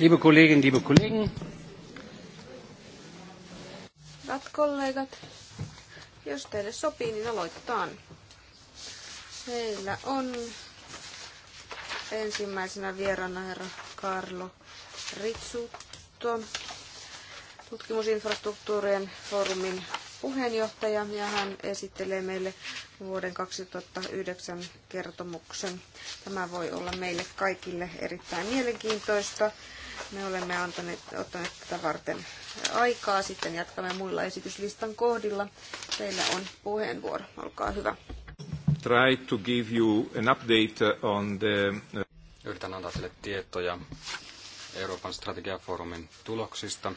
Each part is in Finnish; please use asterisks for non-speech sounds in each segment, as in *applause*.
Liebe Kolleginnen, liebe Kollegen. Hyvät kollegat, jos teille sopii, niin aloitetaan. Meillä on ensimmäisenä vieraana herra Carlo Ritsutto, tutkimusinfrastruktuurien foorumin puheenjohtaja, ja hän esittelee meille vuoden 2009 kertomuksen. Tämä voi olla meille kaikille erittäin mielenkiintoista. Me olemme antaneet, ottaneet tätä varten aikaa. Sitten jatkamme muilla esityslistan kohdilla. Teillä on puheenvuoro. Olkaa hyvä. Try to give you an update on the... Uh, Yritän antaa teille tietoja Euroopan strategiafoorumin tuloksista.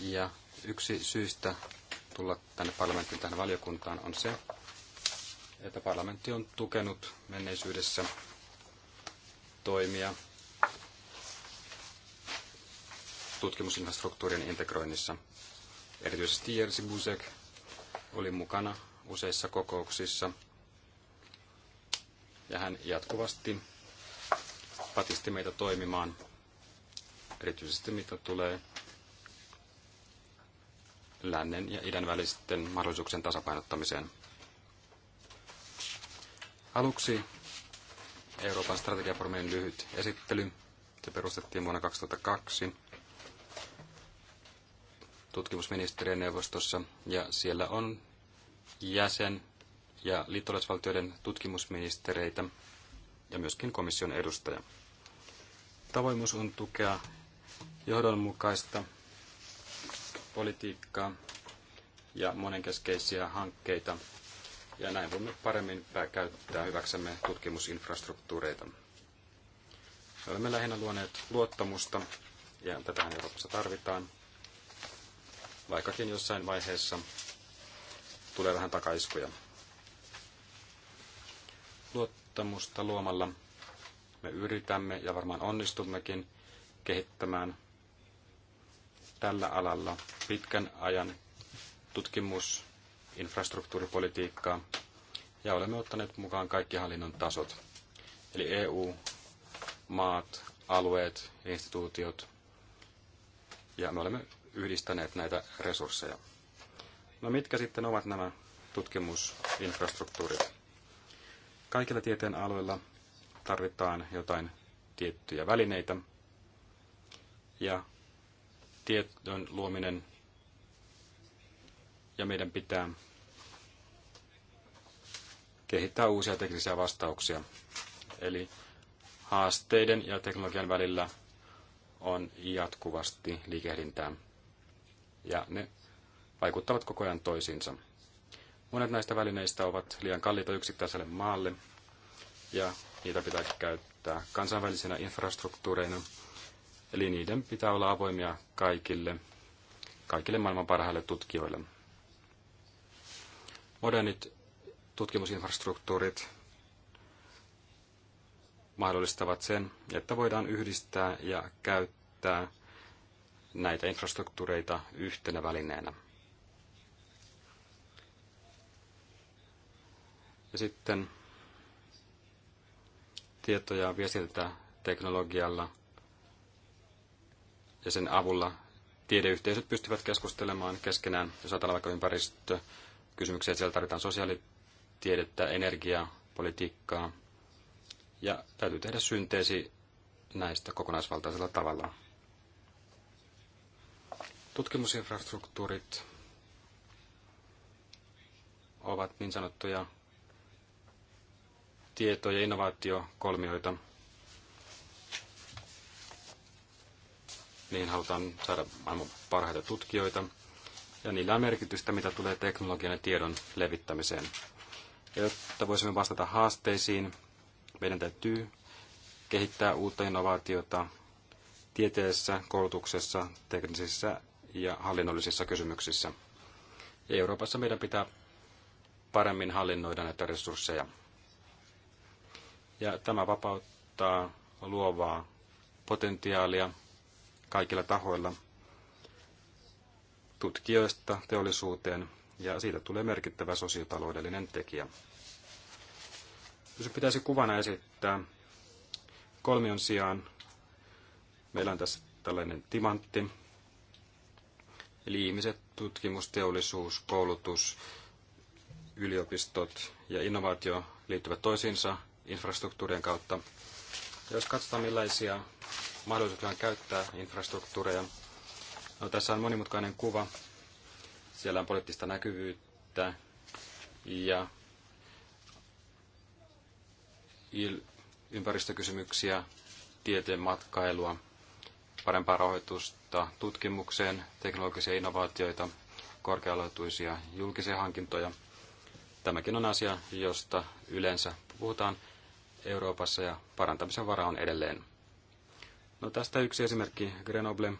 Ja yksi syystä tulla tänne parlamenttiin, tähän valiokuntaan, on se, että parlamentti on tukenut menneisyydessä toimia, tutkimusinfrastruktuurin integroinnissa. Erityisesti Jerzy Buzek oli mukana useissa kokouksissa ja hän jatkuvasti patisti meitä toimimaan, erityisesti mitä tulee lännen ja idän välisten mahdollisuuksien tasapainottamiseen. Aluksi Euroopan strategiaformien lyhyt esittely. Se perustettiin vuonna 2002 tutkimusministerien neuvostossa, ja siellä on jäsen- ja liittolaisvaltioiden tutkimusministereitä ja myöskin komission edustaja. Tavoimus on tukea johdonmukaista politiikkaa ja monenkeskeisiä hankkeita, ja näin voimme paremmin käyttää hyväksemme tutkimusinfrastruktuureita. Me olemme lähinnä luoneet luottamusta, ja tätä Euroopassa tarvitaan vaikkakin jossain vaiheessa tulee vähän takaiskuja. Luottamusta luomalla me yritämme ja varmaan onnistummekin kehittämään tällä alalla pitkän ajan tutkimus- infrastruktuuripolitiikkaa ja olemme ottaneet mukaan kaikki hallinnon tasot, eli EU, maat, alueet, instituutiot. Ja me olemme yhdistäneet näitä resursseja. No mitkä sitten ovat nämä tutkimusinfrastruktuurit? Kaikilla tieteen aloilla tarvitaan jotain tiettyjä välineitä ja tiedon luominen ja meidän pitää kehittää uusia teknisiä vastauksia. Eli haasteiden ja teknologian välillä on jatkuvasti liikehdintää ja ne vaikuttavat koko ajan toisiinsa. Monet näistä välineistä ovat liian kalliita yksittäiselle maalle, ja niitä pitää käyttää kansainvälisenä infrastruktuureina, eli niiden pitää olla avoimia kaikille, kaikille maailman parhaille tutkijoille. Modernit tutkimusinfrastruktuurit mahdollistavat sen, että voidaan yhdistää ja käyttää näitä infrastruktuureita yhtenä välineenä. Ja sitten tietoja ja viestintäteknologialla ja sen avulla tiedeyhteisöt pystyvät keskustelemaan keskenään, jos ajatellaan vaikka ympäristökysymyksiä, siellä tarvitaan sosiaalitiedettä, energiaa, politiikkaa, ja täytyy tehdä synteesi näistä kokonaisvaltaisella tavalla. Tutkimusinfrastruktuurit ovat niin sanottuja tieto- ja innovaatiokolmioita. niin halutaan saada maailman parhaita tutkijoita. Ja niillä on merkitystä, mitä tulee teknologian ja tiedon levittämiseen. Ja jotta voisimme vastata haasteisiin, meidän täytyy kehittää uutta innovaatiota tieteessä, koulutuksessa, teknisissä ja hallinnollisissa kysymyksissä. Euroopassa meidän pitää paremmin hallinnoida näitä resursseja. Ja tämä vapauttaa luovaa potentiaalia kaikilla tahoilla, tutkijoista teollisuuteen, ja siitä tulee merkittävä sosiotaloudellinen tekijä. Jos pitäisi kuvana esittää kolmion sijaan, meillä on tässä tällainen timantti, Eli ihmiset, tutkimusteollisuus, koulutus, yliopistot ja innovaatio liittyvät toisiinsa infrastruktuurien kautta. Ja jos katsotaan millaisia mahdollisuuksia on käyttää infrastruktuureja, no, tässä on monimutkainen kuva. Siellä on poliittista näkyvyyttä ja ympäristökysymyksiä, tieteen matkailua, parempaa rahoitusta panostaa tutkimukseen, teknologisia innovaatioita, korkealaatuisia julkisia hankintoja. Tämäkin on asia, josta yleensä puhutaan Euroopassa ja parantamisen vara on edelleen. No tästä yksi esimerkki Grenoble.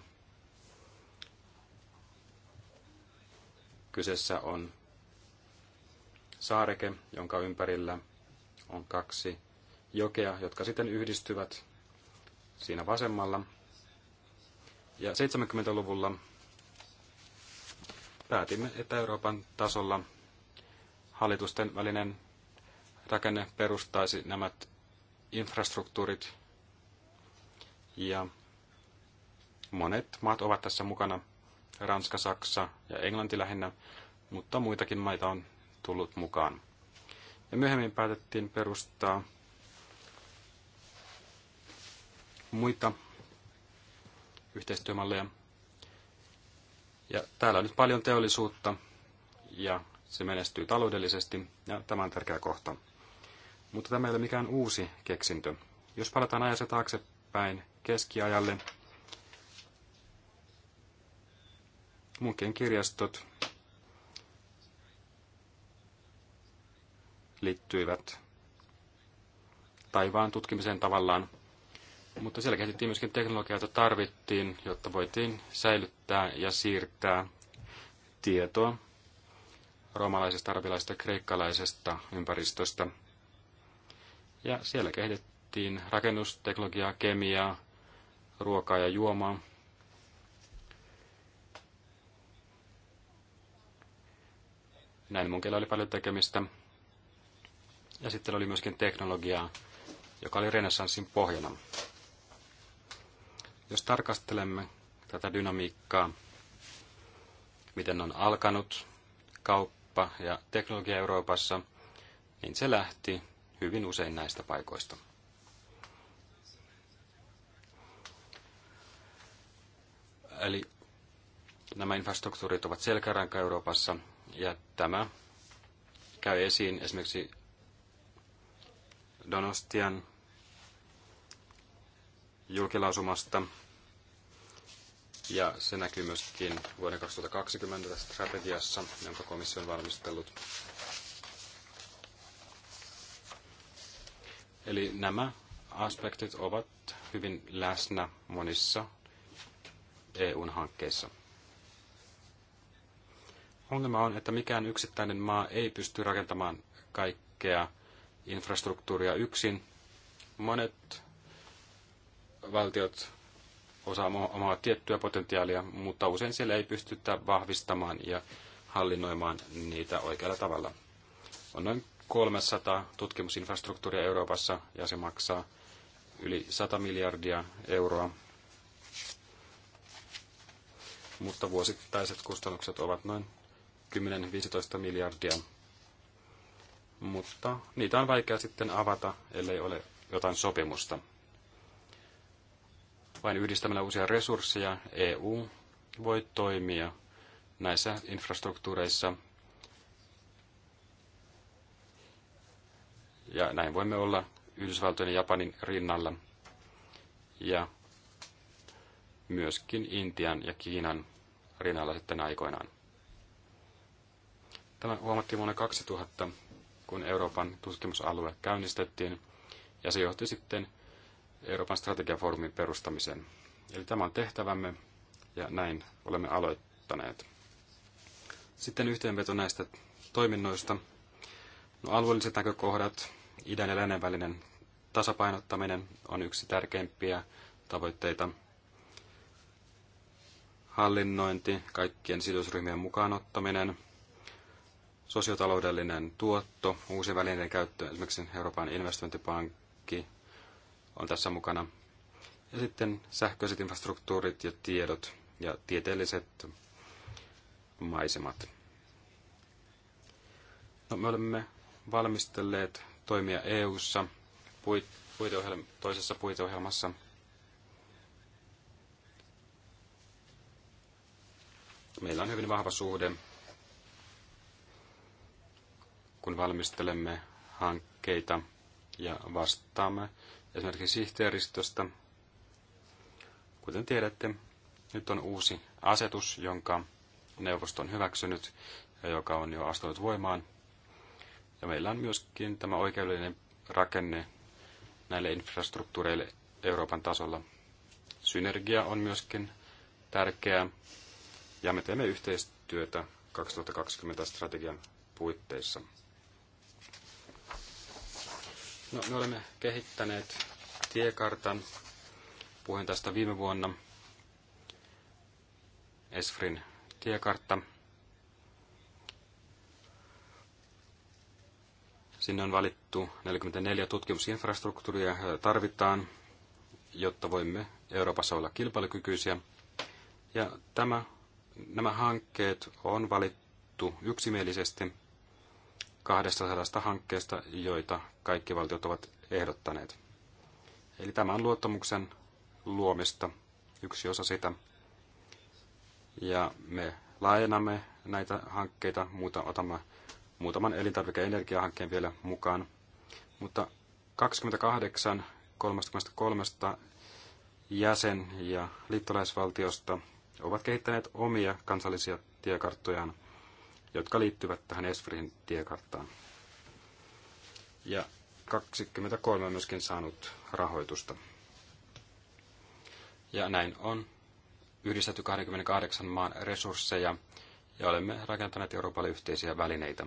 Kyseessä on saareke, jonka ympärillä on kaksi jokea, jotka sitten yhdistyvät siinä vasemmalla ja 70-luvulla päätimme, että Euroopan tasolla hallitusten välinen rakenne perustaisi nämä infrastruktuurit ja monet maat ovat tässä mukana, Ranska, Saksa ja Englanti lähinnä, mutta muitakin maita on tullut mukaan. Ja myöhemmin päätettiin perustaa muita yhteistyömalleja. Ja täällä on nyt paljon teollisuutta ja se menestyy taloudellisesti ja tämä on tärkeä kohta. Mutta tämä ei ole mikään uusi keksintö. Jos palataan ajassa taaksepäin keskiajalle, munkien kirjastot liittyivät taivaan tutkimiseen tavallaan. Mutta siellä kehitettiin myöskin teknologiaa, jota tarvittiin, jotta voitiin säilyttää ja siirtää tietoa roomalaisesta, arabilaisesta, kreikkalaisesta ympäristöstä. Ja siellä kehitettiin rakennusteknologiaa, kemiaa, ruokaa ja juomaa. Näin mun oli paljon tekemistä. Ja sitten oli myöskin teknologiaa, joka oli renessanssin pohjana. Jos tarkastelemme tätä dynamiikkaa, miten on alkanut kauppa ja teknologia Euroopassa, niin se lähti hyvin usein näistä paikoista. Eli nämä infrastruktuurit ovat selkäranka Euroopassa ja tämä käy esiin esimerkiksi Donostian julkilausumasta. Ja se näkyy myöskin vuoden 2020 strategiassa, jonka komissio on valmistellut. Eli nämä aspektit ovat hyvin läsnä monissa EUn hankkeissa. Ongelma on, että mikään yksittäinen maa ei pysty rakentamaan kaikkea infrastruktuuria yksin. Monet valtiot osaa omaa tiettyä potentiaalia, mutta usein siellä ei pystytä vahvistamaan ja hallinnoimaan niitä oikealla tavalla. On noin 300 tutkimusinfrastruktuuria Euroopassa ja se maksaa yli 100 miljardia euroa. Mutta vuosittaiset kustannukset ovat noin 10-15 miljardia. Mutta niitä on vaikea sitten avata, ellei ole jotain sopimusta. Vain yhdistämällä uusia resursseja EU voi toimia näissä infrastruktuureissa. Ja näin voimme olla Yhdysvaltojen ja Japanin rinnalla ja myöskin Intian ja Kiinan rinnalla sitten aikoinaan. Tämä huomattiin vuonna 2000, kun Euroopan tutkimusalue käynnistettiin, ja se johti sitten Euroopan strategiafoorumin perustamisen. Eli tämä on tehtävämme ja näin olemme aloittaneet. Sitten yhteenveto näistä toiminnoista. No, alueelliset näkökohdat, idän ja lännen välinen tasapainottaminen on yksi tärkeimpiä tavoitteita. Hallinnointi, kaikkien sidosryhmien mukaan ottaminen, sosiotaloudellinen tuotto, uusien välineiden käyttö, esimerkiksi Euroopan investointipankki, on tässä mukana. Ja sitten sähköiset infrastruktuurit ja tiedot ja tieteelliset maisemat. No, me olemme valmistelleet toimia EU-ssa puiteohjelma, toisessa puiteohjelmassa. Meillä on hyvin vahva suhde, kun valmistelemme hankkeita ja vastaamme esimerkiksi sihteeristöstä. Kuten tiedätte, nyt on uusi asetus, jonka neuvosto on hyväksynyt ja joka on jo astunut voimaan. Ja meillä on myöskin tämä oikeudellinen rakenne näille infrastruktuureille Euroopan tasolla. Synergia on myöskin tärkeää ja me teemme yhteistyötä 2020 strategian puitteissa. No, me olemme kehittäneet tiekartan. puheen tästä viime vuonna. Esfrin tiekartta. Sinne on valittu 44 tutkimusinfrastruktuuria tarvitaan, jotta voimme Euroopassa olla kilpailukykyisiä. Ja tämä, nämä hankkeet on valittu yksimielisesti. 200 hankkeesta, joita kaikki valtiot ovat ehdottaneet. Eli tämä on luottamuksen luomista, yksi osa sitä. Ja me laajennamme näitä hankkeita, muuta, otamme muutaman elintarvike- ja energiahankkeen vielä mukaan. Mutta 28 33 jäsen- ja liittolaisvaltiosta ovat kehittäneet omia kansallisia tiekarttojaan – jotka liittyvät tähän Esfrin tiekarttaan. Ja 23 on myöskin saanut rahoitusta. Ja näin on yhdistetty 28 maan resursseja ja olemme rakentaneet Euroopalle yhteisiä välineitä.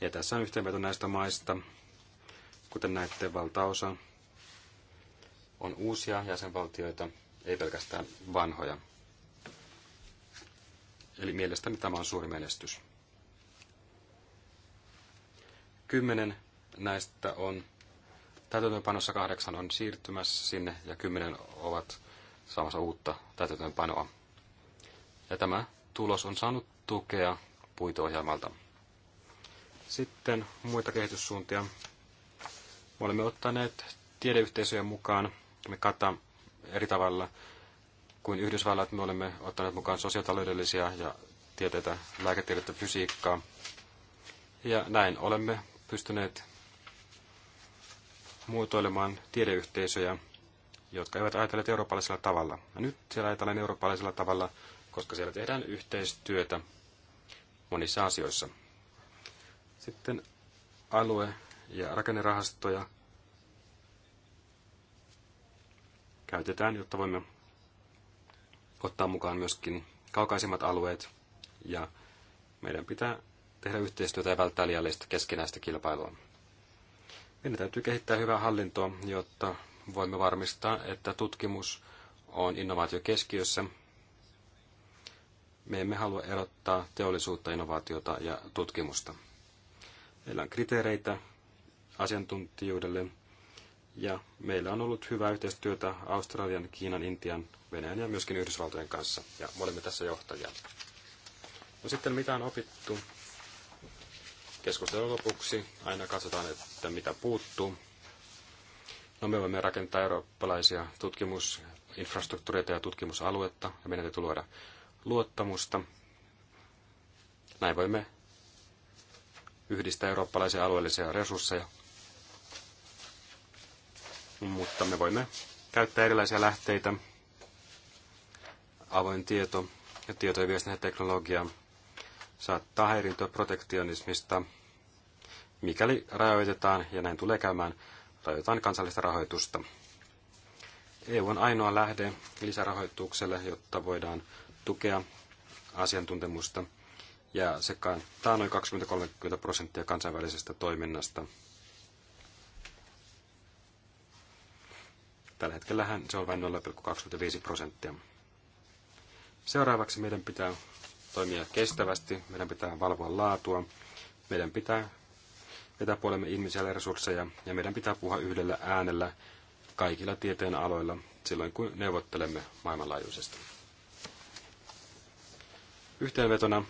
Ja tässä on yhteenveto näistä maista. Kuten näette, valtaosa on uusia jäsenvaltioita, ei pelkästään vanhoja. Eli mielestäni tämä on suuri menestys. Kymmenen näistä on täytäntöönpanossa, kahdeksan on siirtymässä sinne ja kymmenen ovat saamassa uutta täytäntöönpanoa. Ja tämä tulos on saanut tukea puiteohjelmalta. Sitten muita kehityssuuntia. Me olemme ottaneet tiedeyhteisöjen mukaan. Me katamme eri tavalla kuin Yhdysvallat. Me olemme ottaneet mukaan sosiotaloudellisia ja tieteitä, lääketiedettä, fysiikkaa. Ja näin olemme pystyneet muotoilemaan tiedeyhteisöjä, jotka eivät ajatelleet eurooppalaisella tavalla. Ja nyt siellä ajatellaan eurooppalaisella tavalla, koska siellä tehdään yhteistyötä monissa asioissa. Sitten alue- ja rakennerahastoja käytetään, jotta voimme ottaa mukaan myöskin kaukaisimmat alueet ja meidän pitää tehdä yhteistyötä ja välttää liiallista keskinäistä kilpailua. Meidän täytyy kehittää hyvää hallintoa, jotta voimme varmistaa, että tutkimus on innovaatio keskiössä. Me emme halua erottaa teollisuutta, innovaatiota ja tutkimusta. Meillä on kriteereitä asiantuntijuudelle ja meillä on ollut hyvää yhteistyötä Australian, Kiinan, Intian, Venäjän ja myöskin Yhdysvaltojen kanssa. Ja me olemme tässä johtajia. No sitten mitä on opittu? Keskustelun lopuksi aina katsotaan, että mitä puuttuu. No me voimme rakentaa eurooppalaisia tutkimusinfrastruktuureita ja tutkimusaluetta ja meidän täytyy luoda luottamusta. Näin voimme yhdistää eurooppalaisia alueellisia resursseja mutta me voimme käyttää erilaisia lähteitä, avoin tieto ja tieto- ja teknologiaa saattaa häiriintyä protektionismista, mikäli rajoitetaan, ja näin tulee käymään, rajoitetaan kansallista rahoitusta. EU on ainoa lähde lisärahoitukselle, jotta voidaan tukea asiantuntemusta, ja se kantaa noin 20-30 prosenttia kansainvälisestä toiminnasta – Tällä hetkellähän se on vain 0,25 prosenttia. Seuraavaksi meidän pitää toimia kestävästi, meidän pitää valvoa laatua, meidän pitää vetää puolemme ihmisiä ja resursseja ja meidän pitää puhua yhdellä äänellä kaikilla tieteen aloilla silloin, kun neuvottelemme maailmanlaajuisesti. Yhteenvetona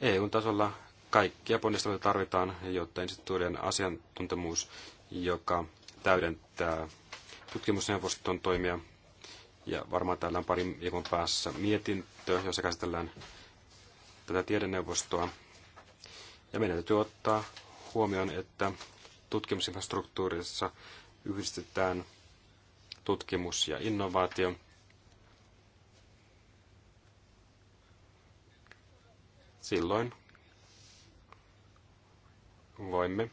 EU-tasolla kaikkia ponnisteluita tarvitaan, jotta instituutioiden asiantuntemus, joka täydentää tutkimusneuvoston toimia. Ja varmaan täällä on parin viikon päässä mietintö, jossa käsitellään tätä tiedeneuvostoa. Ja meidän täytyy ottaa huomioon, että tutkimusinfrastruktuurissa yhdistetään tutkimus ja innovaatio. Silloin voimme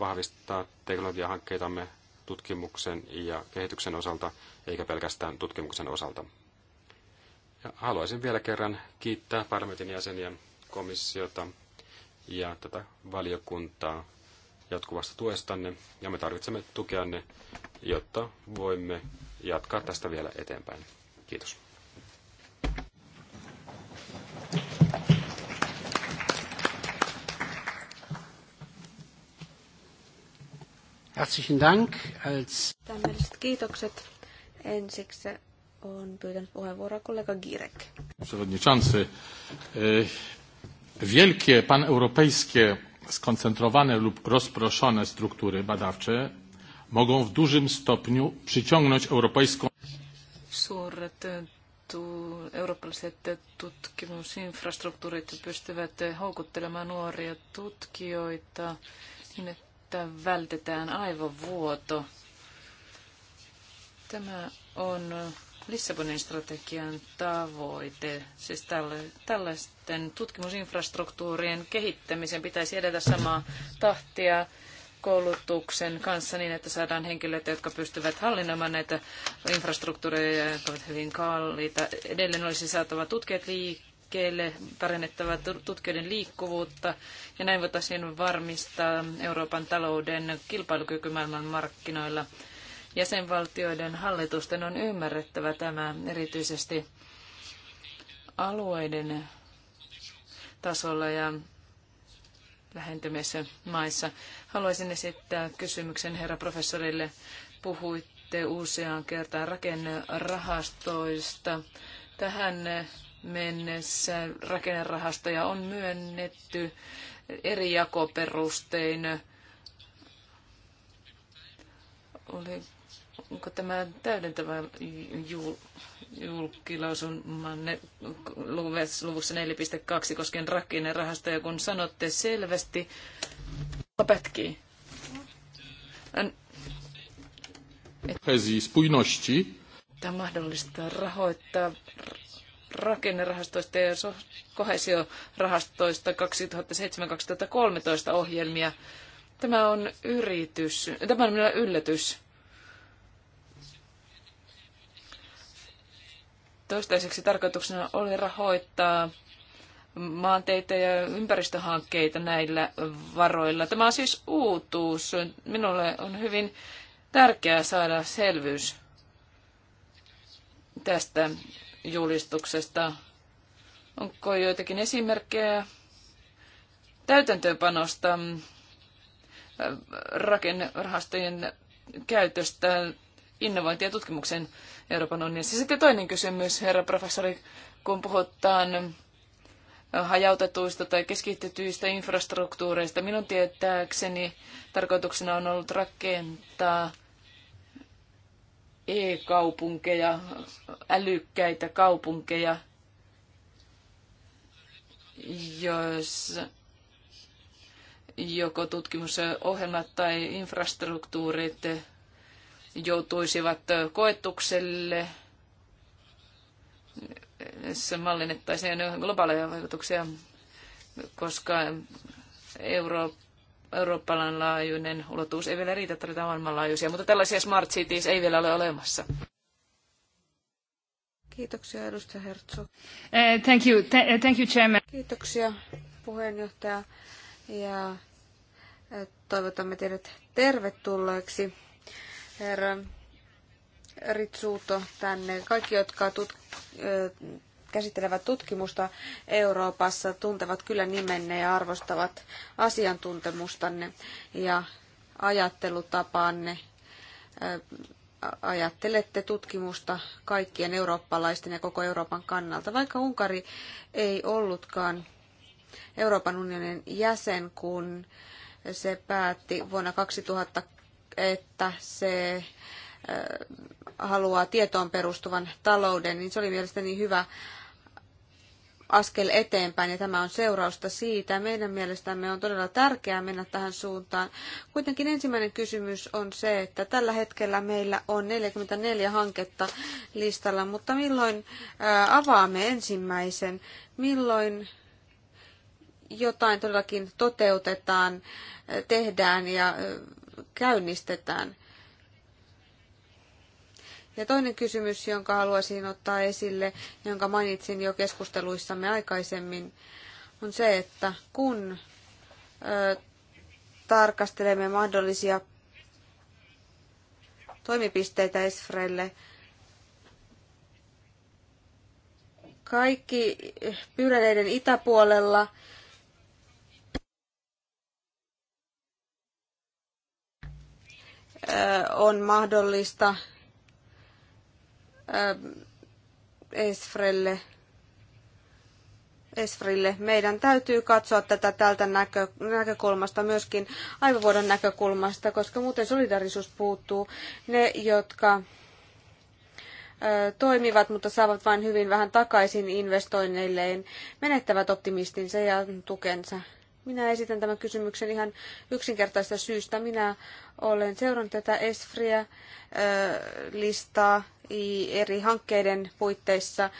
vahvistaa teknologiahankkeitamme tutkimuksen ja kehityksen osalta, eikä pelkästään tutkimuksen osalta. Ja haluaisin vielä kerran kiittää parlamentin jäseniä, komissiota ja tätä valiokuntaa jatkuvasta tuestanne, ja me tarvitsemme tukeanne, jotta voimme jatkaa tästä vielä eteenpäin. Kiitos. Herzlichen Dank. Als... Tämmöiset kiitokset. Ensiksi on pyytänyt puheenvuoroa kollega Girek. Przewodniczący, e, wielkie paneuropejskie skoncentrowane lub rozproszone struktury badawcze mogą w dużym stopniu przyciągnąć europejską... Suuret e, tu, eurooppalaiset e, tutkimusinfrastruktuurit pystyvät houkuttelemaan nuoria tutkijoita niin, että vältetään aivovuoto. Tämä on Lissabonin strategian tavoite. Siis tällaisten tutkimusinfrastruktuurien kehittämisen pitäisi edetä samaa tahtia koulutuksen kanssa niin, että saadaan henkilöitä, jotka pystyvät hallinnoimaan näitä infrastruktuureja, jotka ovat hyvin kalliita. Edelleen olisi saatava tutkijat liikkeelle liikkeelle, parannettava tutkijoiden liikkuvuutta ja näin voitaisiin varmistaa Euroopan talouden kilpailukyky maailman markkinoilla. Jäsenvaltioiden hallitusten on ymmärrettävä tämä erityisesti alueiden tasolla ja lähentymissä maissa. Haluaisin esittää kysymyksen herra professorille. Puhuitte useaan kertaan rakennerahastoista. Tähän mennessä rakennerahastoja on myönnetty eri jakoperustein. Oli, onko tämä täydentävä jul, julkilausumanne luvussa 4.2 koskien rakennerahastoja, kun sanotte selvästi, pätkii. Tämä mahdollistaa rahoittaa rakennerahastoista ja kohesiorahastoista 2007-2013 ohjelmia. Tämä on yritys, tämä on minä yllätys. Toistaiseksi tarkoituksena oli rahoittaa maanteitä ja ympäristöhankkeita näillä varoilla. Tämä on siis uutuus. Minulle on hyvin tärkeää saada selvyys tästä julistuksesta. Onko joitakin esimerkkejä täytäntöönpanosta äh, rakennerahastojen käytöstä innovointia ja tutkimuksen Euroopan unionissa. Sitten toinen kysymys, herra professori, kun puhutaan hajautetuista tai keskitetyistä infrastruktuureista. Minun tietääkseni tarkoituksena on ollut rakentaa e-kaupunkeja, älykkäitä kaupunkeja, jos joko tutkimusohjelmat tai infrastruktuurit joutuisivat koetukselle, se mallinnettaisiin globaaleja vaikutuksia, koska Eurooppa Euroopan laajuinen ulottuvuus ei vielä riitä, tarvitaan maailmanlaajuisia, mutta tällaisia smart cities ei vielä ole olemassa. Kiitoksia edustaja Herzog. Uh, thank you, Th- eh, thank you chairman. Kiitoksia puheenjohtaja ja eh, toivotamme teidät tervetulleeksi herra Ritsuuto tänne. Kaikki, jotka tut- käsittelevät tutkimusta Euroopassa tuntevat kyllä nimenne ja arvostavat asiantuntemustanne ja ajattelutapaanne. Ajattelette tutkimusta kaikkien eurooppalaisten ja koko Euroopan kannalta, vaikka Unkari ei ollutkaan Euroopan unionin jäsen, kun se päätti vuonna 2000, että se haluaa tietoon perustuvan talouden, niin se oli mielestäni hyvä askel eteenpäin ja tämä on seurausta siitä. Meidän mielestämme on todella tärkeää mennä tähän suuntaan. Kuitenkin ensimmäinen kysymys on se, että tällä hetkellä meillä on 44 hanketta listalla, mutta milloin avaamme ensimmäisen? Milloin jotain todellakin toteutetaan, tehdään ja käynnistetään? Ja toinen kysymys, jonka haluaisin ottaa esille, jonka mainitsin jo keskusteluissamme aikaisemmin, on se, että kun ö, tarkastelemme mahdollisia toimipisteitä Esfrelle, kaikki Pyreneiden itäpuolella on mahdollista Esfrelle, Esfrille. Meidän täytyy katsoa tätä tältä näkö, näkökulmasta myöskin aivovuodon näkökulmasta, koska muuten solidarisuus puuttuu. Ne, jotka toimivat, mutta saavat vain hyvin vähän takaisin investoinneilleen, menettävät optimistinsa ja tukensa. Minä esitän tämän kysymyksen ihan yksinkertaista syystä. Minä olen seurannut tätä Esfria-listaa eri hankkeiden puitteissa.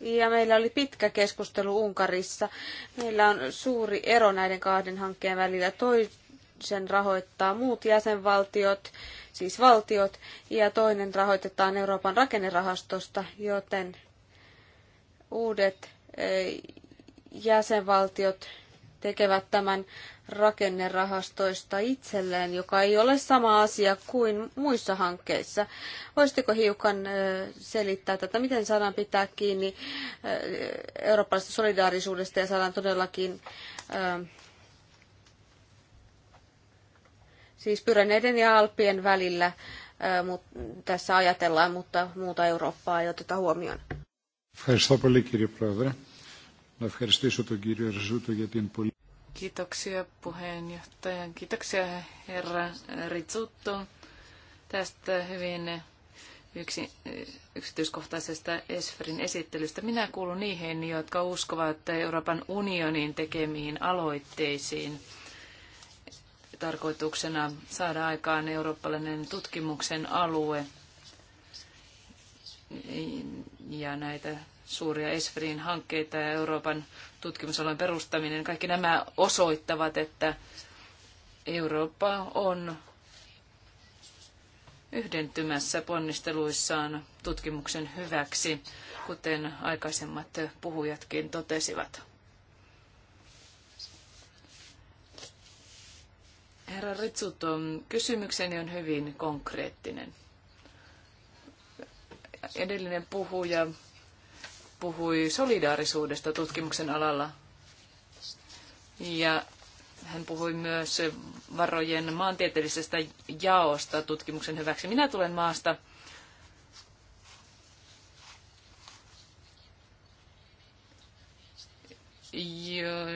Ja meillä oli pitkä keskustelu Unkarissa. Meillä on suuri ero näiden kahden hankkeen välillä. Toisen rahoittaa muut jäsenvaltiot, siis valtiot, ja toinen rahoitetaan Euroopan rakennerahastosta, joten uudet jäsenvaltiot tekevät tämän rakennerahastoista itselleen, joka ei ole sama asia kuin muissa hankkeissa. Voisitteko hiukan selittää tätä, miten saadaan pitää kiinni eurooppalaisesta solidaarisuudesta ja saadaan todellakin siis Pyreneiden ja Alppien välillä tässä ajatellaan, mutta muuta Eurooppaa ei oteta huomioon. Ευχαριστώ πολύ Να ευχαριστήσω τον κύριο Ριζούτο για την πολύ... Kiitoksia puheenjohtaja. Kiitoksia herra Ritsutto tästä hyvin eh, yksi, eh, yksityiskohtaisesta Esferin esittelystä. Minä kuulun niihin, jotka uskovat eh, Euroopan unionin tekemiin aloitteisiin. Tarkoituksena saada aikaan eurooppalainen tutkimuksen alue ja näitä suuria ESFRin hankkeita ja Euroopan tutkimusalojen perustaminen. Kaikki nämä osoittavat, että Eurooppa on yhdentymässä ponnisteluissaan tutkimuksen hyväksi, kuten aikaisemmat puhujatkin totesivat. Herra Ritsuto, kysymykseni on hyvin konkreettinen. Edellinen puhuja puhui solidaarisuudesta tutkimuksen alalla. Ja hän puhui myös varojen maantieteellisestä jaosta tutkimuksen hyväksi. Minä tulen maasta,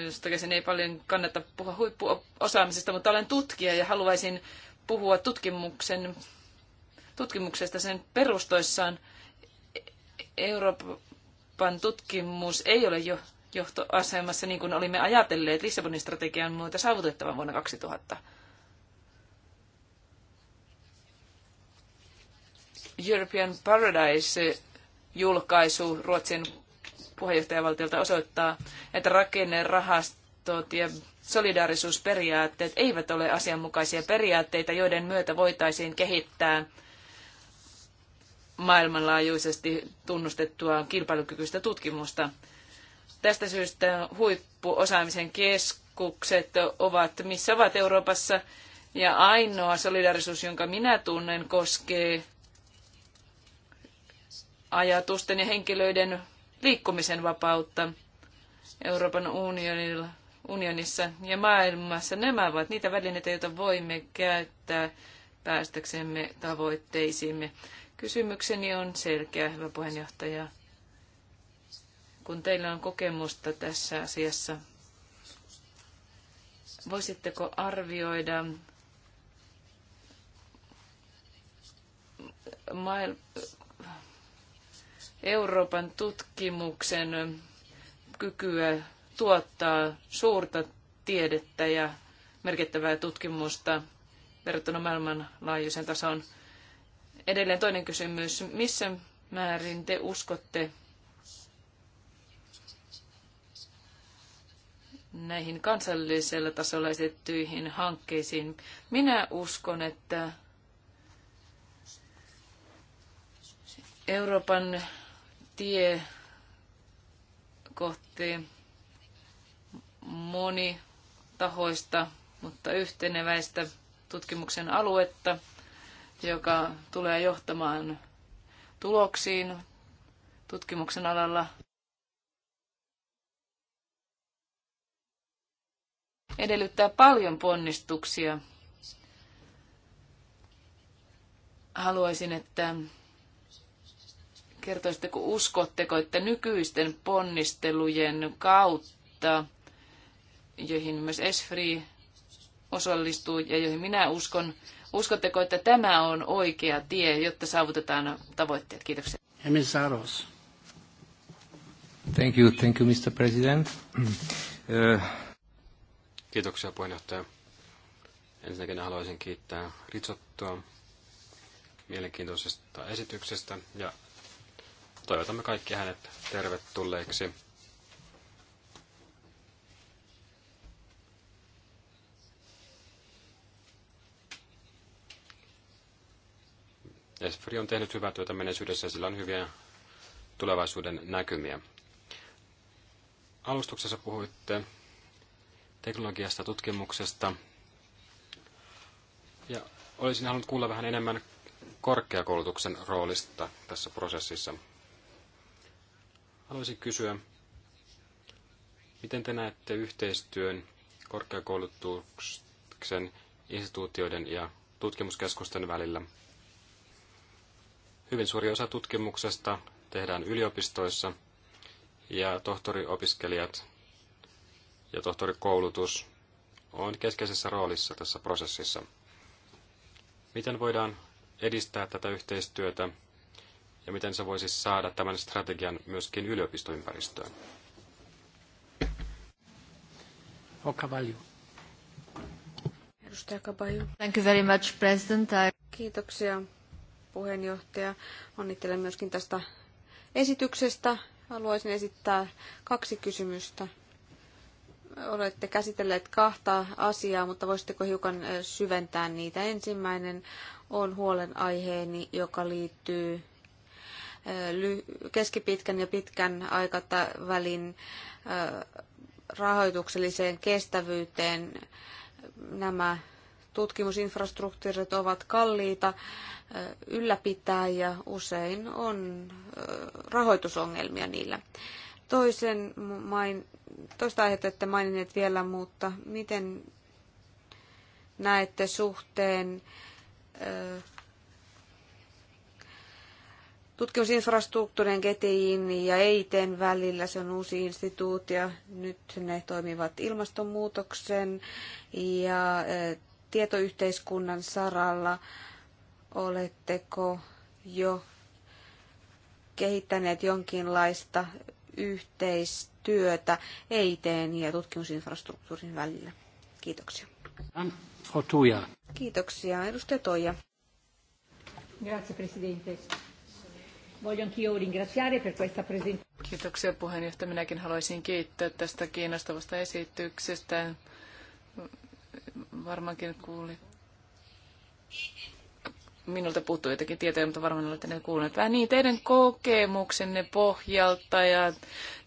josta käsin ei paljon kannata puhua huippuosaamisesta, mutta olen tutkija ja haluaisin puhua tutkimuksen, tutkimuksesta sen perustoissaan. Euroopan Euroopan tutkimus ei ole jo johtoasemassa niin kuin olimme ajatelleet Lissabonin strategian muuta saavutettavan vuonna 2000. European Paradise-julkaisu Ruotsin puheenjohtajavaltiolta osoittaa, että rakennerahastot ja solidaarisuusperiaatteet eivät ole asianmukaisia periaatteita, joiden myötä voitaisiin kehittää maailmanlaajuisesti tunnustettua kilpailukykyistä tutkimusta. Tästä syystä huippuosaamisen keskukset ovat missä ovat Euroopassa ja ainoa solidarisuus, jonka minä tunnen, koskee ajatusten ja henkilöiden liikkumisen vapautta Euroopan unionilla, unionissa ja maailmassa. Nämä ovat niitä välineitä, joita voimme käyttää päästäksemme tavoitteisiimme. Kysymykseni on selkeä, hyvä puheenjohtaja. Kun teillä on kokemusta tässä asiassa, voisitteko arvioida Euroopan tutkimuksen kykyä tuottaa suurta tiedettä ja merkittävää tutkimusta verrattuna maailmanlaajuisen tason Edelleen toinen kysymys. Missä määrin te uskotte näihin kansallisella tasolla esitettyihin hankkeisiin? Minä uskon, että Euroopan tie kohti monitahoista, mutta yhteneväistä tutkimuksen aluetta – joka tulee johtamaan tuloksiin tutkimuksen alalla. Edellyttää paljon ponnistuksia. Haluaisin, että kertoisitteko, uskotteko, että nykyisten ponnistelujen kautta, joihin myös Esfri osallistuu ja joihin minä uskon, Uskotteko, että tämä on oikea tie, jotta saavutetaan tavoitteet? Kiitoksia. Emisaros. Thank you, thank you, Mr. President. *clears throat* Uh, Kiitoksia, puheenjohtaja. Ensinnäkin haluaisin kiittää Ritsottua mielenkiintoisesta esityksestä ja toivotamme kaikki hänet tervetulleeksi Esperi on tehnyt hyvää työtä menneisyydessä ja sillä on hyviä tulevaisuuden näkymiä. Alustuksessa puhuitte teknologiasta, tutkimuksesta ja olisin halunnut kuulla vähän enemmän korkeakoulutuksen roolista tässä prosessissa. Haluaisin kysyä, miten te näette yhteistyön korkeakoulutuksen instituutioiden ja tutkimuskeskusten välillä – Hyvin suuri osa tutkimuksesta tehdään yliopistoissa ja tohtoriopiskelijat ja tohtorikoulutus on keskeisessä roolissa tässä prosessissa. Miten voidaan edistää tätä yhteistyötä ja miten se voisi saada tämän strategian myöskin yliopistoympäristöön? Edustaja Thank you very much, President. I... Kiitoksia puheenjohtaja. Onnittelen myöskin tästä esityksestä. Haluaisin esittää kaksi kysymystä. Olette käsitelleet kahta asiaa, mutta voisitteko hiukan syventää niitä? Ensimmäinen on huolenaiheeni, joka liittyy keskipitkän ja pitkän aikavälin rahoitukselliseen kestävyyteen. Nämä tutkimusinfrastruktuurit ovat kalliita ylläpitää ja usein on rahoitusongelmia niillä. Toisen main, toista aihetta ette maininneet vielä, mutta miten näette suhteen tutkimusinfrastruktuurien GTIin ja EITen välillä. Se on uusi instituutio. Nyt ne toimivat ilmastonmuutoksen ja tietoyhteiskunnan saralla? Oletteko jo kehittäneet jonkinlaista yhteistyötä EITn ja tutkimusinfrastruktuurin välillä? Kiitoksia. Otuja. Kiitoksia. Edustaja Toija. Grazie Presidente. Voglio anch'io ringraziare per questa presentazione. Kiitoksia puheenjohtaja. Minäkin haluaisin kiittää tästä kiinnostavasta esityksestä varmaankin kuuli. Minulta puuttuu jotakin tietoja, mutta varmaan olette ne kuulleet. Vähän niin, teidän kokemuksenne pohjalta ja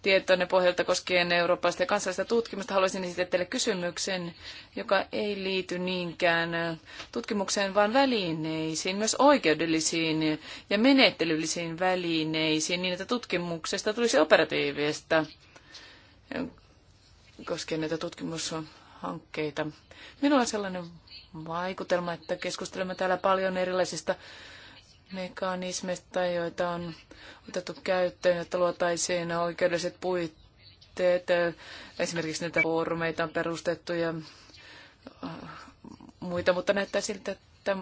tietonne pohjalta koskien Euroopasta ja kansallista tutkimusta haluaisin esittää teille kysymyksen, joka ei liity niinkään tutkimukseen, vaan välineisiin, myös oikeudellisiin ja menettelyllisiin välineisiin, niin että tutkimuksesta tulisi operatiivista koskien näitä tutkimus hankkeita. Minulla on sellainen vaikutelma, että keskustelemme täällä paljon erilaisista mekanismeista, joita on otettu käyttöön, jotta luotaisiin oikeudelliset puitteet. Esimerkiksi näitä foorumeita on perustettu ja äh, muita, mutta näyttää siltä, että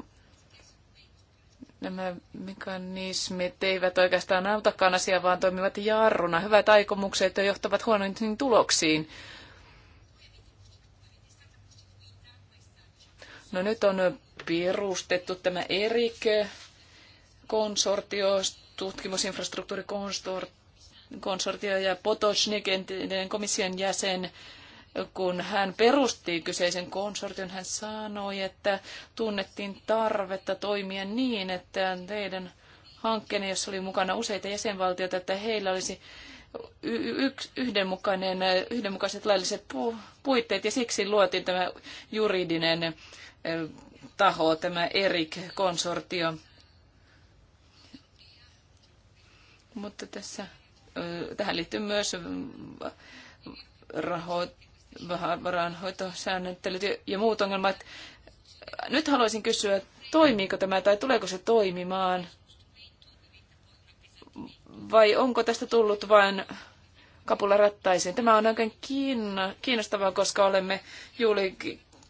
nämä mekanismit eivät oikeastaan autakaan asiaa, vaan toimivat jarruna. Hyvät aikomukset johtavat huonoihin tuloksiin. No nyt on perustettu tämä ERIC-konsortio, tutkimusinfrastruktuurikonsortio ja Potosnik, entinen komission jäsen, kun hän perusti kyseisen konsortion, hän sanoi, että tunnettiin tarvetta toimia niin, että teidän hankkeenne, jossa oli mukana useita jäsenvaltioita, että heillä olisi yhdenmukainen, yhdenmukaiset lailliset puitteet ja siksi luotiin tämä juridinen taho, tämä ERIC-konsortio. Mutta tässä, tähän liittyy myös varainhoitosäännöttelyt ja muut ongelmat. Nyt haluaisin kysyä, toimiiko tämä tai tuleeko se toimimaan? Vai onko tästä tullut vain kapula rattaisiin? Tämä on oikein kiinnostavaa, koska olemme juuri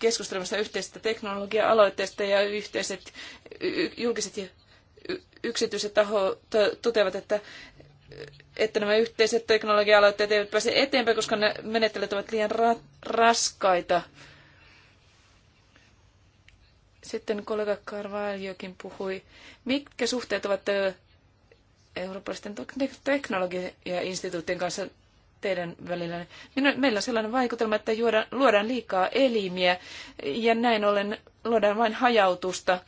keskustelemassa yhteisestä teknologia-aloitteesta ja yhteiset julkiset ja yksityiset tahot toteavat, että, että nämä yhteiset teknologia-aloitteet eivät pääse eteenpäin, koska ne menettelyt ovat liian ra- raskaita. Sitten kollega Carvalhokin puhui, mitkä suhteet ovat eurooppalaisten teknologia-instituuttien kanssa teidän välillä Meillä on sellainen vaikutelma, että juoda, luodaan liikaa elimiä ja näin ollen luodaan vain hajautusta,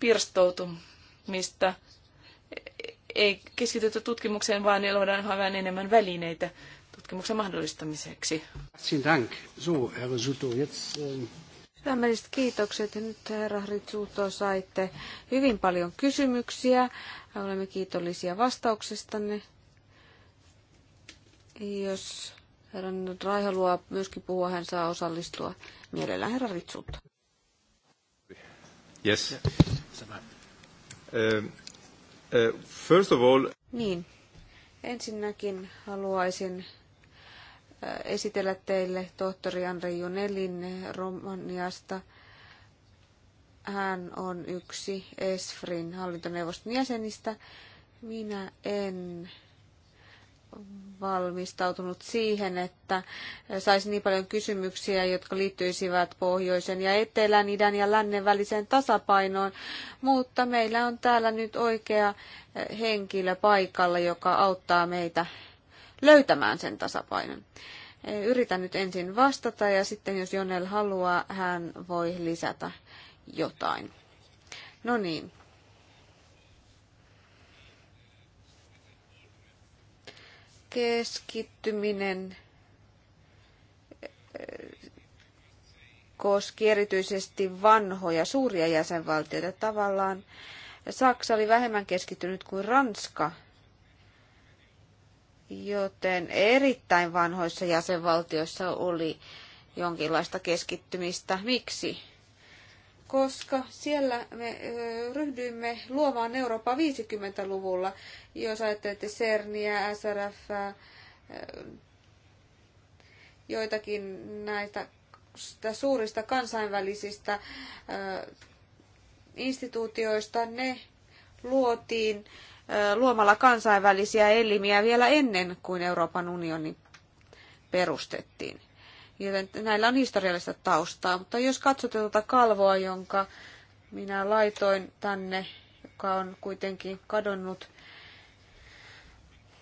pirstoutumista. Ei keskitytä tutkimukseen, vaan niin luodaan vähän enemmän välineitä tutkimuksen mahdollistamiseksi. Dank. So, ähm, kiitokset. Nyt herra Ritsuuto saitte hyvin paljon kysymyksiä. Olemme kiitollisia vastauksestanne. Jos herra Rai haluaa myöskin puhua, hän saa osallistua mielellään herra Ritsut? Yes. Eh, eh, first of all... Niin. Ensinnäkin haluaisin eh, esitellä teille tohtori Andre Junelin Romaniasta. Hän on yksi ESFRin hallintoneuvoston jäsenistä. Minä en valmistautunut siihen, että saisi niin paljon kysymyksiä, jotka liittyisivät pohjoisen ja etelän, idän ja lännen väliseen tasapainoon, mutta meillä on täällä nyt oikea henkilö paikalla, joka auttaa meitä löytämään sen tasapainon. Yritän nyt ensin vastata ja sitten jos Jonel haluaa, hän voi lisätä jotain. No niin, keskittyminen koski erityisesti vanhoja suuria jäsenvaltioita. Tavallaan Saksa oli vähemmän keskittynyt kuin Ranska, joten erittäin vanhoissa jäsenvaltioissa oli jonkinlaista keskittymistä. Miksi? koska siellä me ryhdyimme luomaan Eurooppaa 50-luvulla, jos ajattelette CERNiä, SRF, joitakin näitä suurista kansainvälisistä instituutioista, ne luotiin luomalla kansainvälisiä elimiä vielä ennen kuin Euroopan unioni perustettiin joten näillä on historiallista taustaa. Mutta jos katsotte tuota kalvoa, jonka minä laitoin tänne, joka on kuitenkin kadonnut,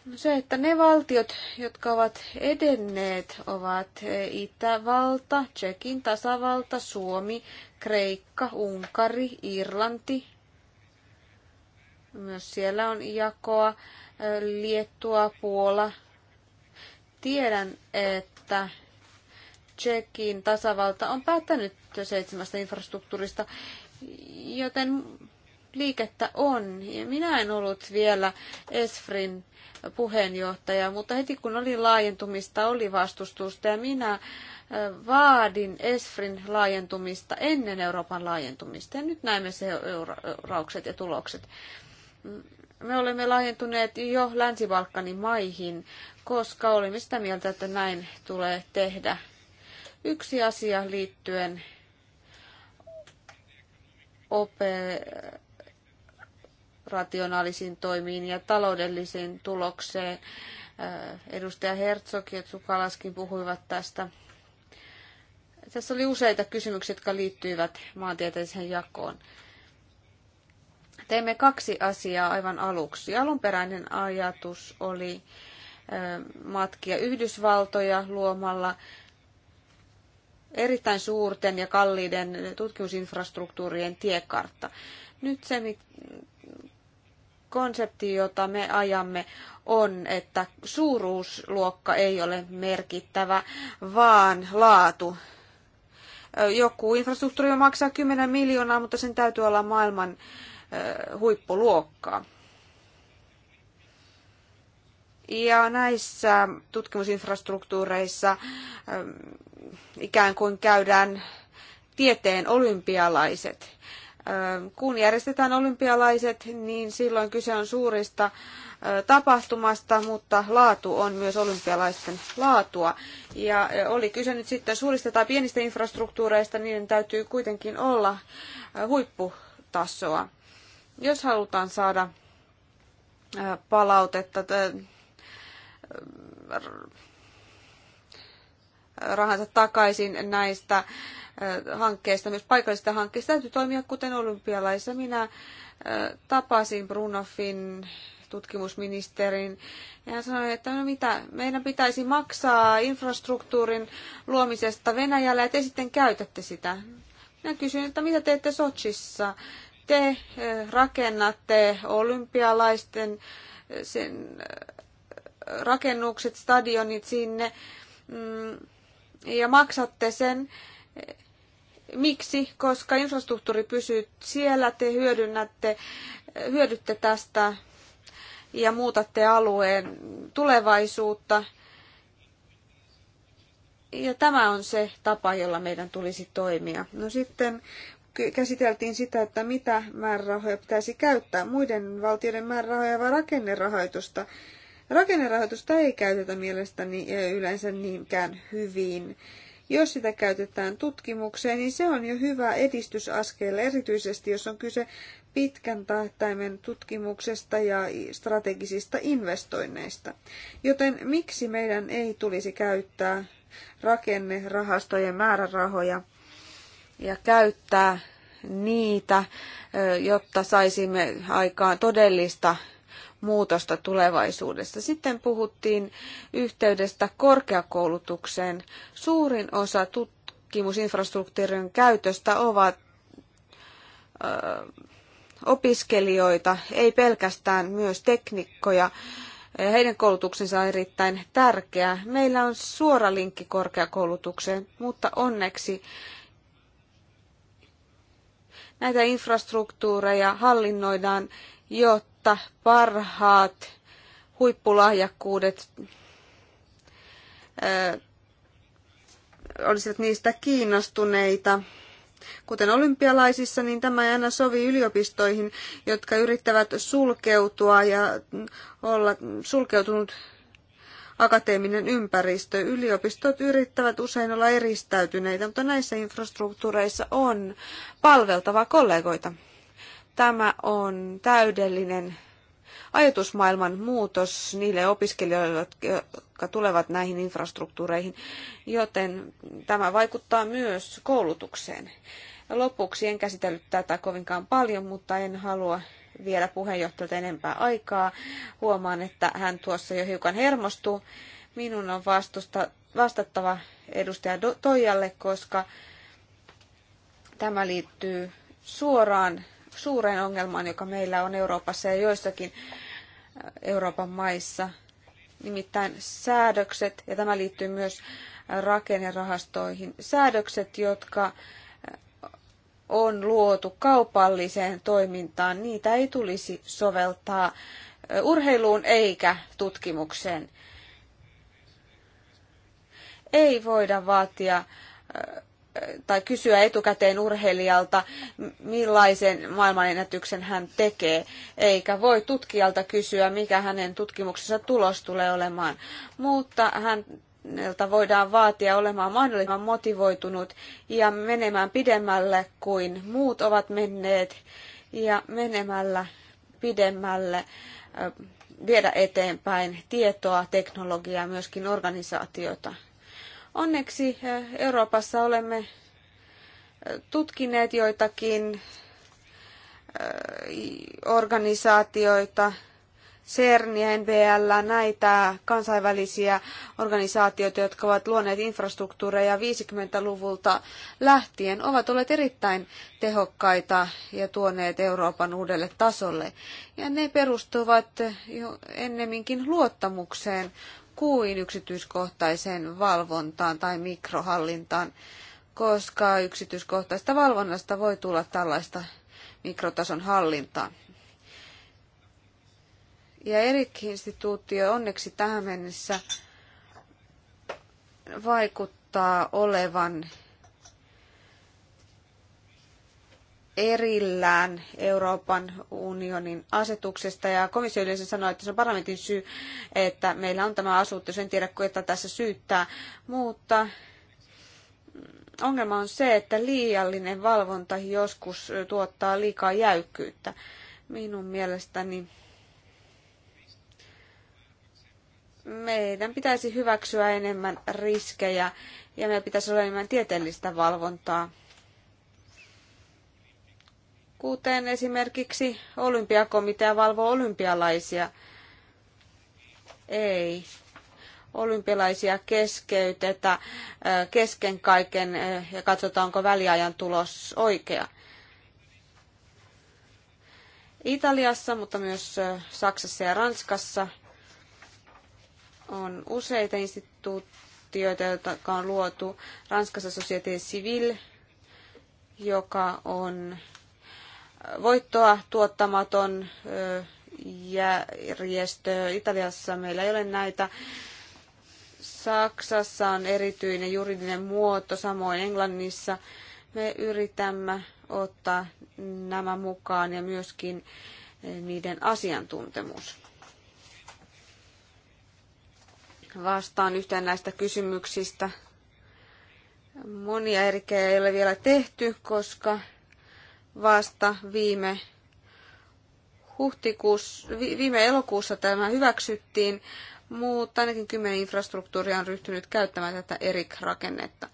no se, että ne valtiot, jotka ovat edenneet, ovat Itävalta, Tsekin tasavalta, Suomi, Kreikka, Unkari, Irlanti. Myös siellä on jakoa, Liettua, Puola. Tiedän, että Tsekin tasavalta on päättänyt seitsemästä infrastruktuurista, joten liikettä on. Ja minä en ollut vielä Esfrin puheenjohtaja, mutta heti kun oli laajentumista, oli vastustusta ja minä vaadin Esfrin laajentumista ennen Euroopan laajentumista. Ja nyt näemme seuraukset ja tulokset. Me olemme laajentuneet jo Länsi-Balkanin maihin, koska olimme sitä mieltä, että näin tulee tehdä. Yksi asia liittyen operationaalisiin toimiin ja taloudellisiin tulokseen. Äh, edustaja Herzog ja Tsukalaskin puhuivat tästä. Tässä oli useita kysymyksiä, jotka liittyivät maantieteelliseen jakoon. Teimme kaksi asiaa aivan aluksi. Alunperäinen ajatus oli äh, matkia Yhdysvaltoja luomalla erittäin suurten ja kalliiden tutkimusinfrastruktuurien tiekartta. Nyt se konsepti, jota me ajamme, on, että suuruusluokka ei ole merkittävä, vaan laatu. Joku infrastruktuuri maksaa 10 miljoonaa, mutta sen täytyy olla maailman huippuluokkaa. Ja näissä tutkimusinfrastruktuureissa ikään kuin käydään tieteen olympialaiset. Kun järjestetään olympialaiset, niin silloin kyse on suurista tapahtumasta, mutta laatu on myös olympialaisten laatua. Ja oli kyse nyt sitten suurista tai pienistä infrastruktuureista, niiden täytyy kuitenkin olla huipputasoa. Jos halutaan saada palautetta rahansa takaisin näistä hankkeista, myös paikallisista hankkeista. Täytyy toimia kuten olympialaisissa. Minä tapasin Finn tutkimusministerin. Ja hän sanoi, että no mitä, meidän pitäisi maksaa infrastruktuurin luomisesta Venäjällä ja te sitten käytätte sitä. Minä kysyin, että mitä teette Sochissa? Te rakennatte olympialaisten sen rakennukset, stadionit sinne. Mm, ja maksatte sen. Eh, miksi? Koska infrastruktuuri pysyy siellä, te hyödynnätte, eh, hyödytte tästä ja muutatte alueen tulevaisuutta. Ja tämä on se tapa, jolla meidän tulisi toimia. No sitten käsiteltiin sitä, että mitä määrärahoja pitäisi käyttää, muiden valtioiden määrärahoja vai rakennerahoitusta. Rakennerahoitusta ei käytetä mielestäni e, yleensä niinkään hyvin. Jos sitä käytetään tutkimukseen, niin se on jo hyvä edistysaskel, erityisesti jos on kyse pitkän tähtäimen tutkimuksesta ja strategisista investoinneista. Joten miksi meidän ei tulisi käyttää rakennerahastojen määrärahoja ja käyttää niitä, e, jotta saisimme aikaan todellista muutosta tulevaisuudessa. Sitten puhuttiin yhteydestä korkeakoulutukseen. Suurin osa tutkimusinfrastruktuurin käytöstä ovat opiskelijoita, ei pelkästään myös teknikkoja. Heidän koulutuksensa on erittäin tärkeää. Meillä on suora linkki korkeakoulutukseen, mutta onneksi näitä infrastruktuureja hallinnoidaan, jo jotta parhaat huippulahjakkuudet olisivat niistä kiinnostuneita. Kuten olympialaisissa, niin tämä ei aina sovi yliopistoihin, jotka yrittävät sulkeutua ja olla sulkeutunut akateeminen ympäristö. Yliopistot yrittävät usein olla eristäytyneitä, mutta näissä infrastruktuureissa on palveltava kollegoita. Tämä on täydellinen ajatusmaailman muutos niille opiskelijoille, jotka tulevat näihin infrastruktuureihin, joten tämä vaikuttaa myös koulutukseen. Lopuksi en käsitellyt tätä kovinkaan paljon, mutta en halua vielä puheenjohtajalta enempää aikaa. Huomaan, että hän tuossa jo hiukan hermostuu. Minun on vastusta, vastattava edustaja Toijalle, koska tämä liittyy suoraan suureen ongelmaan, joka meillä on Euroopassa ja joissakin äh, Euroopan maissa. Nimittäin säädökset, ja tämä liittyy myös rakennerahastoihin, säädökset, jotka äh, on luotu kaupalliseen toimintaan, niitä ei tulisi soveltaa äh, urheiluun eikä tutkimukseen. Ei voida vaatia tai kysyä etukäteen urheilijalta, millaisen maailmanennätyksen hän tekee, eikä voi tutkijalta kysyä, mikä hänen tutkimuksensa tulos tulee olemaan. Mutta hän häneltä voidaan vaatia olemaan mahdollisimman motivoitunut ja menemään pidemmälle kuin muut ovat menneet ja menemällä pidemmälle viedä eteenpäin tietoa, teknologiaa, myöskin organisaatiota. Onneksi eh, Euroopassa olemme eh, tutkineet joitakin eh, organisaatioita, CERN ja NBL, näitä kansainvälisiä organisaatioita, jotka ovat luoneet infrastruktuureja 50-luvulta lähtien, ovat olleet erittäin tehokkaita ja tuoneet Euroopan uudelle tasolle. Ja ne perustuvat jo ennemminkin luottamukseen kuin yksityiskohtaiseen valvontaan tai mikrohallintaan, koska yksityiskohtaista valvonnasta voi tulla tällaista mikrotason hallintaa. Ja Erik-instituutio onneksi tähän mennessä vaikuttaa olevan erillään Euroopan unionin asetuksesta ja komissio yleensä sanoo, että se on parlamentin syy, että meillä on tämä asutus. En tiedä, kuinka tässä syyttää, mutta mm, ongelma on se, että liiallinen valvonta joskus tuottaa liikaa jäykkyyttä. Minun mielestäni meidän pitäisi hyväksyä enemmän riskejä ja meidän pitäisi olla enemmän tieteellistä valvontaa kuten esimerkiksi olympiakomitea valvoo olympialaisia. Ei. Olympialaisia keskeytetä kesken kaiken ja katsotaan, onko väliajan tulos oikea. Italiassa, mutta myös Saksassa ja Ranskassa on useita instituutioita, jotka on luotu. Ranskassa Société Civile, joka on voittoa tuottamaton järjestö. Italiassa meillä ei ole näitä. Saksassa on erityinen juridinen muoto, samoin Englannissa. Me yritämme ottaa nämä mukaan ja myöskin niiden asiantuntemus. Vastaan yhteen näistä kysymyksistä. Monia erikejä ei ole vielä tehty, koska vasta viime huhtikuussa, viime elokuussa tämä hyväksyttiin, mutta ainakin kymmenen infrastruktuuria on ryhtynyt käyttämään tätä ERIC-rakennetta.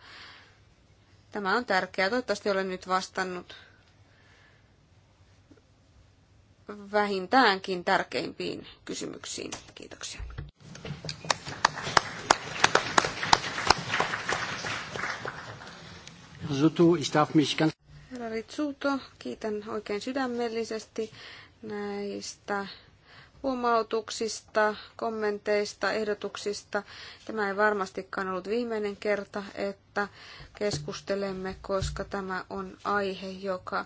Tämä on tärkeää. Toivottavasti olen nyt vastannut vähintäänkin tärkeimpiin kysymyksiin. Kiitoksia. Herra Ritsuto, kiitän oikein sydämellisesti näistä huomautuksista, kommenteista, ehdotuksista. Tämä ei varmastikaan ollut viimeinen kerta, että keskustelemme, koska tämä on aihe, joka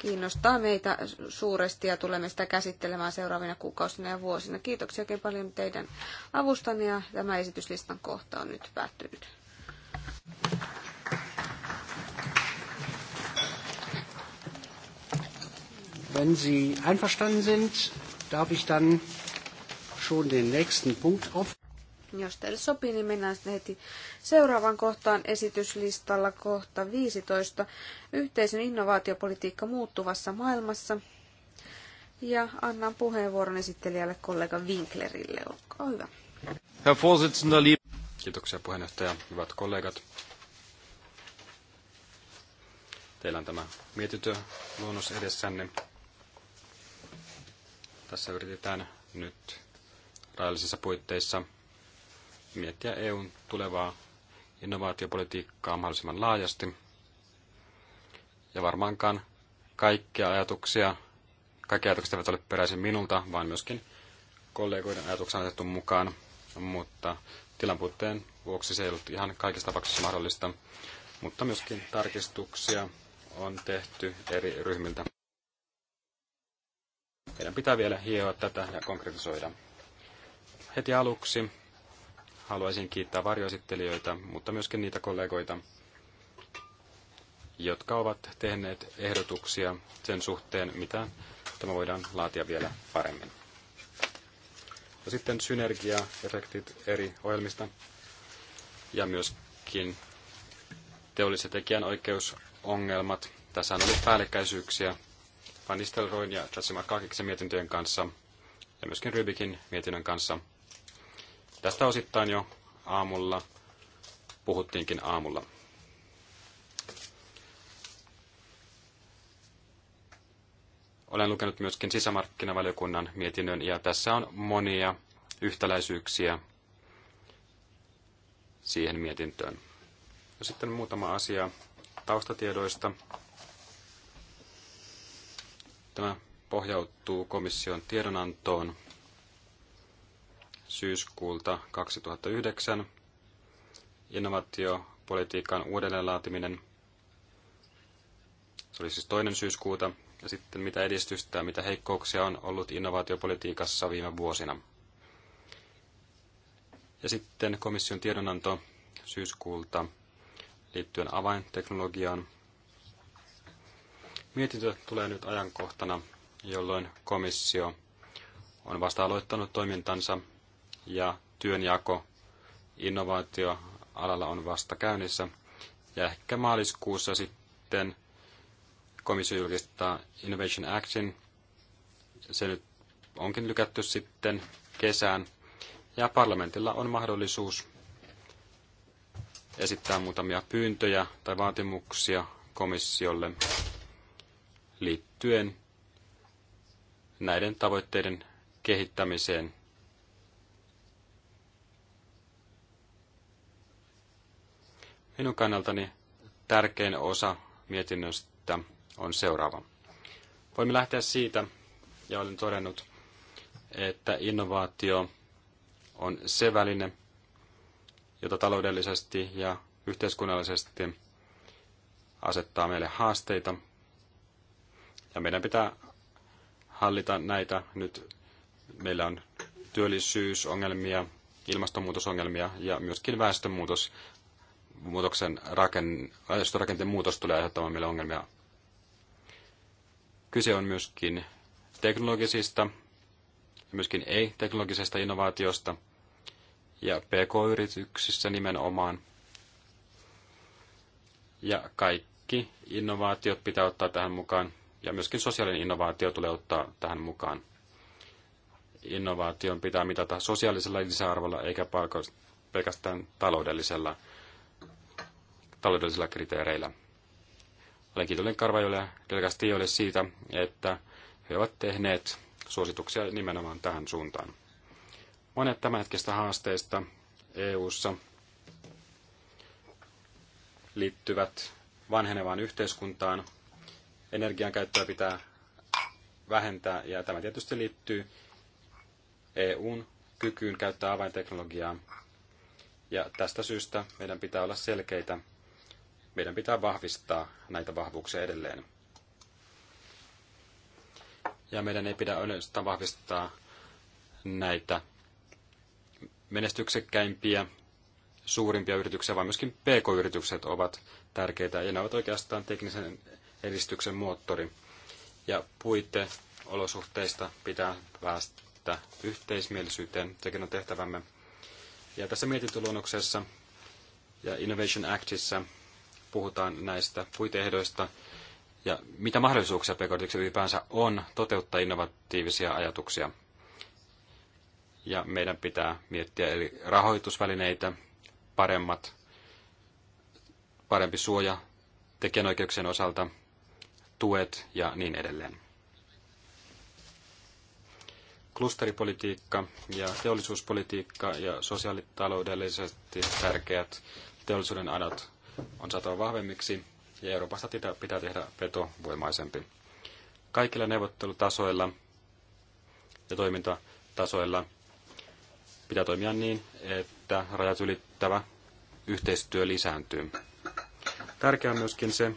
kiinnostaa meitä suuresti ja tulemme sitä käsittelemään seuraavina kuukausina ja vuosina. Kiitoksia oikein paljon teidän avustanne ja tämä esityslistan kohta on nyt päättynyt. Wenn Sie einverstanden sind, darf ich dann schon den nächsten Punkt auf. Jos teille sopii, niin mennään sitten heti seuraavaan kohtaan esityslistalla kohta 15. Yhteisön innovaatiopolitiikka muuttuvassa maailmassa. Ja annan puheenvuoron esittelijälle kollega Winklerille. Olkaa hyvä. Herr Vorsitzender, lieb... Kiitoksia puheenjohtaja, hyvät kollegat. Teillä on tämä luonnos edessänne. Tässä yritetään nyt rajallisissa puitteissa miettiä EUn tulevaa innovaatiopolitiikkaa mahdollisimman laajasti. Ja varmaankaan kaikkia ajatuksia, kaikki ajatukset eivät ole peräisin minulta, vaan myöskin kollegoiden ajatuksia on otettu mukaan, mutta tilanpuutteen vuoksi se ei ollut ihan kaikissa tapauksissa mahdollista, mutta myöskin tarkistuksia on tehty eri ryhmiltä. Meidän pitää vielä hioa tätä ja konkretisoida. Heti aluksi haluaisin kiittää varjoesittelijöitä, mutta myöskin niitä kollegoita, jotka ovat tehneet ehdotuksia sen suhteen, mitä tämä voidaan laatia vielä paremmin. Ja no sitten synergiaefektit eri ohjelmista ja myöskin tekijän oikeusongelmat Tässä on ollut päällekkäisyyksiä Van Nistelrooyn ja Chatsima Kakiksen mietintöjen kanssa ja myöskin Rybikin mietinnön kanssa. Tästä osittain jo aamulla puhuttiinkin aamulla. Olen lukenut myöskin sisämarkkinavaliokunnan mietinnön ja tässä on monia yhtäläisyyksiä siihen mietintöön. sitten muutama asia taustatiedoista. Tämä pohjautuu komission tiedonantoon syyskuulta 2009, innovaatiopolitiikan uudelleenlaatiminen, se oli siis toinen syyskuuta, ja sitten mitä edistystä, ja mitä heikkouksia on ollut innovaatiopolitiikassa viime vuosina. Ja sitten komission tiedonanto syyskuulta liittyen avainteknologiaan, Mietintö tulee nyt ajankohtana, jolloin komissio on vasta aloittanut toimintansa ja työnjako innovaatioalalla on vasta käynnissä. Ja ehkä maaliskuussa sitten komissio julkistaa Innovation Action. Se nyt onkin lykätty sitten kesään. Ja parlamentilla on mahdollisuus esittää muutamia pyyntöjä tai vaatimuksia komissiolle liittyen näiden tavoitteiden kehittämiseen. Minun kannaltani tärkein osa mietinnöstä on seuraava. Voimme lähteä siitä, ja olen todennut, että innovaatio on se väline, jota taloudellisesti ja yhteiskunnallisesti asettaa meille haasteita ja meidän pitää hallita näitä. Nyt meillä on työllisyysongelmia, ilmastonmuutosongelmia ja myöskin väestönmuutos. Muutoksen raken, väestörakenteen muutos tulee aiheuttamaan meille ongelmia. Kyse on myöskin teknologisista ja myöskin ei-teknologisesta innovaatiosta ja pk-yrityksissä nimenomaan. Ja kaikki innovaatiot pitää ottaa tähän mukaan. Ja myöskin sosiaalinen innovaatio tulee ottaa tähän mukaan. Innovaation pitää mitata sosiaalisella lisäarvolla eikä pelkästään taloudellisella, taloudellisilla kriteereillä. Olen kiitollinen Karvajolle ja Delgastiolle siitä, että he ovat tehneet suosituksia nimenomaan tähän suuntaan. Monet tämänhetkistä haasteista EU:ssa liittyvät vanhenevaan yhteiskuntaan, energian käyttöä pitää vähentää, ja tämä tietysti liittyy EUn kykyyn käyttää avainteknologiaa. Ja tästä syystä meidän pitää olla selkeitä. Meidän pitää vahvistaa näitä vahvuuksia edelleen. Ja meidän ei pidä ainoastaan vahvistaa näitä menestyksekkäimpiä, suurimpia yrityksiä, vaan myöskin pk-yritykset ovat tärkeitä. Ja ne ovat oikeastaan teknisen edistyksen moottori. Ja puiteolosuhteista pitää päästä yhteismielisyyteen, sekin on tehtävämme. Ja tässä mietintöluonnoksessa ja Innovation Actissa puhutaan näistä puiteehdoista ja mitä mahdollisuuksia pk ylipäänsä on toteuttaa innovatiivisia ajatuksia. Ja meidän pitää miettiä eli rahoitusvälineitä, paremmat, parempi suoja tekijänoikeuksien osalta tuet ja niin edelleen. Klusteripolitiikka ja teollisuuspolitiikka ja sosiaalitaloudellisesti tärkeät teollisuuden adat on saatava vahvemmiksi ja Euroopasta pitää tehdä vetovoimaisempi. Kaikilla neuvottelutasoilla ja toimintatasoilla pitää toimia niin, että rajat ylittävä yhteistyö lisääntyy. Tärkeää on myöskin se,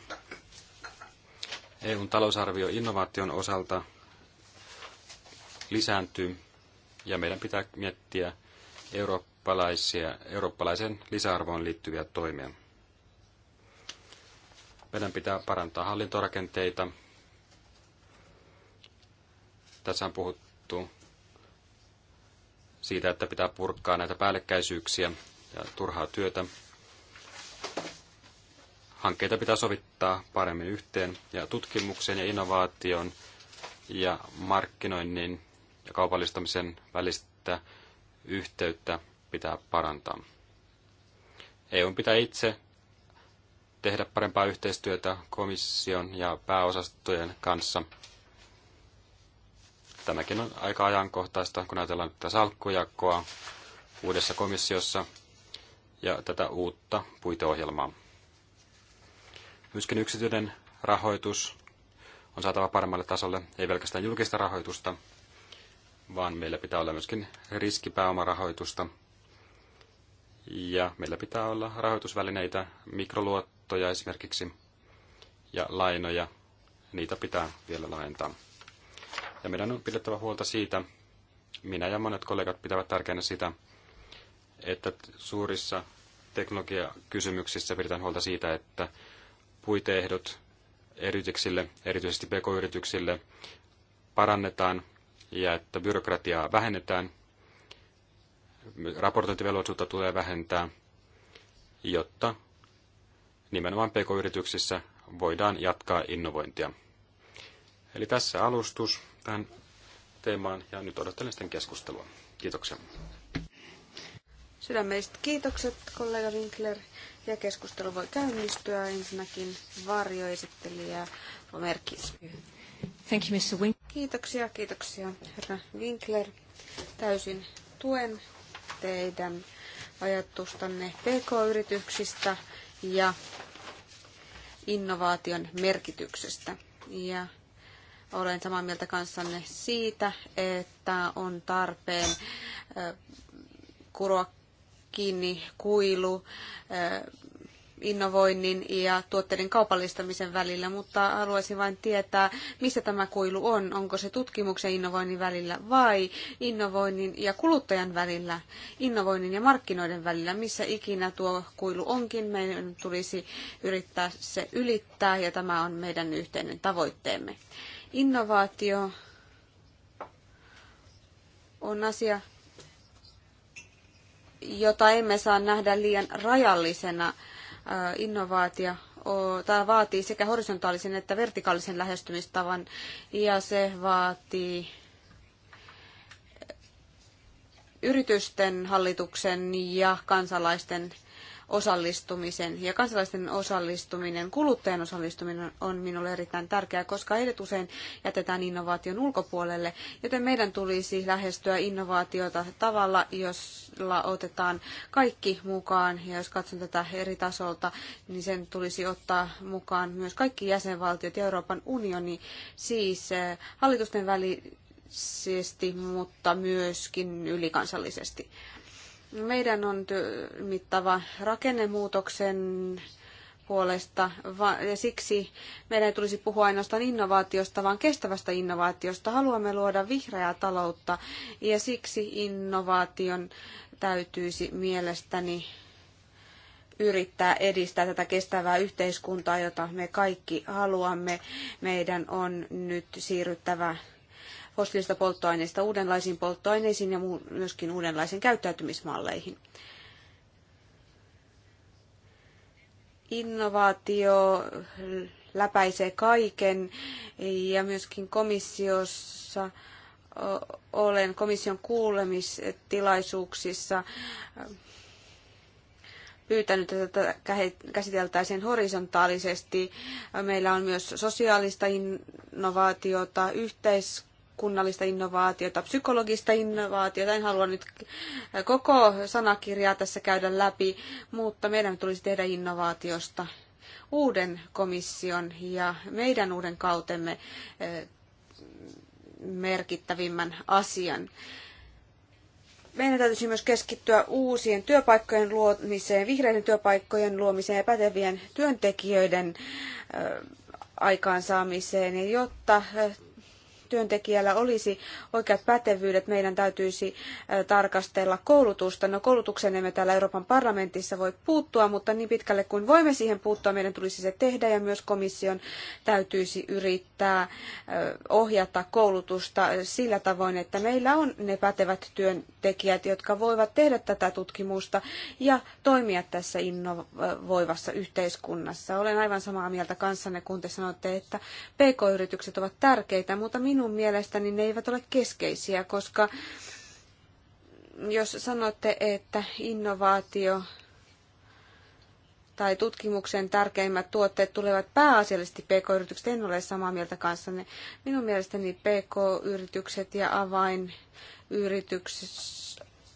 EUn talousarvio innovaation osalta lisääntyy ja meidän pitää miettiä eurooppalaisia, eurooppalaisen lisäarvoon liittyviä toimia. Meidän pitää parantaa hallintorakenteita. Tässä on puhuttu siitä, että pitää purkaa näitä päällekkäisyyksiä ja turhaa työtä hankkeita pitää sovittaa paremmin yhteen ja tutkimuksen ja innovaation ja markkinoinnin ja kaupallistamisen välistä yhteyttä pitää parantaa. EU pitää itse tehdä parempaa yhteistyötä komission ja pääosastojen kanssa. Tämäkin on aika ajankohtaista, kun ajatellaan tätä salkkujakoa uudessa komissiossa ja tätä uutta puiteohjelmaa. Myöskin yksityinen rahoitus on saatava paremmalle tasolle, ei pelkästään julkista rahoitusta, vaan meillä pitää olla myöskin riskipääomarahoitusta. Ja meillä pitää olla rahoitusvälineitä, mikroluottoja esimerkiksi, ja lainoja. Niitä pitää vielä laajentaa. Ja meidän on pidettävä huolta siitä, minä ja monet kollegat pitävät tärkeänä sitä, että suurissa teknologiakysymyksissä pidetään huolta siitä, että puiteehdot yrityksille, erityisesti pk-yrityksille, parannetaan ja että byrokratiaa vähennetään. Raportointivelvollisuutta tulee vähentää, jotta nimenomaan pk-yrityksissä voidaan jatkaa innovointia. Eli tässä alustus tähän teemaan ja nyt odottelen sitten keskustelua. Kiitoksia. Sydämeiset kiitokset kollega Winkler ja keskustelu voi käynnistyä ensinnäkin varjoesittelijä Merkis. Thank you, Mr. Winkler. Kiitoksia, kiitoksia herra Winkler. Täysin tuen teidän ajatustanne PK-yrityksistä ja innovaation merkityksestä. Ja olen samaa mieltä kanssanne siitä, että on tarpeen kuroa kiinni kuilu eh, innovoinnin ja tuotteiden kaupallistamisen välillä, mutta haluaisin vain tietää, missä tämä kuilu on. Onko se tutkimuksen ja innovoinnin välillä vai innovoinnin ja kuluttajan välillä, innovoinnin ja markkinoiden välillä, missä ikinä tuo kuilu onkin. Meidän tulisi yrittää se ylittää ja tämä on meidän yhteinen tavoitteemme. Innovaatio on asia, jota emme saa nähdä liian rajallisena. Innovaatio tämä vaatii sekä horisontaalisen että vertikaalisen lähestymistavan ja se vaatii yritysten, hallituksen ja kansalaisten osallistumisen ja kansalaisten osallistuminen, kuluttajan osallistuminen on minulle erittäin tärkeää, koska heidät usein jätetään innovaation ulkopuolelle, joten meidän tulisi lähestyä innovaatiota tavalla, jolla otetaan kaikki mukaan ja jos katson tätä eri tasolta, niin sen tulisi ottaa mukaan myös kaikki jäsenvaltiot ja Euroopan unioni, siis eh, hallitusten välisesti, mutta myöskin ylikansallisesti. Meidän on mittava rakennemuutoksen puolesta, ja siksi meidän ei tulisi puhua ainoastaan innovaatiosta, vaan kestävästä innovaatiosta. Haluamme luoda vihreää taloutta, ja siksi innovaation täytyisi mielestäni yrittää edistää tätä kestävää yhteiskuntaa, jota me kaikki haluamme. Meidän on nyt siirryttävä fossiilisista polttoaineista uudenlaisiin polttoaineisiin ja myöskin uudenlaisiin käyttäytymismalleihin. Innovaatio läpäisee kaiken ja myöskin komissiossa olen komission kuulemistilaisuuksissa pyytänyt, että käsiteltäisiin horisontaalisesti. Meillä on myös sosiaalista innovaatiota, yhteis kunnallista innovaatiota, psykologista innovaatiota. En halua nyt koko sanakirjaa tässä käydä läpi, mutta meidän tulisi tehdä innovaatiosta uuden komission ja meidän uuden kautemme eh, merkittävimmän asian. Meidän täytyisi myös keskittyä uusien työpaikkojen luomiseen, vihreiden työpaikkojen luomiseen ja pätevien työntekijöiden eh, aikaansaamiseen, jotta eh, työntekijällä olisi oikeat pätevyydet, meidän täytyisi tarkastella koulutusta. No koulutukseen emme täällä Euroopan parlamentissa voi puuttua, mutta niin pitkälle kuin voimme siihen puuttua, meidän tulisi se tehdä ja myös komission täytyisi yrittää ohjata koulutusta sillä tavoin, että meillä on ne pätevät työntekijät, jotka voivat tehdä tätä tutkimusta ja toimia tässä innovoivassa yhteiskunnassa. Olen aivan samaa mieltä kanssanne, kun te sanotte, että pk-yritykset ovat tärkeitä, mutta minun minun mielestäni ne eivät ole keskeisiä, koska jos sanotte, että innovaatio tai tutkimuksen tärkeimmät tuotteet tulevat pääasiallisesti PK-yritykset, en ole samaa mieltä kanssanne. Minun mielestäni PK-yritykset ja avainyritykset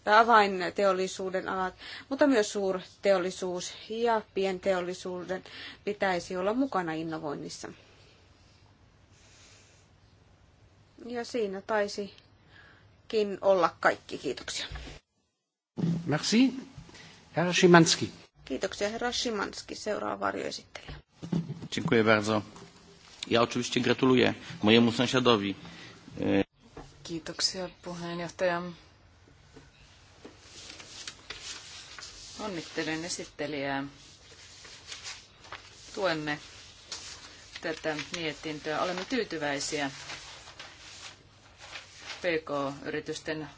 avainteollisuuden alat, mutta myös suurteollisuus ja pienteollisuuden pitäisi olla mukana innovoinnissa. Ja siinä taisikin olla kaikki. Kiitoksia. Merci. Herra Szymanski. Kiitoksia herra Szymanski. Seuraava varjoesittelijä. Dziękuję bardzo. Ja oczywiście gratuluję mojemu sąsiadowi. Kiitoksia puheenjohtaja. Onnittelen esittelijää. Tuemme tätä mietintöä. Olemme tyytyväisiä PK-yritysten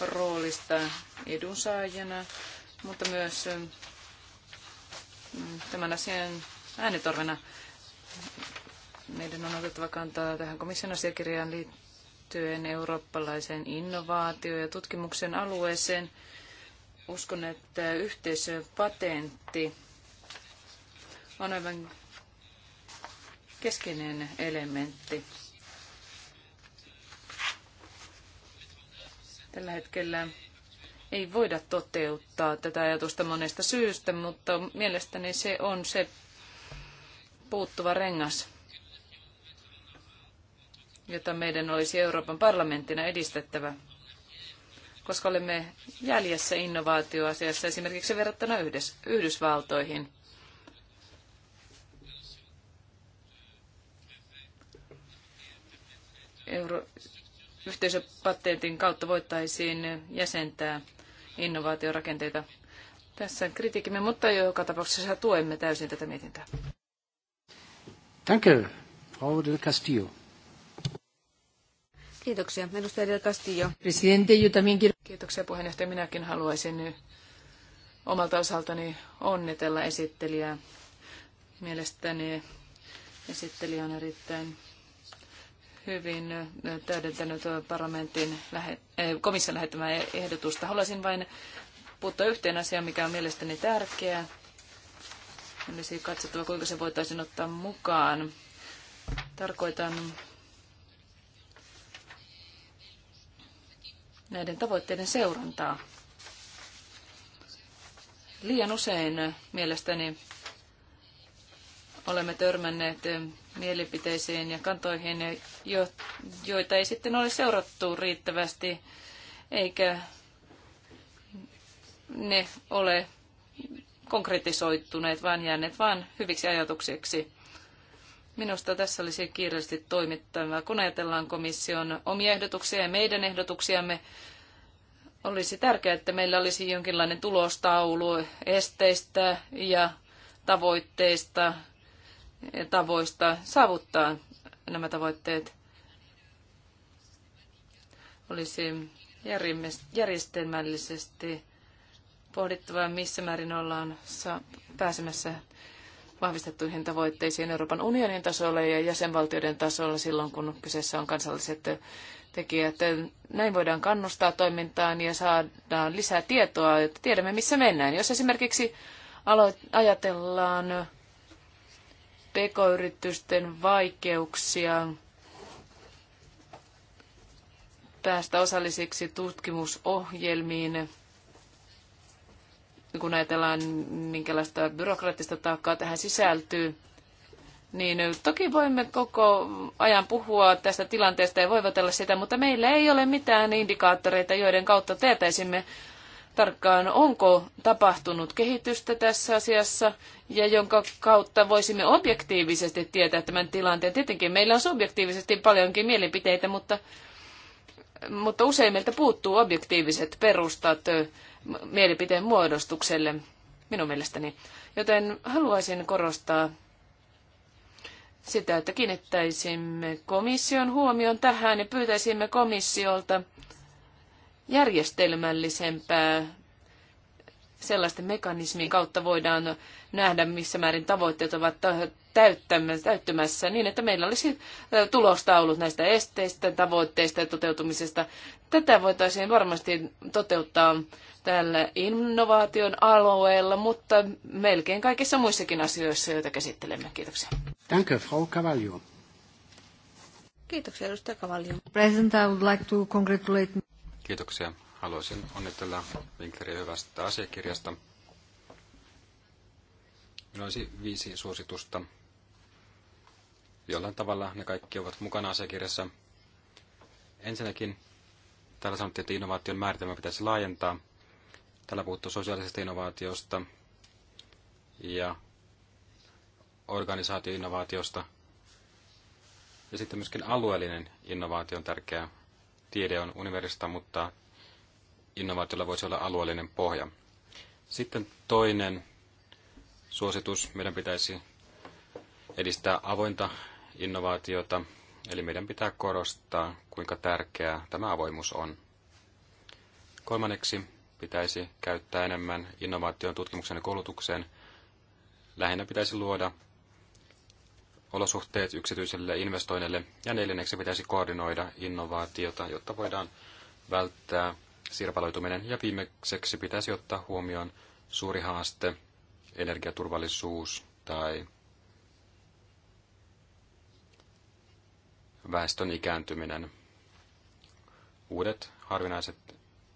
roolista edunsaajana, mutta myös mm, tämän asian äänitorvena. Meidän on otettava kantaa tähän komission asiakirjaan liittyen eurooppalaiseen innovaatio- ja tutkimuksen alueeseen. Uskon, että yhteisöpatentti on aivan keskeinen elementti Tällä hetkellä ei voida toteuttaa tätä ajatusta monesta syystä, mutta mielestäni se on se puuttuva rengas, jota meidän olisi Euroopan parlamenttina edistettävä, koska olemme jäljessä innovaatioasiassa esimerkiksi verrattuna Yhdysvaltoihin. Euro, yhteisöpatentin kautta voitaisiin jäsentää innovaatiorakenteita. Tässä kritiikkimme, mutta joka tapauksessa tuemme täysin tätä mietintää. Danke, Frau del Castillo. Kiitoksia. Edustaja Del Castillo. Presidente, yo también Kiitoksia puheenjohtaja. Minäkin haluaisin omalta osaltani onnitella esittelijää. Mielestäni esittelijä on erittäin hyvin täydentänyt parlamentin komission lähettämää ehdotusta. Haluaisin vain puuttua yhteen asiaan, mikä on mielestäni tärkeä. Olisi katsottava, kuinka se voitaisiin ottaa mukaan. Tarkoitan näiden tavoitteiden seurantaa. Liian usein mielestäni olemme törmänneet mielipiteisiin ja kantoihin, joita ei sitten ole seurattu riittävästi, eikä ne ole konkretisoituneet, vaan jääneet vain hyviksi ajatuksiksi. Minusta tässä olisi kiireellisesti toimittava. Kun ajatellaan komission omia ehdotuksia ja meidän ehdotuksiamme, olisi tärkeää, että meillä olisi jonkinlainen tulostaulu esteistä ja tavoitteista tavoista saavuttaa nämä tavoitteet. Olisi järjestelmällisesti pohdittava, missä määrin ollaan pääsemässä vahvistettuihin tavoitteisiin Euroopan unionin tasolla ja jäsenvaltioiden tasolla silloin, kun kyseessä on kansalliset tekijät. Näin voidaan kannustaa toimintaan ja saadaan lisää tietoa, että tiedämme missä mennään. Jos esimerkiksi ajatellaan pk-yritysten vaikeuksia päästä osallisiksi tutkimusohjelmiin, kun ajatellaan minkälaista byrokraattista taakkaa tähän sisältyy, niin toki voimme koko ajan puhua tästä tilanteesta ja voivotella sitä, mutta meillä ei ole mitään indikaattoreita, joiden kautta tietäisimme, tarkkaan, onko tapahtunut kehitystä tässä asiassa ja jonka kautta voisimme objektiivisesti tietää tämän tilanteen. Tietenkin meillä on subjektiivisesti paljonkin mielipiteitä, mutta, mutta usein meiltä puuttuu objektiiviset perustat mielipiteen muodostukselle, minun mielestäni. Joten haluaisin korostaa sitä, että kiinnittäisimme komission huomion tähän ja pyytäisimme komissiolta järjestelmällisempää sellaisten mekanismien kautta voidaan nähdä, missä määrin tavoitteet ovat täyttämässä niin, että meillä olisi tulostaulut näistä esteistä, tavoitteista ja toteutumisesta. Tätä voitaisiin varmasti toteuttaa tällä innovaation alueella, mutta melkein kaikissa muissakin asioissa, joita käsittelemme. Kiitoksia. Danke, Frau Cavallio. Kiitoksia, edustaja Cavallio. President, I would like to congratulate Kiitoksia. Haluaisin onnitella Winkleria hyvästä asiakirjasta. Minulla olisi viisi suositusta. Jollain tavalla ne kaikki ovat mukana asiakirjassa. Ensinnäkin täällä sanottiin, että innovaation määritelmä pitäisi laajentaa. Täällä puhuttu sosiaalisesta innovaatiosta ja organisaatioinnovaatiosta. Ja sitten myöskin alueellinen innovaatio on tärkeää tiede on universta, mutta innovaatiolla voisi olla alueellinen pohja. Sitten toinen suositus. Meidän pitäisi edistää avointa innovaatiota, eli meidän pitää korostaa, kuinka tärkeää tämä avoimuus on. Kolmanneksi pitäisi käyttää enemmän innovaation tutkimuksen ja koulutukseen. Lähinnä pitäisi luoda olosuhteet yksityiselle investoinnille Ja neljänneksi pitäisi koordinoida innovaatiota, jotta voidaan välttää sirpaloituminen. Ja viimeiseksi pitäisi ottaa huomioon suuri haaste, energiaturvallisuus tai väestön ikääntyminen, uudet harvinaiset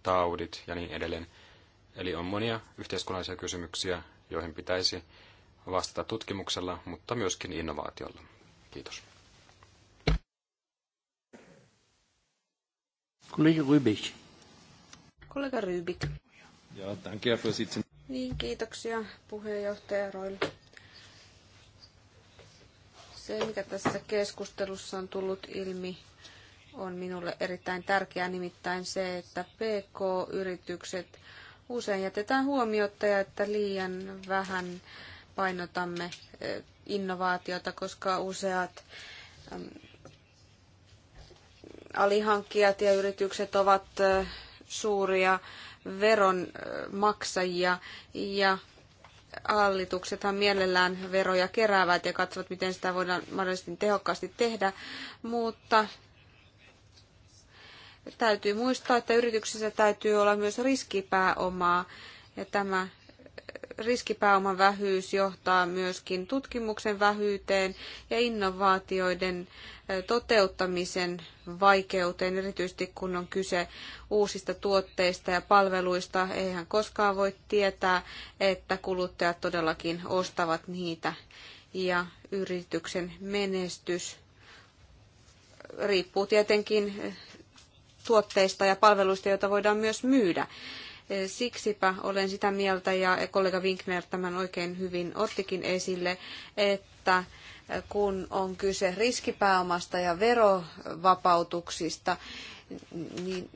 taudit ja niin edelleen. Eli on monia yhteiskunnallisia kysymyksiä, joihin pitäisi vastata tutkimuksella, mutta myöskin innovaatiolla. Kiitos. Kollega Rybik. Kollega Rybik. Ja, danke, Herr Vorsitzender. Niin, kiitoksia puheenjohtaja Roil. Se, mikä tässä keskustelussa on tullut ilmi, on minulle erittäin tärkeää, nimittäin se, että PK-yritykset usein jätetään huomiota ja että liian vähän painotamme innovaatiota, koska useat alihankkijat ja yritykset ovat suuria veronmaksajia ja hallituksethan mielellään veroja keräävät ja katsovat, miten sitä voidaan mahdollisesti tehokkaasti tehdä, mutta täytyy muistaa, että yrityksessä täytyy olla myös riskipääomaa ja tämä riskipääoman vähyys johtaa myöskin tutkimuksen vähyyteen ja innovaatioiden toteuttamisen vaikeuteen, erityisesti kun on kyse uusista tuotteista ja palveluista. Eihän koskaan voi tietää, että kuluttajat todellakin ostavat niitä ja yrityksen menestys riippuu tietenkin tuotteista ja palveluista, joita voidaan myös myydä. Siksipä olen sitä mieltä, ja kollega Winkner tämän oikein hyvin ottikin esille, että kun on kyse riskipääomasta ja verovapautuksista, niin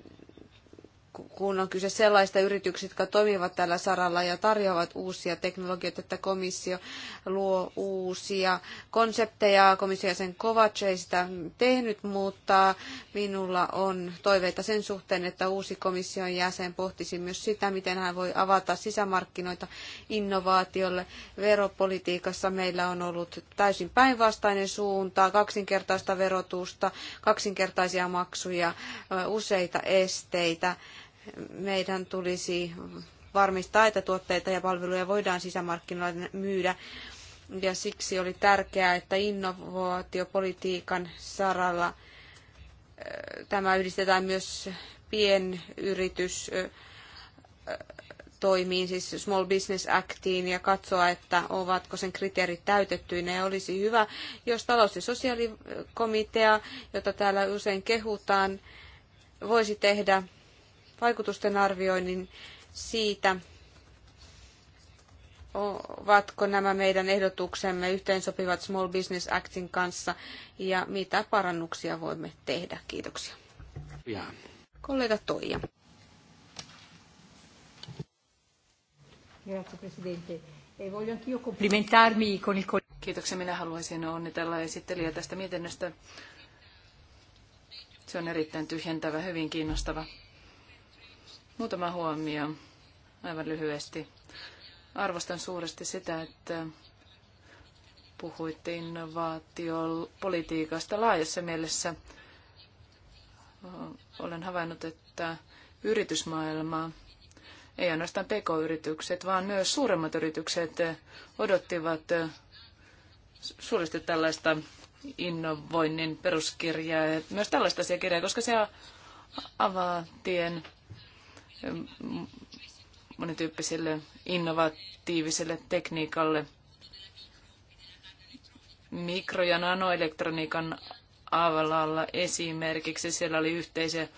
kun on kyse sellaista yrityksistä, jotka toimivat tällä saralla ja tarjoavat uusia teknologioita, että komissio luo uusia konsepteja. Komissio sen Kovac ei sitä tehnyt, mutta minulla on toiveita sen suhteen, että uusi komission jäsen pohtisi myös sitä, miten hän voi avata sisämarkkinoita innovaatiolle. Veropolitiikassa meillä on ollut täysin päinvastainen suunta, kaksinkertaista verotusta, kaksinkertaisia maksuja, useita esteitä meidän tulisi varmistaa, että tuotteita ja palveluja voidaan sisämarkkinoilla myydä. Ja siksi oli tärkeää, että innovaatiopolitiikan saralla tämä yhdistetään myös pienyritystoimiin, siis Small Business Actiin ja katsoa, että ovatko sen kriteerit täytettyinä. Ja olisi hyvä, jos talous- ja sosiaalikomitea, jota täällä usein kehutaan, voisi tehdä vaikutusten arvioinnin siitä, ovatko nämä meidän ehdotuksemme yhteensopivat Small Business Actin kanssa ja mitä parannuksia voimme tehdä. Kiitoksia. Ja. Kollega Toija. Grazie Presidente. E voglio anch'io complimentarmi con il Kiitoksia. Minä haluaisin onnitella esittelijä tästä mietinnöstä. Se on erittäin tyhjentävä, hyvin kiinnostava. Muutama huomio aivan lyhyesti. Arvostan suuresti sitä, että puhuitte innovaatiopolitiikasta laajassa mielessä. Olen havainnut, että yritysmaailma ei ainoastaan pk-yritykset, vaan myös suuremmat yritykset odottivat suuresti tällaista innovoinnin peruskirjaa ja myös tällaista asiakirjaa, koska se avaa tien monityyppiselle innovatiiviselle tekniikalle. Mikro- ja nanoelektroniikan alalla esimerkiksi siellä oli yhteisiä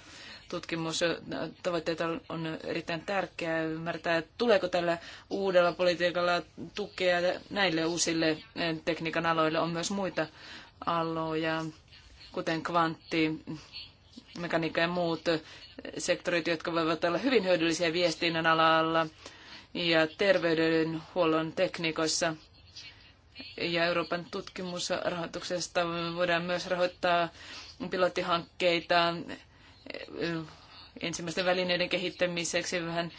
tutkimustavoitteita on erittäin tärkeää ymmärtää, että tuleeko tällä uudella politiikalla tukea näille uusille eh, tekniikan aloille. On myös muita aloja, kuten kvantti mekaniikka ja muut sektorit, jotka voivat olla hyvin hyödyllisiä viestinnän alalla ja terveydenhuollon tekniikoissa. Ja Euroopan tutkimusrahoituksesta voidaan myös rahoittaa pilottihankkeita ensimmäisten välineiden kehittämiseksi vähän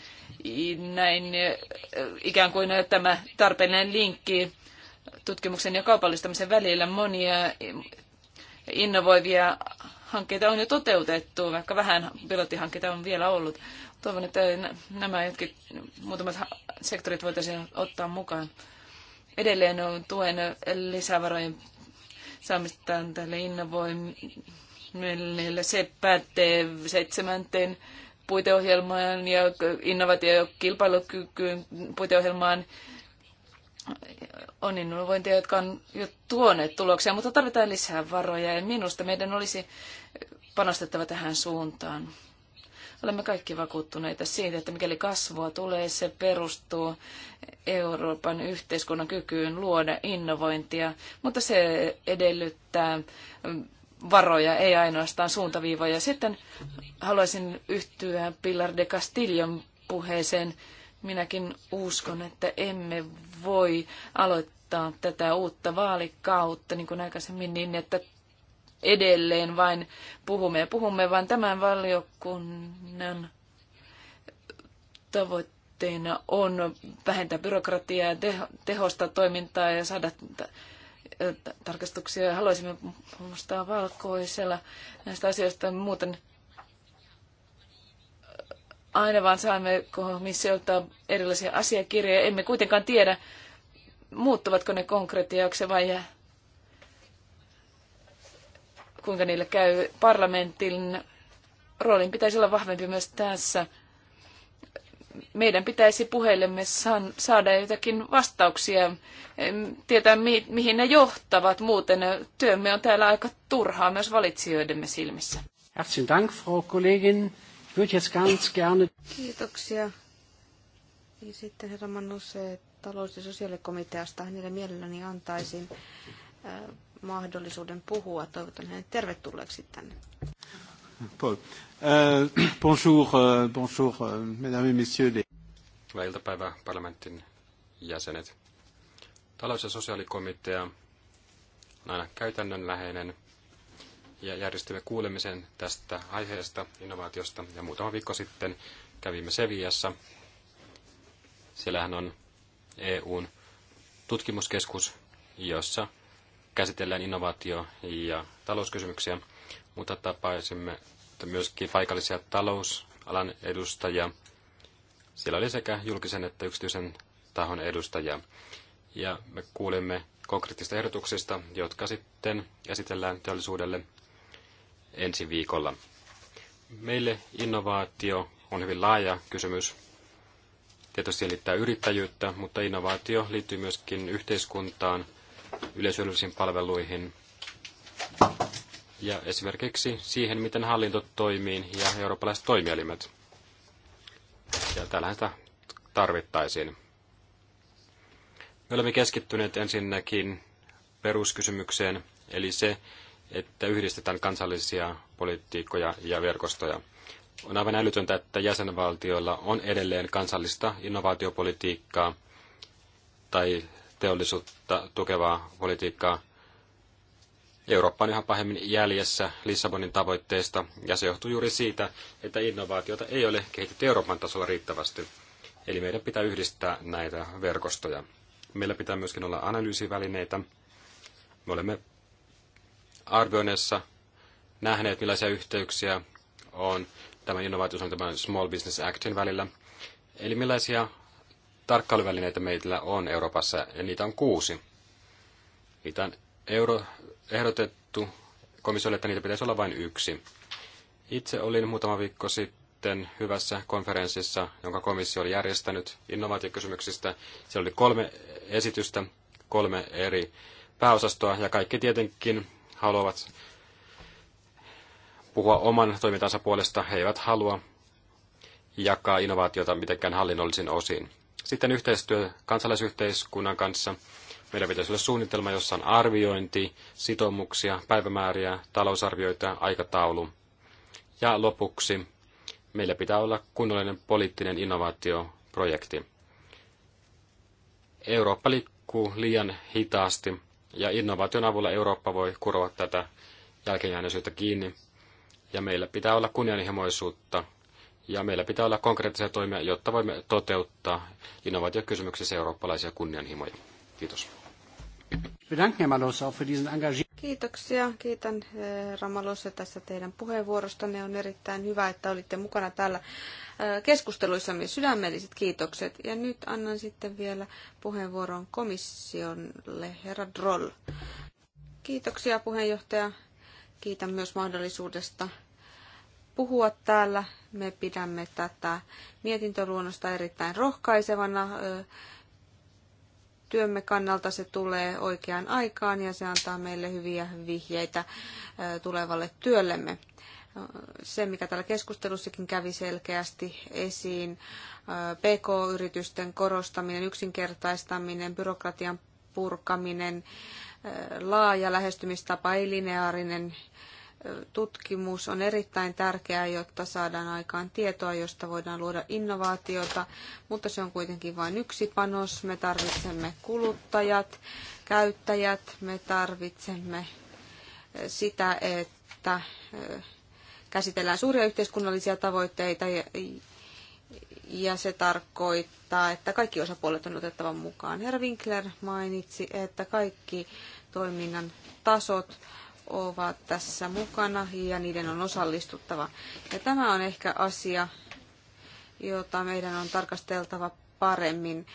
näin ikään kuin tämä tarpeellinen linkki tutkimuksen ja kaupallistamisen välillä monia innovoivia hankkeita on jo toteutettu, vaikka vähän pilottihankkeita on vielä ollut. Toivon, että nämä jotkin muutamat sektorit voitaisiin ottaa mukaan. Edelleen on tuen lisävarojen saamista tälle innovoinnille. Se päättee seitsemänteen puiteohjelmaan ja innovaatio- ja kilpailukykyyn puiteohjelmaan onninvointia, jotka on jo tuoneet tuloksia, mutta tarvitaan lisää varoja ja minusta meidän olisi panostettava tähän suuntaan. Olemme kaikki vakuuttuneita siitä, että mikäli kasvua tulee, se perustuu Euroopan yhteiskunnan kykyyn luoda innovointia, mutta se edellyttää varoja, ei ainoastaan suuntaviivoja. Sitten haluaisin yhtyä Pilar de Castillon puheeseen Minäkin uskon, että emme voi aloittaa tätä uutta vaalikautta, niin kuin aikaisemmin, niin että edelleen vain puhumme ja puhumme, vaan tämän valiokunnan tavoitteena on vähentää byrokratiaa ja tehostaa toimintaa ja saada tarkastuksia. Haluaisimme muistaa valkoisella näistä asioista muuten aina vaan saamme komissiolta erilaisia asiakirjoja. Emme kuitenkaan tiedä, muuttuvatko ne konkretiaksi vai kuinka niillä käy parlamentin. Roolin pitäisi olla vahvempi myös tässä. Meidän pitäisi puheillemme saada jotakin vastauksia, tietää mi- mihin ne johtavat. Muuten työmme on täällä aika turhaa myös valitsijoidemme silmissä. Herzlichen Dank, Frau Kollegin würde jetzt ganz gerne... Kiitoksia. Ja sitten herra Manuse talous- ja sosiaalikomiteasta hänelle mielelläni antaisin äh, mahdollisuuden puhua. Toivotan hänet tervetulleeksi tänne. Paul. Uh, bonjour, äh, bonjour, äh, mesdames et messieurs. Les... Hyvää iltapäivää parlamentin jäsenet. Talous- ja sosiaalikomitea on aina käytännönläheinen ja järjestimme kuulemisen tästä aiheesta, innovaatiosta, ja muutama viikko sitten kävimme Seviassa. Siellähän on EUn tutkimuskeskus, jossa käsitellään innovaatio- ja talouskysymyksiä, mutta tapaisimme myöskin paikallisia talousalan edustajia. Siellä oli sekä julkisen että yksityisen tahon edustajia. Ja me kuulimme konkreettista ehdotuksista, jotka sitten esitellään teollisuudelle ensi viikolla. Meille innovaatio on hyvin laaja kysymys. Tietysti siihen liittää yrittäjyyttä, mutta innovaatio liittyy myöskin yhteiskuntaan, yleisöllisiin palveluihin ja esimerkiksi siihen, miten hallinto toimii ja eurooppalaiset toimielimet. Ja täällähän sitä tarvittaisiin. Me olemme keskittyneet ensinnäkin peruskysymykseen, eli se, että yhdistetään kansallisia politiikkoja ja verkostoja. On aivan älytöntä, että jäsenvaltioilla on edelleen kansallista innovaatiopolitiikkaa tai teollisuutta tukevaa politiikkaa. Eurooppa on yhä pahemmin jäljessä Lissabonin tavoitteista, ja se johtuu juuri siitä, että innovaatiota ei ole kehitetty Euroopan tasolla riittävästi. Eli meidän pitää yhdistää näitä verkostoja. Meillä pitää myöskin olla analyysivälineitä. Me olemme arvioinnissa nähneet, millaisia yhteyksiä on tämän on tämän Small Business Actin välillä. Eli millaisia tarkkailuvälineitä meillä on Euroopassa, ja niitä on kuusi. Niitä on euro, ehdotettu komissiolle, että niitä pitäisi olla vain yksi. Itse olin muutama viikko sitten hyvässä konferenssissa, jonka komissio oli järjestänyt innovaatiokysymyksistä. Siellä oli kolme esitystä, kolme eri pääosastoa, ja kaikki tietenkin haluavat puhua oman toimintansa puolesta, he eivät halua jakaa innovaatiota mitenkään hallinnollisin osin. Sitten yhteistyö kansalaisyhteiskunnan kanssa. Meidän pitäisi olla suunnitelma, jossa on arviointi, sitoumuksia, päivämääriä, talousarvioita, aikataulu. Ja lopuksi meillä pitää olla kunnollinen poliittinen innovaatioprojekti. Eurooppa liikkuu liian hitaasti ja innovaation avulla Eurooppa voi kuroa tätä jälkeenjääneisyyttä kiinni. Ja meillä pitää olla kunnianhimoisuutta ja meillä pitää olla konkreettisia toimia, jotta voimme toteuttaa innovaatiokysymyksissä eurooppalaisia kunnianhimoja. Kiitos. Kiitoksia. Kiitän eh, Ramalossa tässä teidän puheenvuorostanne. On erittäin hyvä, että olitte mukana täällä eh, keskusteluissamme. Sydämelliset kiitokset. Ja nyt annan sitten vielä puheenvuoron komissiolle, herra Droll. Kiitoksia puheenjohtaja. Kiitän myös mahdollisuudesta puhua täällä. Me pidämme tätä mietintöluonnosta erittäin rohkaisevana eh, työmme kannalta se tulee oikeaan aikaan ja se antaa meille hyviä vihjeitä tulevalle työllemme. Se, mikä täällä keskustelussakin kävi selkeästi esiin, PK-yritysten korostaminen, yksinkertaistaminen, byrokratian purkaminen, laaja lähestymistapa, ei lineaarinen tutkimus on erittäin tärkeää, jotta saadaan aikaan tietoa, josta voidaan luoda innovaatiota, mutta se on kuitenkin vain yksi panos. Me tarvitsemme kuluttajat, käyttäjät, me tarvitsemme eh, sitä, että eh, käsitellään suuria yhteiskunnallisia tavoitteita ja se tarkoittaa, että kaikki osapuolet on otettava mukaan. Herra Winkler mainitsi, että kaikki toiminnan tasot ovat tässä mukana ja niiden on osallistuttava. Ja tämä on ehkä asia, jota meidän on tarkasteltava paremmin.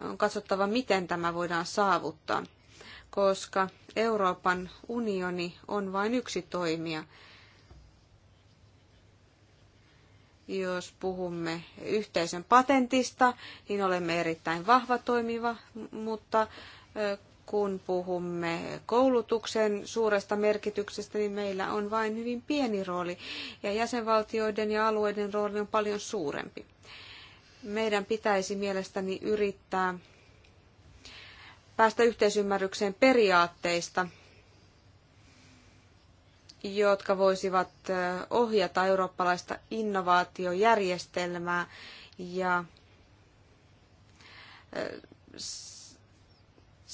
On katsottava, miten tämä voidaan saavuttaa, koska Euroopan unioni on vain yksi toimija. Jos puhumme yhteisen patentista, niin olemme erittäin vahva toimiva, mutta kun puhumme koulutuksen suuresta merkityksestä, niin meillä on vain hyvin pieni rooli ja jäsenvaltioiden ja alueiden rooli on paljon suurempi. Meidän pitäisi mielestäni yrittää päästä yhteisymmärrykseen periaatteista, jotka voisivat ohjata eurooppalaista innovaatiojärjestelmää ja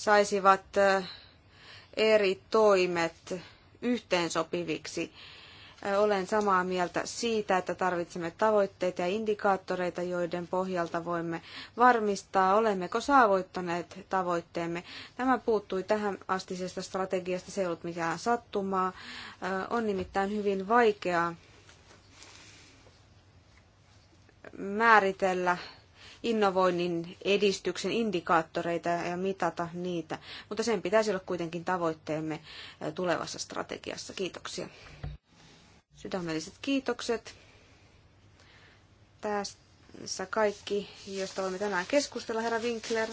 saisivat eri toimet yhteensopiviksi. Olen samaa mieltä siitä, että tarvitsemme tavoitteita ja indikaattoreita, joiden pohjalta voimme varmistaa, olemmeko saavuttaneet tavoitteemme. Tämä puuttui tähän astisesta strategiasta, se ei ollut mikään sattumaa. On nimittäin hyvin vaikeaa määritellä innovoinnin edistyksen indikaattoreita ja mitata niitä. Mutta sen pitäisi olla kuitenkin tavoitteemme tulevassa strategiassa. Kiitoksia. Sydämelliset kiitokset. Tässä kaikki, josta voimme tänään keskustella. Herra Winkler,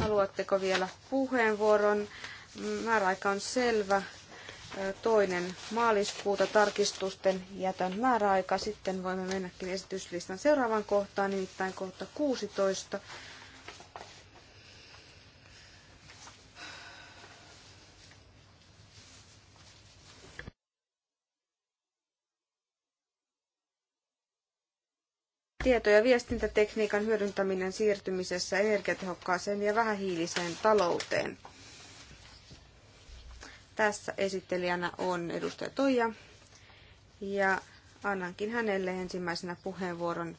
haluatteko vielä puheenvuoron? Määräaika on selvä toinen maaliskuuta tarkistusten jätön määräaika. Sitten voimme mennäkin esityslistan seuraavaan kohtaan, nimittäin kohta 16. Tieto- ja viestintätekniikan hyödyntäminen siirtymisessä energiatehokkaaseen ja vähähiiliseen talouteen. Tässä esittelijänä on edustaja Toija ja annankin hänelle ensimmäisenä puheenvuoron,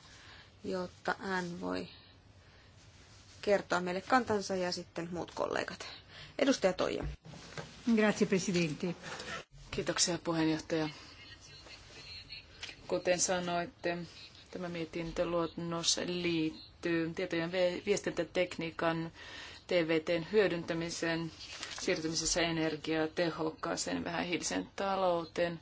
jotta hän voi kertoa meille kantansa ja sitten muut kollegat. Edustaja Toija. Grazie, Presidente. Kiitoksia puheenjohtaja. Kuten sanoitte, tämä mietintöluonnos liittyy tietojen viestintätekniikan TVTn hyödyntämiseen siirtymisessä energiaa tehokkaaseen vähän hiilisen talouteen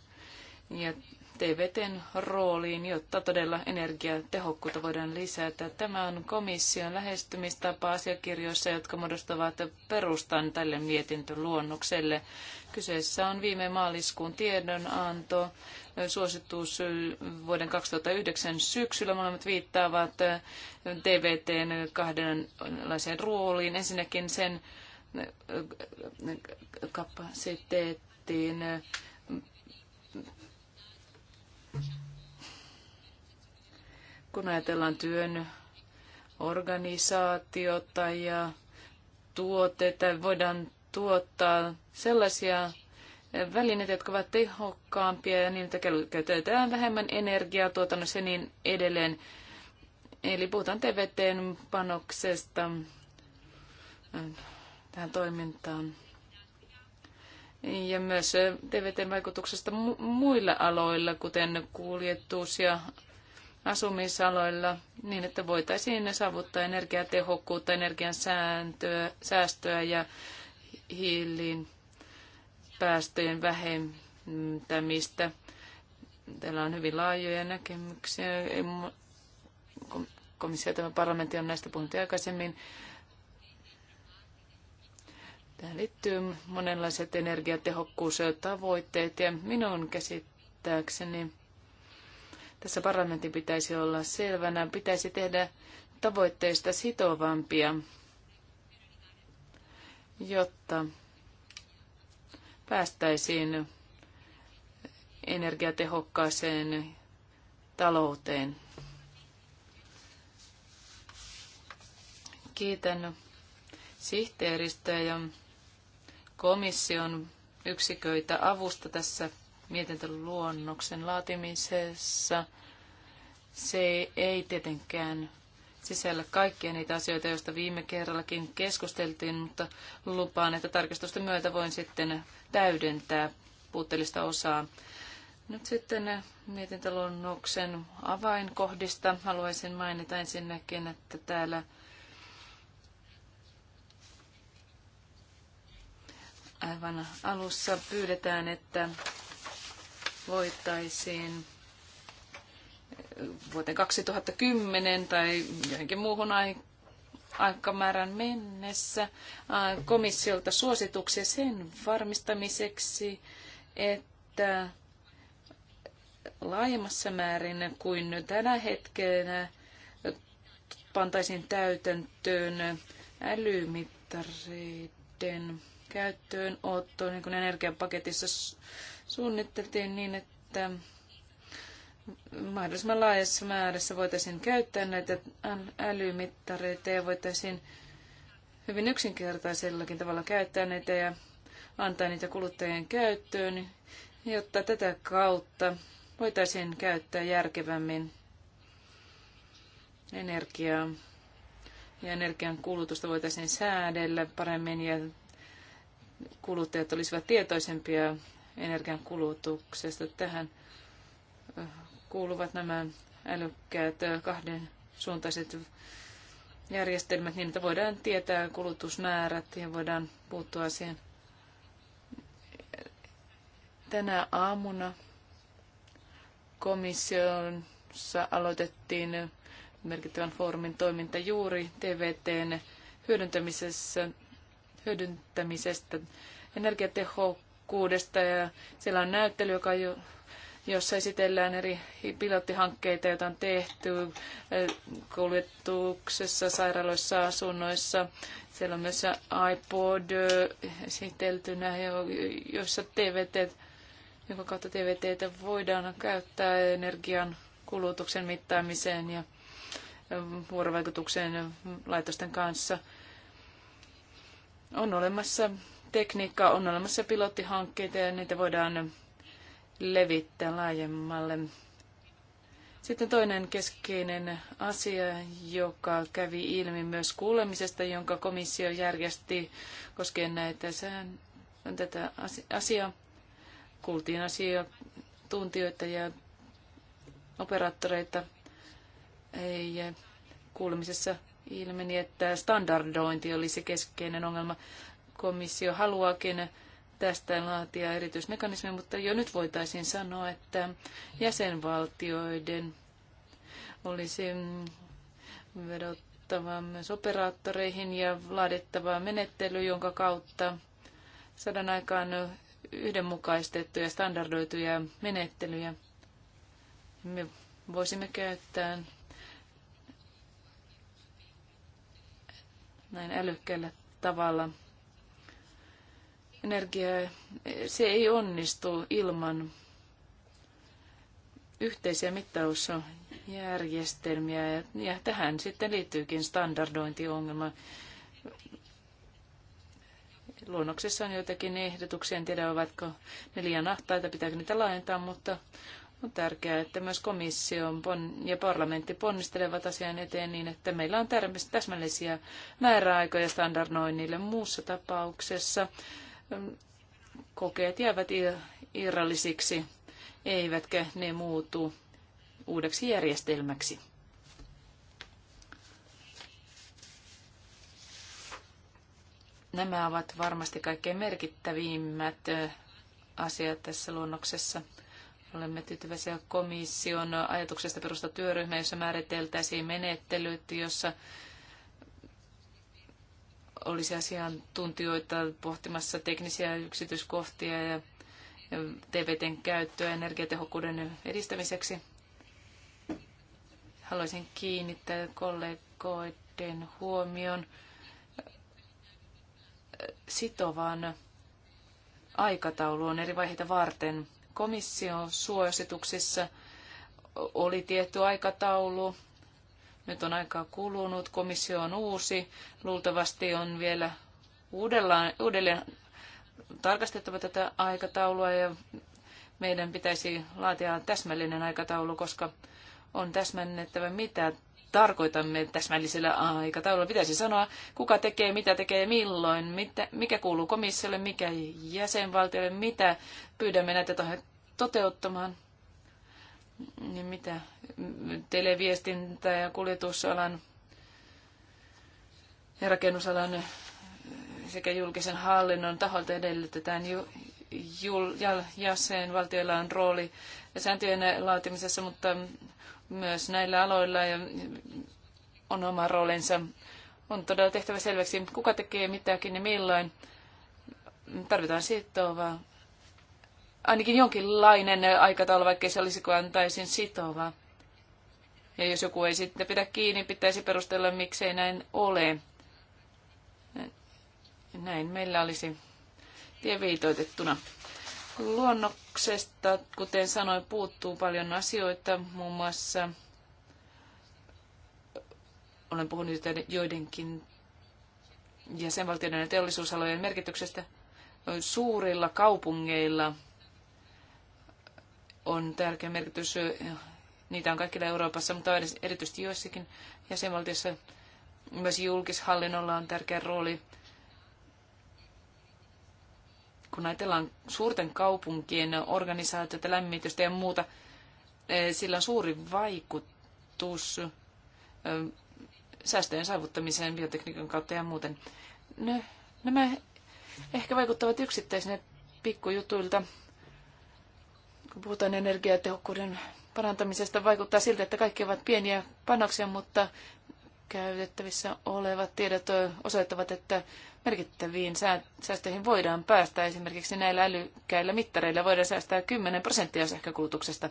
ja TVTn rooliin, jotta todella energiatehokkuutta voidaan lisätä. Tämä on komission lähestymistapa asiakirjoissa, jotka muodostavat perustan tälle mietintöluonnokselle. Kyseessä on viime maaliskuun tiedonanto, suositus vuoden 2009 syksyllä. Molemmat viittaavat TVTn kahdenlaiseen rooliin. Ensinnäkin sen kapasiteettiin kun ajatellaan työn organisaatiota ja tuotetta, voidaan tuottaa sellaisia välineitä, jotka ovat tehokkaampia ja niitä käytetään vähemmän energiaa tuotannossa ja niin edelleen. Eli puhutaan TVTn panoksesta äh, tähän toimintaan. Ja myös TVTn vaikutuksesta mu- muilla aloilla, kuten kuljetus ja asumisaloilla niin, että voitaisiin saavuttaa energiatehokkuutta, energian sääntöä, säästöä ja hiilin päästöjen vähentämistä. Täällä on hyvin laajoja näkemyksiä. Komissio ja parlamentti on näistä puhunut aikaisemmin. Tähän liittyy monenlaiset energiatehokkuustavoitteet ja minun käsittääkseni tässä parlamentin pitäisi olla selvänä. Pitäisi tehdä tavoitteista sitovampia, jotta päästäisiin energiatehokkaaseen talouteen. Kiitän sihteeristöä ja komission yksiköitä avusta tässä mietintöluonnoksen laatimisessa. Se ei tietenkään sisällä kaikkia niitä asioita, joista viime kerrallakin keskusteltiin, mutta lupaan, että tarkistusten myötä voin sitten täydentää puutteellista osaa. Nyt sitten mietintöluonnoksen avainkohdista haluaisin mainita ensinnäkin, että täällä aivan alussa pyydetään, että voitaisiin vuoteen 2010 tai johonkin muuhun aikamäärän mennessä komissiolta suosituksia sen varmistamiseksi, että laajemmassa määrin kuin tänä hetkenä pantaisiin täytäntöön älymittareiden käyttöönotto, niin kuin energiapaketissa suunnitteltiin niin, että mahdollisimman laajassa määrässä voitaisiin käyttää näitä älymittareita ja voitaisiin hyvin yksinkertaisellakin tavalla käyttää näitä ja antaa niitä kuluttajien käyttöön, jotta tätä kautta voitaisiin käyttää järkevämmin energiaa ja energian kulutusta voitaisiin säädellä paremmin ja kuluttajat olisivat tietoisempia energian kulutuksesta. Tähän kuuluvat nämä älykkäät kahden suuntaiset järjestelmät niin, että voidaan tietää kulutusmäärät ja voidaan puuttua siihen. Tänä aamuna komissiossa aloitettiin merkittävän foorumin toiminta juuri TVTn hyödyntämisessä, hyödyntämisestä energiatehokkuudesta tehokkuudesta ja siellä on näyttely, joka jo, jossa esitellään eri pilottihankkeita, joita on tehty eh, kuljetuksessa, sairaaloissa, asunnoissa. Siellä on myös iPod eh, esiteltynä, jossa TVT, jonka kautta TVT voidaan käyttää energian kulutuksen mittaamiseen ja eh, vuorovaikutukseen laitosten kanssa. On olemassa Tekniikka on olemassa pilottihankkeita ja niitä voidaan levittää laajemmalle. Sitten toinen keskeinen asia, joka kävi ilmi myös kuulemisesta, jonka komissio järjesti koskien näitä sään, tätä asiaa. Kuultiin tuntijoita ja operaattoreita. Ja kuulemisessa ilmeni, että standardointi oli se keskeinen ongelma. Komissio haluaakin tästä laatia erityismekanismi, mutta jo nyt voitaisiin sanoa, että jäsenvaltioiden olisi vedottava myös operaattoreihin ja laadittava menettely, jonka kautta saadaan aikaan yhdenmukaistettuja, standardoituja menettelyjä. Me voisimme käyttää näin älykkäällä tavalla energia, se ei onnistu ilman yhteisiä mittausjärjestelmiä ja, ja tähän sitten liittyykin standardointiongelma. Luonnoksessa on joitakin ehdotuksia, en tiedä ovatko ne liian ahtaita, pitääkö niitä laajentaa, mutta on tärkeää, että myös komissio ja parlamentti ponnistelevat asian eteen niin, että meillä on täsmällisiä määräaikoja standardoinnille muussa tapauksessa kokeet jäävät irrallisiksi, eivätkä ne muutu uudeksi järjestelmäksi. Nämä ovat varmasti kaikkein merkittävimmät asiat tässä luonnoksessa. Olemme tyytyväisiä komission ajatuksesta perustaa työryhmä, jossa määriteltäisiin menettelyt, jossa olisi asiantuntijoita pohtimassa teknisiä yksityiskohtia ja TVTn käyttöä energiatehokkuuden edistämiseksi. Haluaisin kiinnittää kollegoiden huomion sitovaan aikatauluun eri vaiheita varten. Komission suosituksissa oli tietty aikataulu, nyt on aikaa kulunut, komissio on uusi, luultavasti on vielä uudellaan, uudelleen tarkastettava tätä aikataulua ja meidän pitäisi laatia täsmällinen aikataulu, koska on täsmännettävä, mitä tarkoitamme täsmällisellä aikataululla. Pitäisi sanoa, kuka tekee, mitä tekee, milloin, mitä, mikä kuuluu komissiolle, mikä jäsenvaltiolle, mitä pyydämme näitä toteuttamaan niin mitä televiestintä ja kuljetusalan ja rakennusalan sekä julkisen hallinnon taholta edellytetään jäsenvaltioilla on rooli sääntöjen laatimisessa, mutta myös näillä aloilla ja on oma roolinsa. On todella tehtävä selväksi, kuka tekee mitäkin ja milloin. Tarvitaan siitä vaan ainakin jonkinlainen aikataulu, vaikkei se olisi kuin antaisin sitova. Ja jos joku ei sitten pidä kiinni, pitäisi perustella, miksei näin ole. Näin meillä olisi tie viitoitettuna. Luonnoksesta, kuten sanoin, puuttuu paljon asioita, muun muassa olen puhunut joidenkin jäsenvaltioiden ja teollisuusalojen merkityksestä suurilla kaupungeilla – on tärkeä merkitys. Niitä on kaikilla Euroopassa, mutta erityisesti joissakin jäsenvaltiossa myös julkishallinnolla on tärkeä rooli. Kun ajatellaan suurten kaupunkien organisaatioita, lämmitystä ja muuta, sillä on suuri vaikutus säästöjen saavuttamiseen biotekniikan kautta ja muuten. No, nämä ehkä vaikuttavat yksittäisinä pikkujutuilta, kun puhutaan energiatehokkuuden parantamisesta, vaikuttaa siltä, että kaikki ovat pieniä panoksia, mutta käytettävissä olevat tiedot osoittavat, että merkittäviin säästöihin voidaan päästä. Esimerkiksi näillä älykkäillä mittareilla voidaan säästää 10 prosenttia sähkökulutuksesta.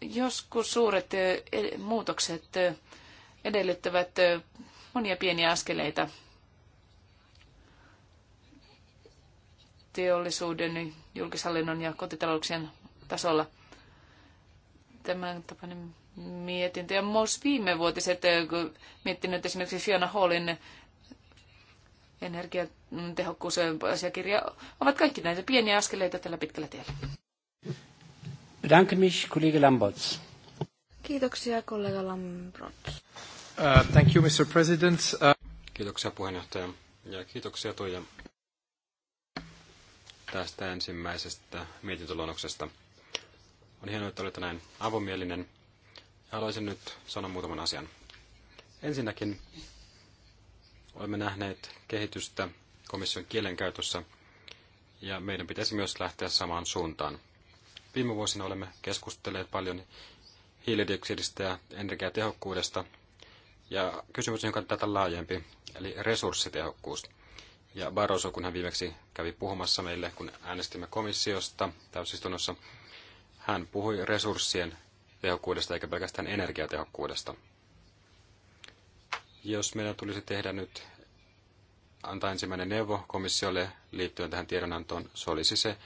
Joskus suuret eh, muutokset eh, edellyttävät eh, monia pieniä askeleita teollisuuden, julkishallinnon ja kotitalouksien tasolla. Tämän tapainen mietintö ja myös viime vuotiset, eh, kun miettinyt esimerkiksi Fiona Hallin energiatehokkuusasiakirja, ovat kaikki näitä pieniä askeleita tällä pitkällä tiellä. Bedanke mich, kollega Kiitoksia, kollega Lambrots. Uh, thank you, Mr. President. Uh... Kiitoksia puheenjohtaja ja kiitoksia Toija tästä ensimmäisestä mietintöluonnoksesta. On hienoa, että olette näin avomielinen. Haluaisin nyt sanoa muutaman asian. Ensinnäkin olemme nähneet kehitystä komission kielenkäytössä ja meidän pitäisi myös lähteä samaan suuntaan. Viime vuosina olemme keskustelleet paljon hiilidioksidista ja energiatehokkuudesta, ja kysymys on tätä laajempi, eli resurssitehokkuus ja Barroso, kun hän viimeksi kävi puhumassa meille, kun äänestimme komissiosta täysistunnossa, hän puhui resurssien tehokkuudesta eikä pelkästään energiatehokkuudesta. Jos meidän tulisi tehdä nyt antaa ensimmäinen neuvo komissiolle liittyen tähän tiedonantoon, se olisi se,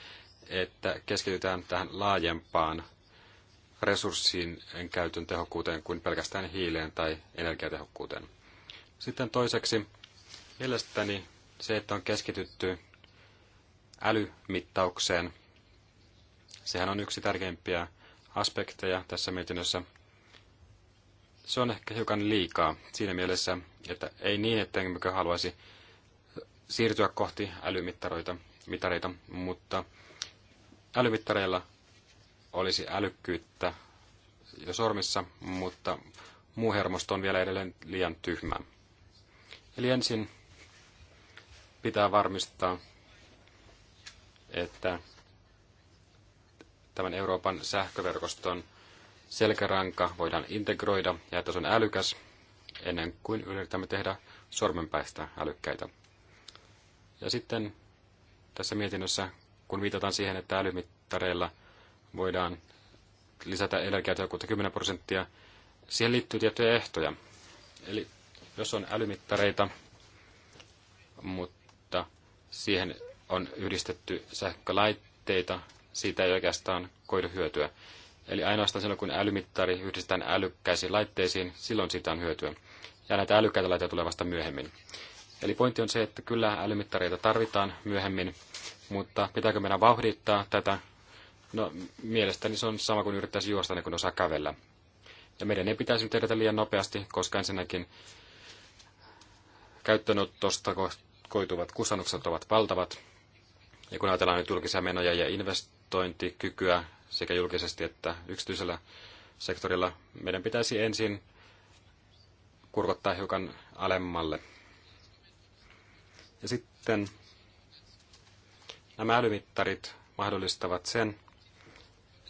että keskitytään tähän laajempaan resurssiin käytön tehokkuuteen kuin pelkästään hiileen tai energiatehokkuuteen. Sitten toiseksi, mielestäni se, että on keskitytty älymittaukseen, sehän on yksi tärkeimpiä aspekteja tässä mietinnössä. Se on ehkä hiukan liikaa siinä mielessä, että ei niin, että emmekö haluaisi siirtyä kohti älymittareita, mitareita, mutta älymittareilla olisi älykkyyttä jo sormissa, mutta muu hermosto on vielä edelleen liian tyhmä. Eli ensin pitää varmistaa, että tämän Euroopan sähköverkoston selkäranka voidaan integroida ja että se on älykäs ennen kuin yritämme tehdä sormenpäistä älykkäitä. Ja sitten tässä mietinnössä, kun viitataan siihen, että älymittareilla voidaan lisätä energiatehokkuutta 10 prosenttia, siihen liittyy tiettyjä ehtoja. Eli jos on älymittareita, mutta Siihen on yhdistetty sähkölaitteita, siitä ei oikeastaan koidu hyötyä. Eli ainoastaan silloin, kun älymittari yhdistetään älykkäisiin laitteisiin, silloin siitä on hyötyä. Ja näitä älykkäitä laitteita tulee vasta myöhemmin. Eli pointti on se, että kyllä älymittareita tarvitaan myöhemmin, mutta pitääkö meidän vauhdittaa tätä? No, mielestäni se on sama kuin yrittäisi juosta, niin kun osaa kävellä. Ja meidän ei pitäisi nyt edetä liian nopeasti, koska ensinnäkin käyttöönotosta koituvat kustannukset ovat valtavat. Ja kun ajatellaan nyt julkisia menoja ja investointikykyä sekä julkisesti että yksityisellä sektorilla, meidän pitäisi ensin kurkottaa hiukan alemmalle. Ja sitten nämä älymittarit mahdollistavat sen,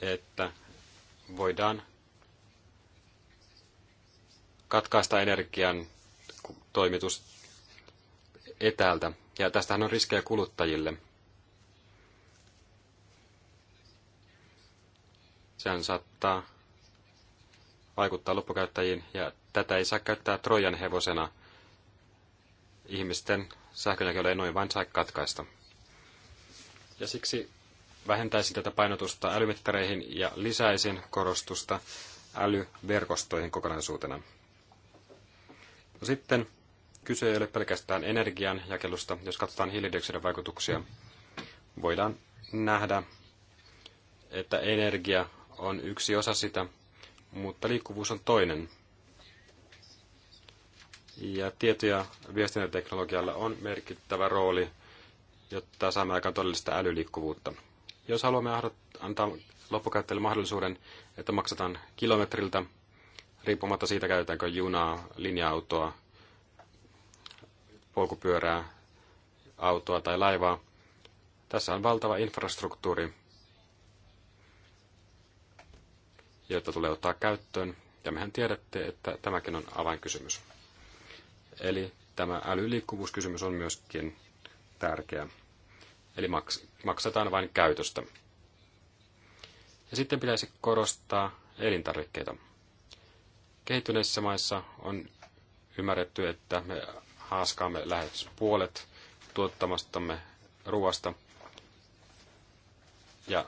että voidaan katkaista energian toimitus etäältä, ja tästähän on riskejä kuluttajille. Sehän saattaa vaikuttaa loppukäyttäjiin, ja tätä ei saa käyttää Trojan hevosena. Ihmisten sähkönjakelua ei noin vain saa katkaista. Ja siksi vähentäisin tätä painotusta älymittareihin ja lisäisin korostusta älyverkostoihin kokonaisuutena. No sitten Kyse ei ole pelkästään energian jakelusta. Jos katsotaan hiilidioksidin vaikutuksia, voidaan nähdä, että energia on yksi osa sitä, mutta liikkuvuus on toinen. Ja tieto- ja viestintäteknologialla on merkittävä rooli, jotta saamme aikaan todellista älyliikkuvuutta. Jos haluamme antaa loppukäyttäjille mahdollisuuden, että maksataan kilometriltä, riippumatta siitä käytetäänkö junaa, linja-autoa polkupyörää, autoa tai laivaa. Tässä on valtava infrastruktuuri, jota tulee ottaa käyttöön. Ja mehän tiedätte, että tämäkin on avainkysymys. Eli tämä älyliikkuvuuskysymys on myöskin tärkeä. Eli maks- maksetaan vain käytöstä. Ja sitten pitäisi korostaa elintarvikkeita. Kehittyneissä maissa on ymmärretty, että me haaskaamme lähes puolet tuottamastamme ruoasta. Ja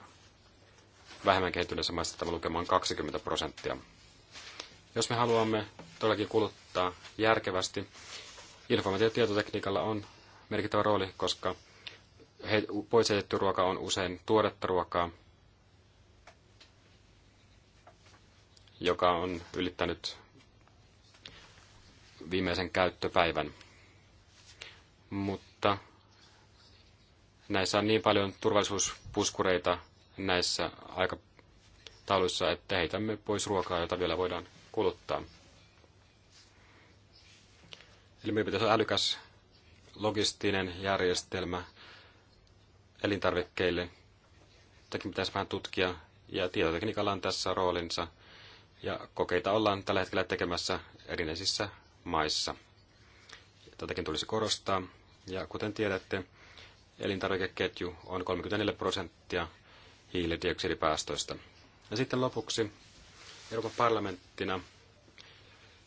vähemmän kehittyneissä maissa tämä lukema on 20 prosenttia. Jos me haluamme todellakin kuluttaa järkevästi, informaatio- ja tietotekniikalla on merkittävä rooli, koska pois heitetty ruoka on usein tuoretta ruokaa, joka on ylittänyt viimeisen käyttöpäivän mutta näissä on niin paljon turvallisuuspuskureita näissä aikatauluissa, että heitämme pois ruokaa, jota vielä voidaan kuluttaa. Eli meidän pitäisi olla älykäs logistinen järjestelmä elintarvikkeille. Tätäkin pitäisi vähän tutkia, ja tietotekniikalla on tässä roolinsa, ja kokeita ollaan tällä hetkellä tekemässä erinäisissä maissa. Tätäkin tulisi korostaa. Ja kuten tiedätte, elintarvikeketju on 34 prosenttia hiilidioksidipäästöistä. Ja sitten lopuksi Euroopan parlamenttina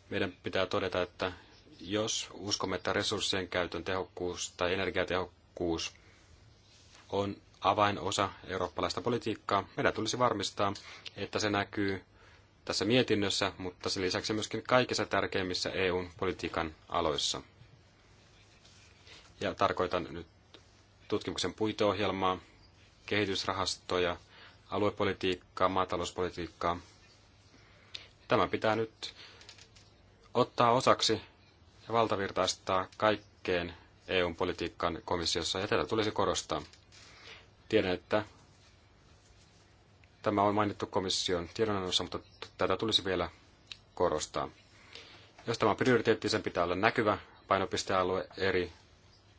meidän pitää todeta, että jos uskomme, että resurssien käytön tehokkuus tai energiatehokkuus on avainosa eurooppalaista politiikkaa, meidän tulisi varmistaa, että se näkyy tässä mietinnössä, mutta sen lisäksi myöskin kaikissa tärkeimmissä EUn politiikan aloissa ja tarkoitan nyt tutkimuksen puiteohjelmaa, kehitysrahastoja, aluepolitiikkaa, maatalouspolitiikkaa. Tämä pitää nyt ottaa osaksi ja valtavirtaistaa kaikkeen eu politiikkaan komissiossa, ja tätä tulisi korostaa. Tiedän, että tämä on mainittu komission tiedonannossa, mutta tätä tulisi vielä korostaa. Jos tämä on prioriteetti, sen pitää olla näkyvä painopistealue eri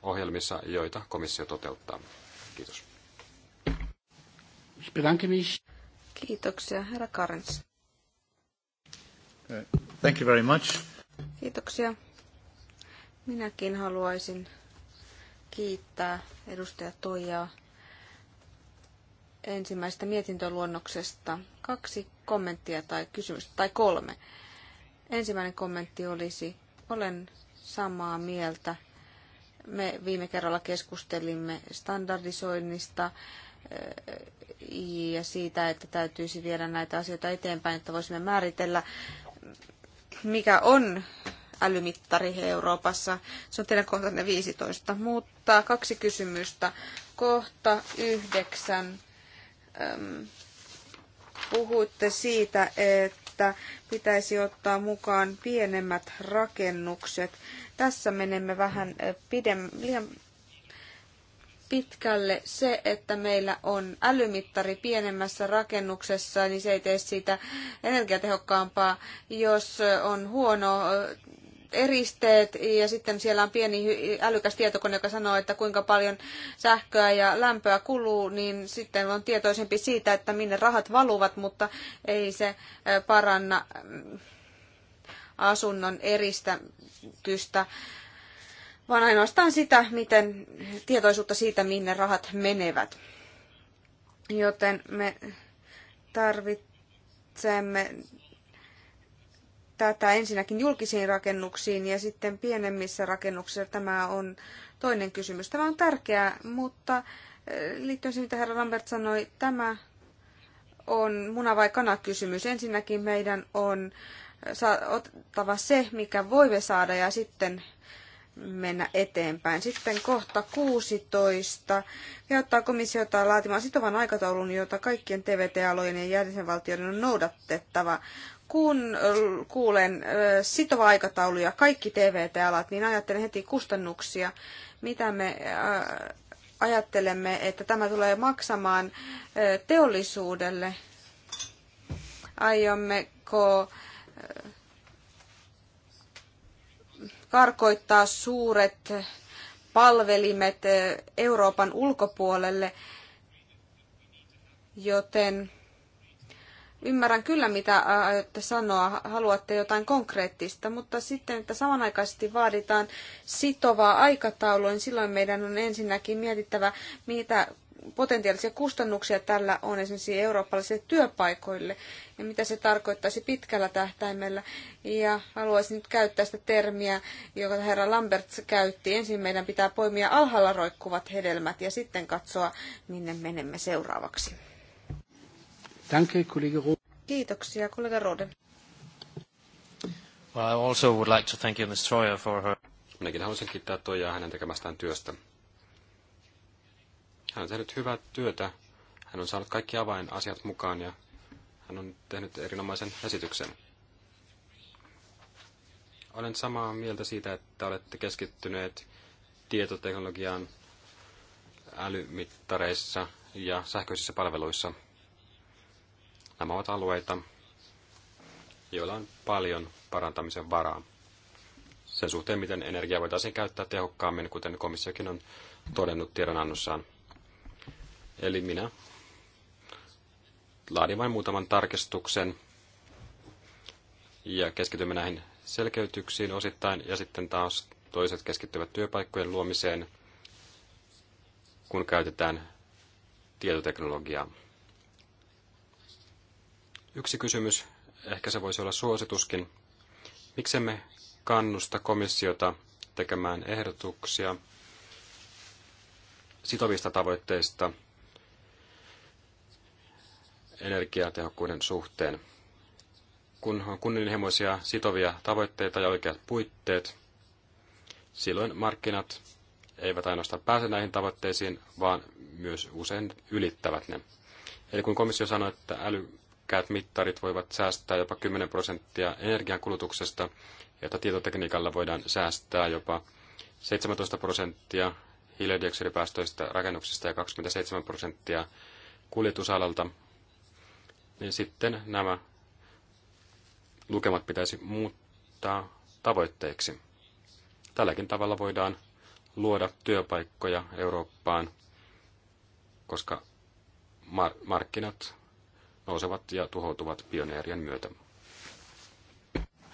ohjelmissa, joita komissio toteuttaa. Kiitos. Kiitoksia, herra Karens. Thank you very much. Kiitoksia. Minäkin haluaisin kiittää edustaja Toijaa ensimmäisestä mietintöluonnoksesta. Kaksi kommenttia tai kysymystä, tai kolme. Ensimmäinen kommentti olisi, olen samaa mieltä me viime kerralla keskustelimme standardisoinnista ja siitä, että täytyisi viedä näitä asioita eteenpäin, että voisimme määritellä, mikä on älymittari Euroopassa. Se on teidän kohtanne 15. Mutta kaksi kysymystä. Kohta yhdeksän. puhuitte siitä, että pitäisi ottaa mukaan pienemmät rakennukset. Tässä menemme vähän pidem, liian pitkälle se, että meillä on älymittari pienemmässä rakennuksessa, niin se ei tee siitä energiatehokkaampaa. Jos on huono eristeet ja sitten siellä on pieni älykäs tietokone, joka sanoo, että kuinka paljon sähköä ja lämpöä kuluu, niin sitten on tietoisempi siitä, että minne rahat valuvat, mutta ei se paranna asunnon eristätystä, vaan ainoastaan sitä, miten tietoisuutta siitä, minne rahat menevät. Joten me tarvitsemme tätä ensinnäkin julkisiin rakennuksiin ja sitten pienemmissä rakennuksissa tämä on toinen kysymys. Tämä on tärkeää, mutta eh, liittyen siihen, mitä herra Lambert sanoi, tämä on muna vai kana kysymys. Ensinnäkin meidän on ottava se, mikä voimme saada ja sitten mennä eteenpäin. Sitten kohta 16. Kehottaa komissiota laatimaan sitovan aikataulun, jota kaikkien TVT-alojen ja jäsenvaltioiden on noudatettava. Kun kuulen sitova aikataulu ja kaikki TVT-alat, niin ajattelen heti kustannuksia, mitä me ajattelemme, että tämä tulee maksamaan teollisuudelle. Aiommeko karkoittaa suuret palvelimet Euroopan ulkopuolelle, joten ymmärrän kyllä, mitä aiotte sanoa, haluatte jotain konkreettista, mutta sitten, että samanaikaisesti vaaditaan sitovaa aikataulua, niin silloin meidän on ensinnäkin mietittävä, mitä potentiaalisia kustannuksia tällä on esimerkiksi eurooppalaisille työpaikoille ja mitä se tarkoittaisi pitkällä tähtäimellä. Ja haluaisin nyt käyttää sitä termiä, joka herra Lambert käytti. Ensin meidän pitää poimia alhaalla roikkuvat hedelmät ja sitten katsoa, minne menemme seuraavaksi. Kiitoksia, kollega Rode. Well, I also would like to thank you, Minäkin haluaisin kiittää Toijaa hänen tekemästään työstä. Hän on tehnyt hyvää työtä, hän on saanut kaikki avainasiat mukaan ja hän on tehnyt erinomaisen esityksen. Olen samaa mieltä siitä, että olette keskittyneet tietoteknologiaan älymittareissa ja sähköisissä palveluissa. Nämä ovat alueita, joilla on paljon parantamisen varaa. Sen suhteen, miten energiaa voitaisiin käyttää tehokkaammin, kuten komissiokin on todennut tiedonannossaan. Eli minä laadin vain muutaman tarkistuksen ja keskitymme näihin selkeytyksiin osittain ja sitten taas toiset keskittyvät työpaikkojen luomiseen, kun käytetään tietoteknologiaa. Yksi kysymys, ehkä se voisi olla suosituskin. Miksemme kannusta komissiota tekemään ehdotuksia sitovista tavoitteista energiatehokkuuden suhteen. Kun on kunnianhimoisia sitovia tavoitteita ja oikeat puitteet, silloin markkinat eivät ainoastaan pääse näihin tavoitteisiin, vaan myös usein ylittävät ne. Eli kun komissio sanoi, että älykkäät mittarit voivat säästää jopa 10 prosenttia energiankulutuksesta, jota tietotekniikalla voidaan säästää jopa 17 prosenttia hiilidioksidipäästöistä rakennuksista ja 27 prosenttia kuljetusalalta, niin sitten nämä lukemat pitäisi muuttaa tavoitteiksi. Tälläkin tavalla voidaan luoda työpaikkoja Eurooppaan, koska markkinat nousevat ja tuhoutuvat pioneerien myötä.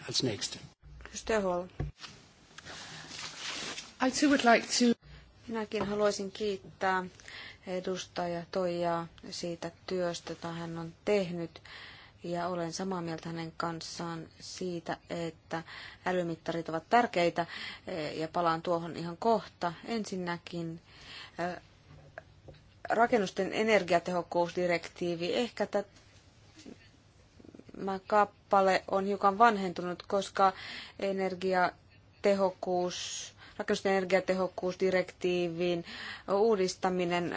Als nächste. Hall. I too would like to... Minäkin haluaisin kiittää edustaja Toijaa siitä työstä, jota hän on tehnyt. Ja olen samaa mieltä hänen kanssaan siitä, että älymittarit ovat tärkeitä ja palaan tuohon ihan kohta. Ensinnäkin eh, rakennusten energiatehokkuusdirektiivi. Ehkä tämä kappale on hiukan vanhentunut, koska energiatehokkuusdirektiivi rakennusten energiatehokkuusdirektiivin uudistaminen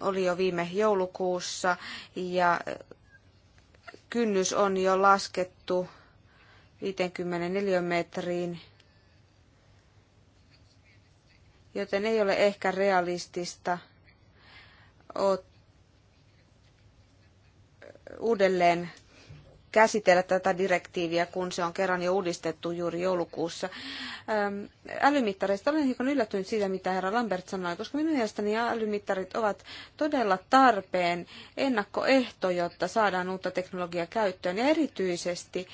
oli jo viime joulukuussa ja kynnys on jo laskettu 54 metriin, joten ei ole ehkä realistista uudelleen käsitellä tätä direktiiviä, kun se on kerran jo uudistettu juuri joulukuussa. Älymittareista olen hiukan yllättynyt siitä, mitä herra Lambert sanoi, koska minun mielestäni älymittarit ovat todella tarpeen ennakkoehto, jotta saadaan uutta teknologiaa käyttöön ja erityisesti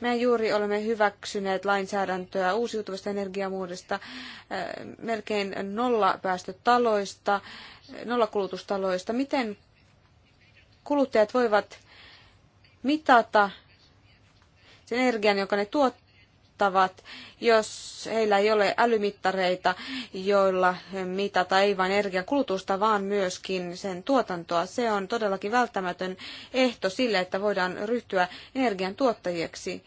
me juuri olemme hyväksyneet lainsäädäntöä uusiutuvasta energiamuodosta, äh, melkein nolla päästötaloista, nollakulutustaloista. Miten kuluttajat voivat mitata sen energian, jonka ne tuottavat, jos heillä ei ole älymittareita, joilla mitata ei vain energian kulutusta, vaan myöskin sen tuotantoa. Se on todellakin välttämätön ehto sille, että voidaan ryhtyä energian tuottajiksi.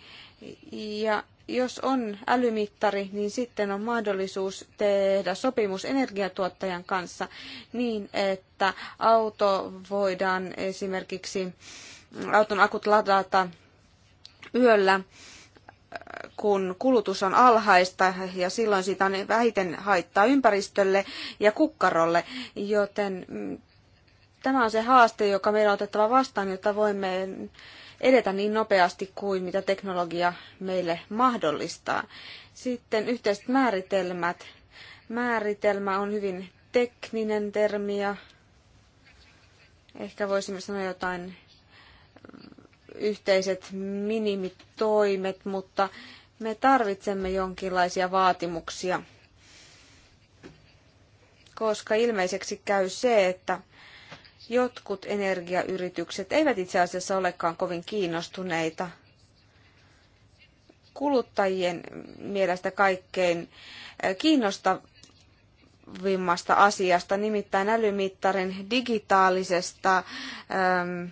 Ja jos on älymittari, niin sitten on mahdollisuus tehdä sopimus energiatuottajan kanssa niin, että auto voidaan esimerkiksi auton akut ladata yöllä, kun kulutus on alhaista ja silloin siitä on vähiten haittaa ympäristölle ja kukkarolle, joten mm, tämä on se haaste, joka meillä on otettava vastaan, jotta voimme edetä niin nopeasti kuin mitä teknologia meille mahdollistaa. Sitten yhteiset määritelmät. Määritelmä on hyvin tekninen termi ja ehkä voisimme sanoa jotain mm, yhteiset minimitoimet, mutta me tarvitsemme jonkinlaisia vaatimuksia, koska ilmeiseksi käy se, että jotkut energiayritykset eivät itse asiassa olekaan kovin kiinnostuneita kuluttajien mielestä kaikkein eh, kiinnostavimmasta asiasta, nimittäin älymittarin digitaalisesta ähm,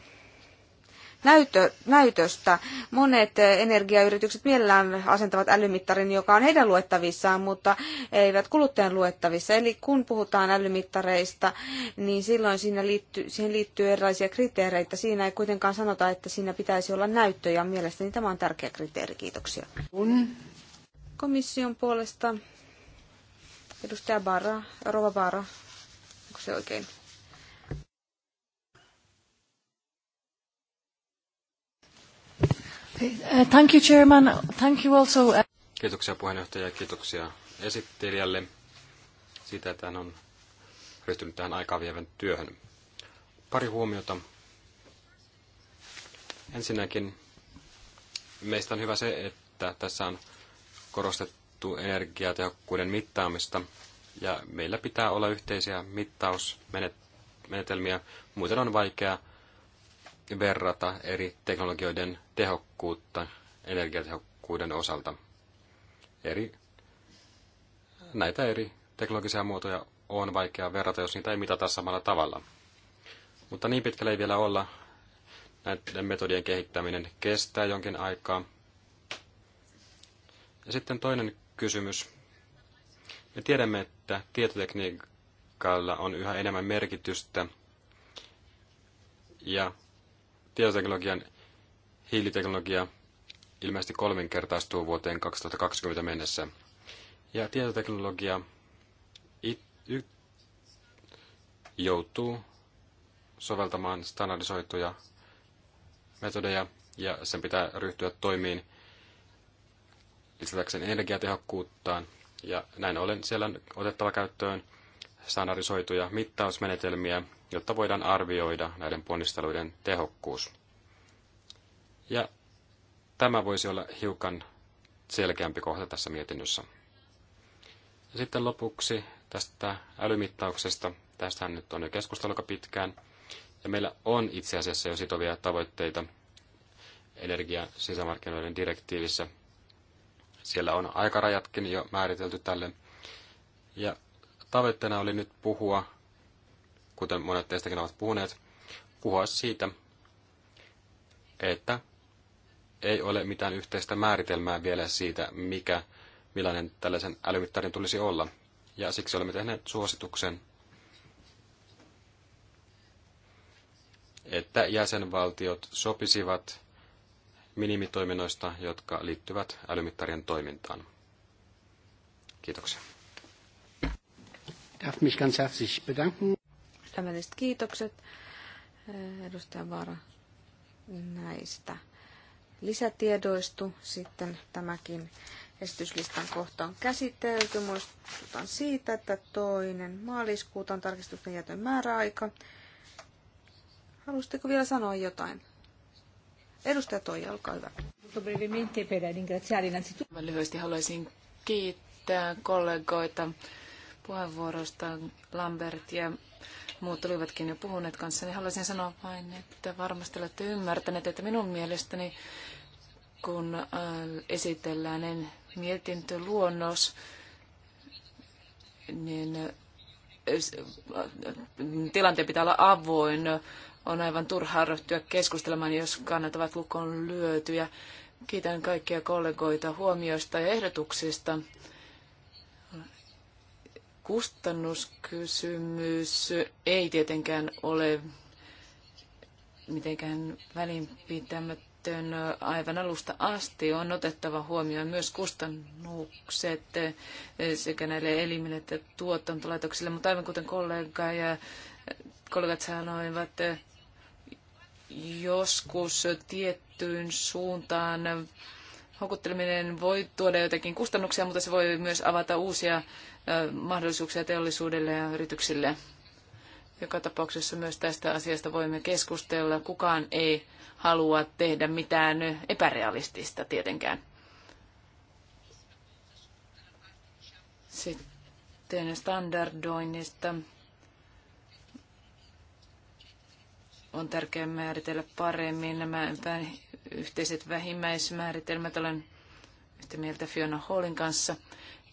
näytö, näytöstä. Monet eh, energiayritykset mielellään asentavat älymittarin, joka on heidän luettavissaan, mutta eivät kuluttajan luettavissa. Eli kun puhutaan älymittareista, niin silloin siinä liittyy, siihen liittyy erilaisia kriteereitä. Siinä ei kuitenkaan sanota, että siinä pitäisi olla näyttö, ja mielestäni tämä on tärkeä kriteeri. Kiitoksia. Komission puolesta edustaja Barra, Rova Barra, onko se oikein? Uh, thank you, Chairman. Thank you also. Uh, kiitoksia puheenjohtaja ja kiitoksia esittelijälle siitä, että hän on ryhtynyt tähän aikaa vievän työhön. Pari huomiota. Ensinnäkin meistä on hyvä se, että tässä on korostettu energiatehokkuuden mittaamista ja meillä pitää olla yhteisiä mittausmenetelmiä, muuten on vaikea verrata eri teknologioiden tehokkuutta energiatehokkuuden osalta. Eri, näitä eri teknologisia muotoja on vaikea verrata, jos niitä ei mitata samalla tavalla. Mutta niin pitkälle ei vielä olla. Näiden metodien kehittäminen kestää jonkin aikaa. Ja sitten toinen kysymys. Me tiedämme, että tietotekniikalla on yhä enemmän merkitystä ja tietoteknologian hiiliteknologia ilmeisesti kolminkertaistuu vuoteen 2020 mennessä. Ja tietoteknologia it, y, joutuu soveltamaan standardisoituja metodeja ja sen pitää ryhtyä toimiin lisätäkseen energiatehokkuuttaan. Ja näin ollen siellä on otettava käyttöön standardisoituja mittausmenetelmiä jotta voidaan arvioida näiden ponnisteluiden tehokkuus. Ja tämä voisi olla hiukan selkeämpi kohta tässä mietinnössä. Ja sitten lopuksi tästä älymittauksesta. Tästähän nyt on jo keskustelu aika pitkään. Ja meillä on itse asiassa jo sitovia tavoitteita energia sisämarkkinoiden direktiivissä. Siellä on aikarajatkin jo määritelty tälle. Ja tavoitteena oli nyt puhua kuten monet teistäkin ovat puhuneet, puhua siitä, että ei ole mitään yhteistä määritelmää vielä siitä, mikä, millainen tällaisen älymittarin tulisi olla. Ja siksi olemme tehneet suosituksen, että jäsenvaltiot sopisivat minimitoiminnoista, jotka liittyvät älymittarien toimintaan. Kiitoksia. Darf mich ganz herzlich bedanken ystävälliset kiitokset, eh, edustaja Vaara, näistä lisätiedoistu. Sitten tämäkin esityslistan kohta on käsitelty. Muistutan siitä, että toinen maaliskuuta on tarkistusten jätön määräaika. Haluaisitteko vielä sanoa jotain? Edustaja Toija, olkaa hyvä. Mä lyhyesti haluaisin kiittää kollegoita puheenvuorosta Lambert ja muut olivatkin jo puhuneet kanssani. Niin haluaisin sanoa vain, että varmasti olette ymmärtäneet, että minun mielestäni kun äh, esitellään niin mietintöluonnos, niin äh, tilanteen pitää olla avoin. On aivan turhaa ryhtyä keskustelemaan, jos kannat ovat lukon lyötyjä. Kiitän kaikkia kollegoita huomioista ja ehdotuksista kustannuskysymys ei tietenkään ole mitenkään välinpitämätön aivan alusta asti. On otettava huomioon myös kustannukset sekä näille elimille että tuotantolaitoksille, mutta aivan kuten kollega ja kollegat sanoivat, joskus tiettyyn suuntaan houkutteleminen voi tuoda jotakin kustannuksia, mutta se voi myös avata uusia mahdollisuuksia teollisuudelle ja yrityksille. Joka tapauksessa myös tästä asiasta voimme keskustella. Kukaan ei halua tehdä mitään epärealistista tietenkään. Sitten standardoinnista on tärkeää määritellä paremmin nämä yhteiset vähimmäismääritelmät. Olen yhtä mieltä Fiona Hallin kanssa.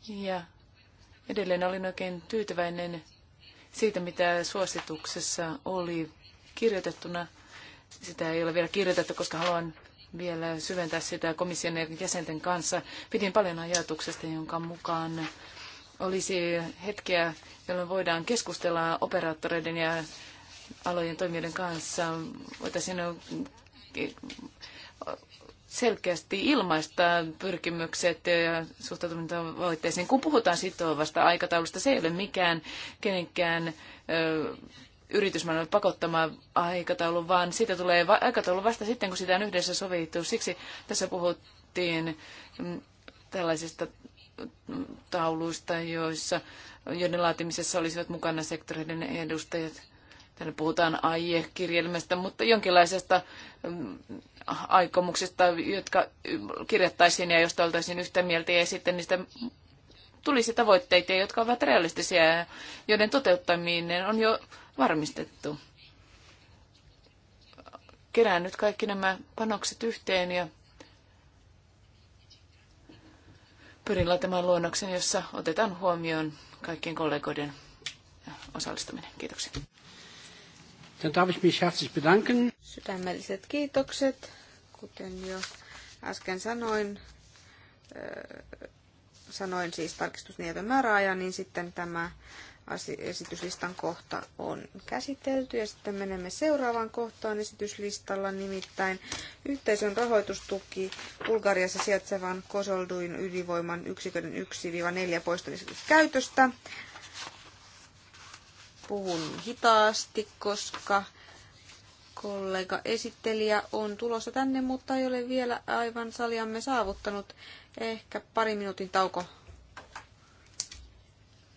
Ja Edelleen olin oikein tyytyväinen siitä, mitä suosituksessa oli kirjoitettuna. Sitä ei ole vielä kirjoitettu, koska haluan vielä syventää sitä komission jäsenten kanssa. Pidin paljon ajatuksesta, jonka mukaan olisi hetkeä, jolloin voidaan keskustella operaattoreiden ja alojen toimijoiden kanssa. Voitaisiin selkeästi ilmaista pyrkimykset ja suhtautumisen Kun puhutaan sitovasta aikataulusta, se ei ole mikään kenenkään yritysmaailman pakottama aikataulu, vaan siitä tulee va- aikataulu vasta sitten, kun sitä on yhdessä sovittu. Siksi tässä puhuttiin mm, tällaisista mm, tauluista, joissa, joiden laatimisessa olisivat mukana sektoreiden edustajat. Täällä puhutaan aiekirjelmästä, mutta jonkinlaisesta mm, aikomuksesta, jotka kirjattaisiin ja josta oltaisiin yhtä mieltä ja sitten niistä tulisi tavoitteita, jotka ovat realistisia ja joiden toteuttaminen on jo varmistettu. Kerään nyt kaikki nämä panokset yhteen ja pyrin laitamaan luonnoksen, jossa otetaan huomioon kaikkien kollegoiden osallistuminen. Kiitoksia. Dann darf ich mich herzlich bedanken. Sydämelliset kiitokset. Kuten jo äsken sanoin, äh, sanoin siis tarkistusnieton määräajan, niin sitten tämä esityslistan kohta on käsitelty. Ja sitten menemme seuraavaan kohtaan esityslistalla, nimittäin yhteisön rahoitustuki Bulgariassa sijaitsevan Kosolduin ydinvoiman yksikön 1-4 poistamiseksi käytöstä puhun hitaasti, koska kollega esittelijä on tulossa tänne, mutta ei ole vielä aivan saliamme saavuttanut. Ehkä pari minuutin tauko.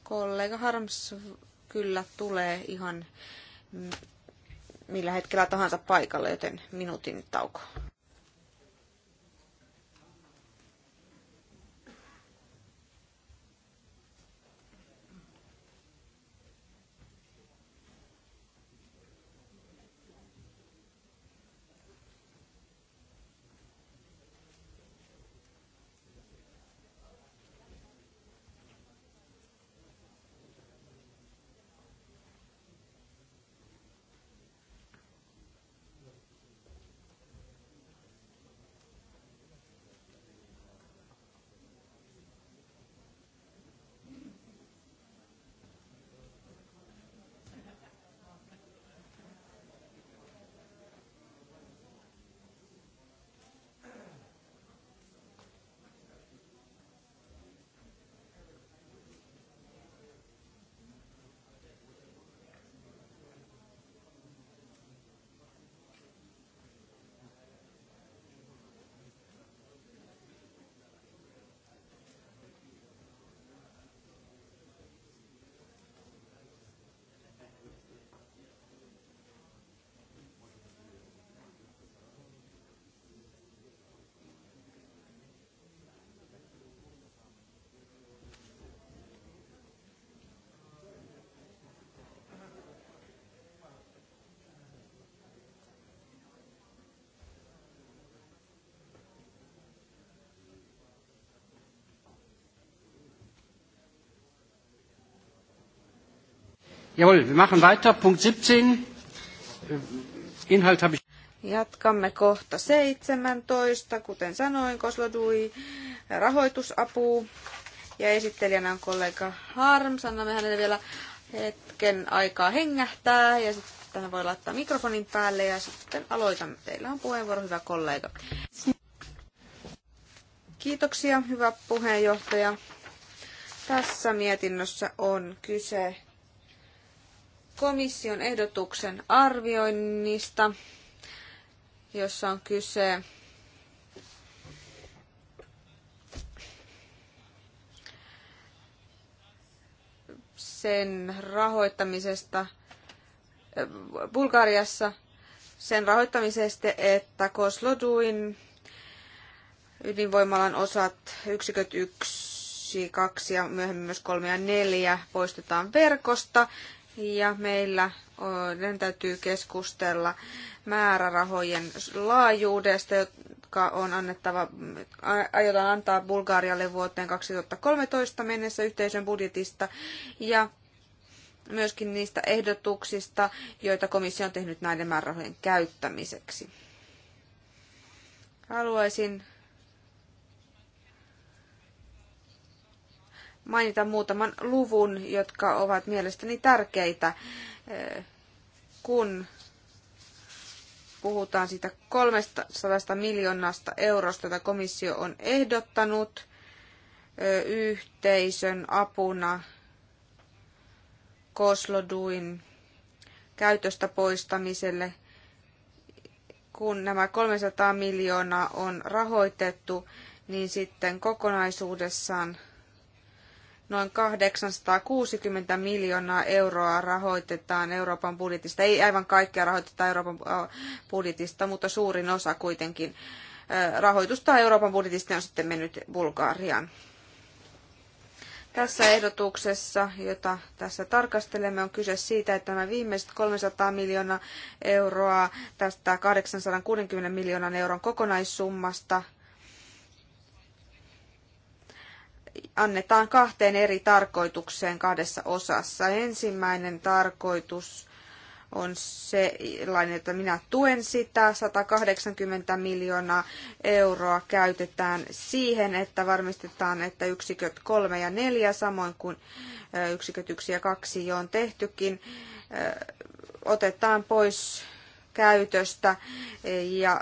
Kollega Harms kyllä tulee ihan millä hetkellä tahansa paikalle, joten minuutin tauko. Jawohl, wir machen weiter. Punkt 17. Inhalt habe ich. Jatkamme kohta 17, kuten sanoin, Koslodui rahoitusapu. Ja esittelijänä on kollega Harms. Annamme hänelle vielä hetken aikaa hengähtää ja sitten hän voi laittaa mikrofonin päälle ja sitten aloitamme. Teillä on puheenvuoro, hyvä kollega. Kiitoksia, hyvä puheenjohtaja. Tässä mietinnössä on kyse komission ehdotuksen arvioinnista, jossa on kyse sen rahoittamisesta Bulgariassa, sen rahoittamisesta, että Kosloduin ydinvoimalan osat yksiköt 1, 2 ja myöhemmin myös 3 ja 4 poistetaan verkosta ja meillä meidän täytyy keskustella määrärahojen laajuudesta, jotka on annettava, aiotaan antaa Bulgarialle vuoteen 2013 mennessä yhteisön budjetista ja myöskin niistä ehdotuksista, joita komissio on tehnyt näiden määrärahojen käyttämiseksi. Haluaisin mainita muutaman luvun, jotka ovat mielestäni tärkeitä, eh, kun puhutaan siitä 300 miljoonasta eurosta, jota komissio on ehdottanut eh, yhteisön apuna Kosloduin käytöstä poistamiselle, kun nämä 300 miljoonaa on rahoitettu, niin sitten kokonaisuudessaan noin 860 miljoonaa euroa rahoitetaan Euroopan budjetista. Ei aivan kaikkea rahoiteta Euroopan äh, budjetista, mutta suurin osa kuitenkin äh, rahoitusta Euroopan budjetista on sitten mennyt Bulgariaan. Tässä ehdotuksessa, jota tässä tarkastelemme, on kyse siitä, että nämä viimeiset 300 miljoonaa euroa tästä 860 miljoonan euron kokonaissummasta – annetaan kahteen eri tarkoitukseen kahdessa osassa. Ensimmäinen tarkoitus on se, että minä tuen sitä. 180 miljoonaa euroa käytetään siihen, että varmistetaan, että yksiköt 3 ja 4, samoin kuin yksiköt 1 ja 2 jo on tehtykin, otetaan pois käytöstä ja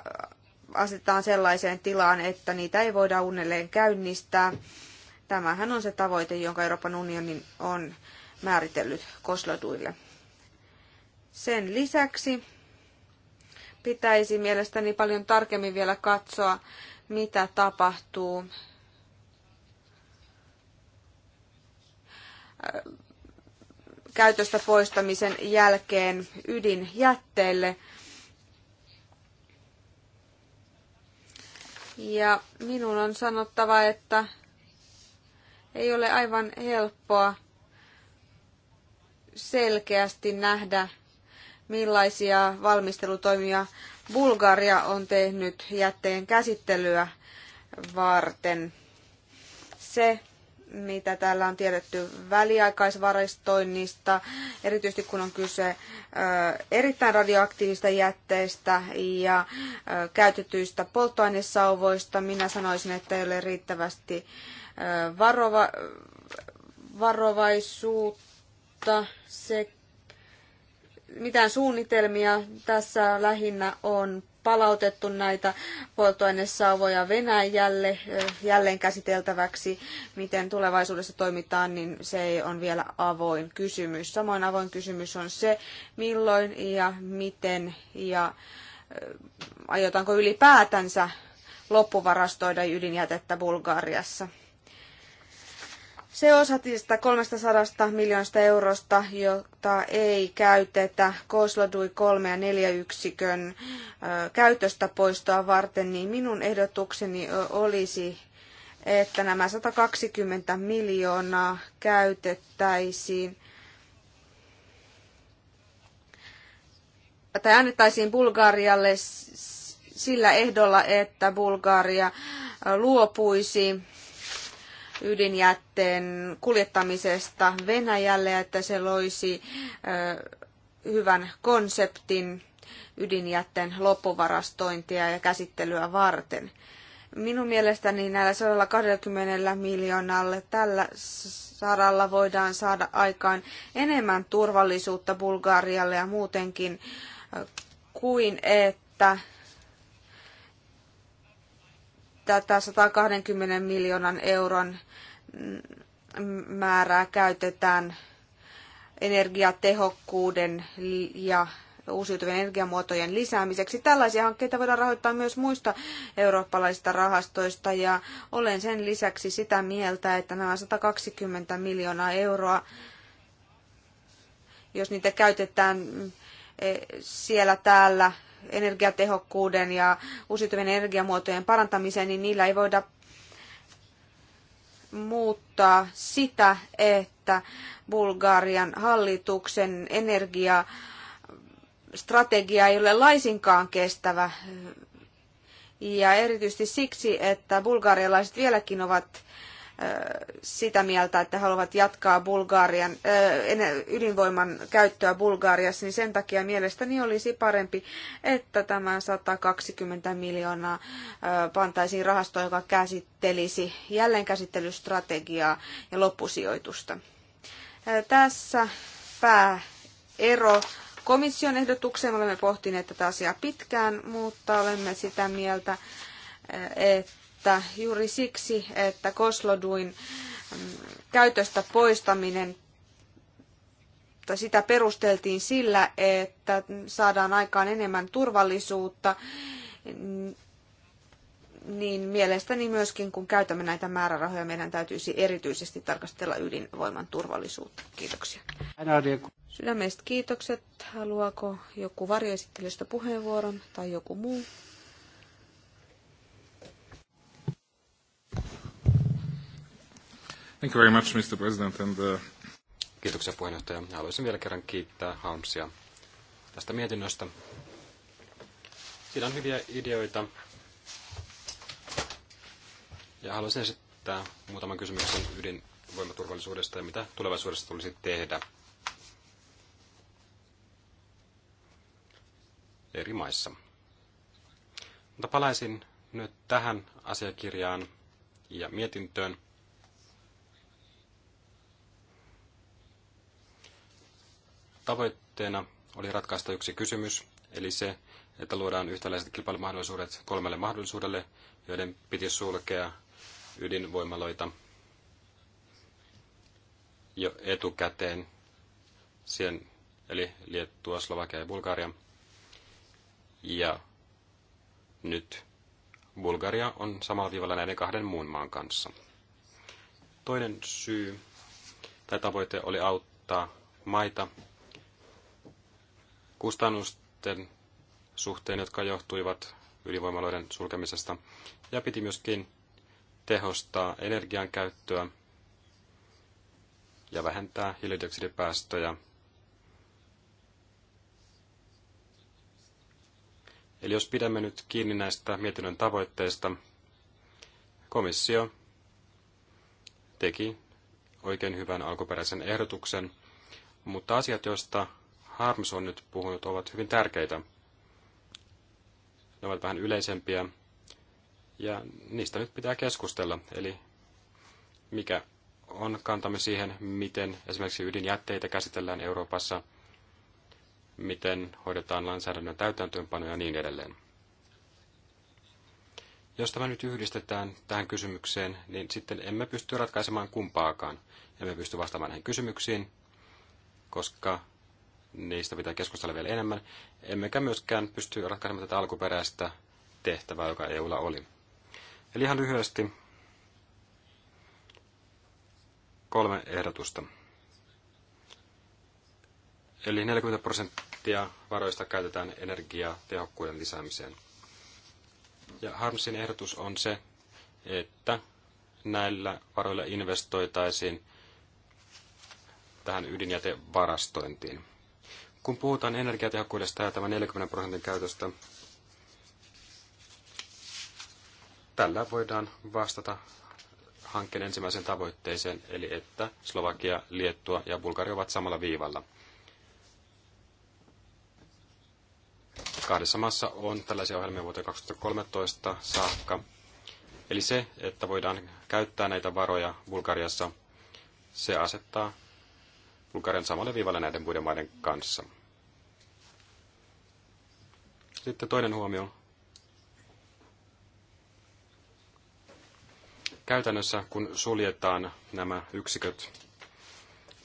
asetetaan sellaiseen tilaan, että niitä ei voida uudelleen käynnistää Tämähän on se tavoite, jonka Euroopan unioni on määritellyt kosloduille. Sen lisäksi pitäisi mielestäni paljon tarkemmin vielä katsoa, mitä tapahtuu äh, käytöstä poistamisen jälkeen ydinjätteelle. Ja minun on sanottava, että ei ole aivan helppoa selkeästi nähdä, millaisia valmistelutoimia Bulgaria on tehnyt jätteen käsittelyä varten. Se, mitä täällä on tiedetty väliaikaisvaristoinnista, erityisesti kun on kyse erittäin radioaktiivista jätteistä ja käytetyistä polttoainesauvoista. Minä sanoisin, että ei ole riittävästi varova, varovaisuutta. Se, mitään suunnitelmia tässä lähinnä on palautettu näitä polttoainesauvoja Venäjälle jälleen käsiteltäväksi. Miten tulevaisuudessa toimitaan, niin se ei on vielä avoin kysymys. Samoin avoin kysymys on se, milloin ja miten ja aiotaanko ylipäätänsä loppuvarastoida ydinjätettä Bulgariassa. Se osa 300 miljoonasta eurosta, jota ei käytetä Koslodui 3 ja 4 yksikön käytöstä poistoa varten, niin minun ehdotukseni olisi, että nämä 120 miljoonaa käytettäisiin tai annettaisiin Bulgarialle sillä ehdolla, että Bulgaria luopuisi ydinjätteen kuljettamisesta Venäjälle, että se loisi hyvän konseptin ydinjätteen loppuvarastointia ja käsittelyä varten. Minun mielestäni näillä 120 miljoonalle tällä saralla voidaan saada aikaan enemmän turvallisuutta Bulgarialle ja muutenkin kuin että tämä 120 miljoonan euron määrää käytetään energiatehokkuuden ja uusiutuvien energiamuotojen lisäämiseksi. Tällaisia hankkeita voidaan rahoittaa myös muista eurooppalaisista rahastoista ja olen sen lisäksi sitä mieltä, että nämä 120 miljoonaa euroa, jos niitä käytetään eh, siellä täällä energiatehokkuuden ja uusiutuvien energiamuotojen parantamiseen, niin niillä ei voida muuttaa sitä, että Bulgarian hallituksen energiastrategia ei ole laisinkaan kestävä. Ja erityisesti siksi, että bulgarialaiset vieläkin ovat sitä mieltä, että he haluavat jatkaa Bulgarian, ydinvoiman käyttöä Bulgariassa, niin sen takia mielestäni olisi parempi, että tämä 120 miljoonaa pantaisiin rahastoon, joka käsittelisi jälleenkäsittelystrategiaa ja loppusijoitusta. Tässä pääero komission ehdotukseen. Olemme pohtineet tätä asiaa pitkään, mutta olemme sitä mieltä, että että juuri siksi, että Kosloduin mm, käytöstä poistaminen tai sitä perusteltiin sillä, että saadaan aikaan enemmän turvallisuutta, mm, niin mielestäni myöskin kun käytämme näitä määrärahoja, meidän täytyisi erityisesti tarkastella ydinvoiman turvallisuutta. Kiitoksia. Sydämestä kiitokset. Haluaako joku varjoesittelystä puheenvuoron tai joku muu? Thank you very much, Mr. President. And, uh... Kiitoksia puheenjohtaja. Haluaisin vielä kerran kiittää Hamsia tästä mietinnöstä. Siinä on hyviä ideoita. Ja haluaisin esittää muutaman kysymyksen ydinvoimaturvallisuudesta ja mitä tulevaisuudessa tulisi tehdä eri maissa. Mutta palaisin nyt tähän asiakirjaan ja mietintöön. Tavoitteena oli ratkaista yksi kysymys, eli se, että luodaan yhtäläiset kilpailumahdollisuudet kolmelle mahdollisuudelle, joiden piti sulkea ydinvoimaloita jo etukäteen, siihen, eli Liettua, Slovakia ja Bulgaria. Ja nyt Bulgaria on samalla viivalla näiden kahden muun maan kanssa. Toinen syy tai tavoite oli auttaa maita, kustannusten suhteen, jotka johtuivat ydinvoimaloiden sulkemisesta, ja piti myöskin tehostaa energian käyttöä ja vähentää hiilidioksidipäästöjä. Eli jos pidämme nyt kiinni näistä mietinnön tavoitteista, komissio teki oikein hyvän alkuperäisen ehdotuksen, mutta asiat, joista Harms on nyt puhunut, ovat hyvin tärkeitä. Ne ovat vähän yleisempiä ja niistä nyt pitää keskustella. Eli mikä on kantamme siihen, miten esimerkiksi ydinjätteitä käsitellään Euroopassa, miten hoidetaan lainsäädännön täytäntöönpano ja niin edelleen. Jos tämä nyt yhdistetään tähän kysymykseen, niin sitten emme pysty ratkaisemaan kumpaakaan. Emme pysty vastaamaan näihin kysymyksiin, koska niistä pitää keskustella vielä enemmän, emmekä myöskään pysty ratkaisemaan tätä alkuperäistä tehtävää, joka EUlla oli. Eli ihan lyhyesti kolme ehdotusta. Eli 40 prosenttia varoista käytetään energiatehokkuuden lisäämiseen. Ja Harmsin ehdotus on se, että näillä varoilla investoitaisiin tähän ydinjätevarastointiin. Kun puhutaan energiatehokkuudesta ja tämän 40 prosentin käytöstä, tällä voidaan vastata hankkeen ensimmäiseen tavoitteeseen, eli että Slovakia, Liettua ja Bulgaria ovat samalla viivalla. Kahdessa maassa on tällaisia ohjelmia vuoteen 2013 saakka. Eli se, että voidaan käyttää näitä varoja Bulgariassa, se asettaa Bulgarian samalle viivalle näiden muiden maiden kanssa. Sitten toinen huomio. Käytännössä, kun suljetaan nämä yksiköt,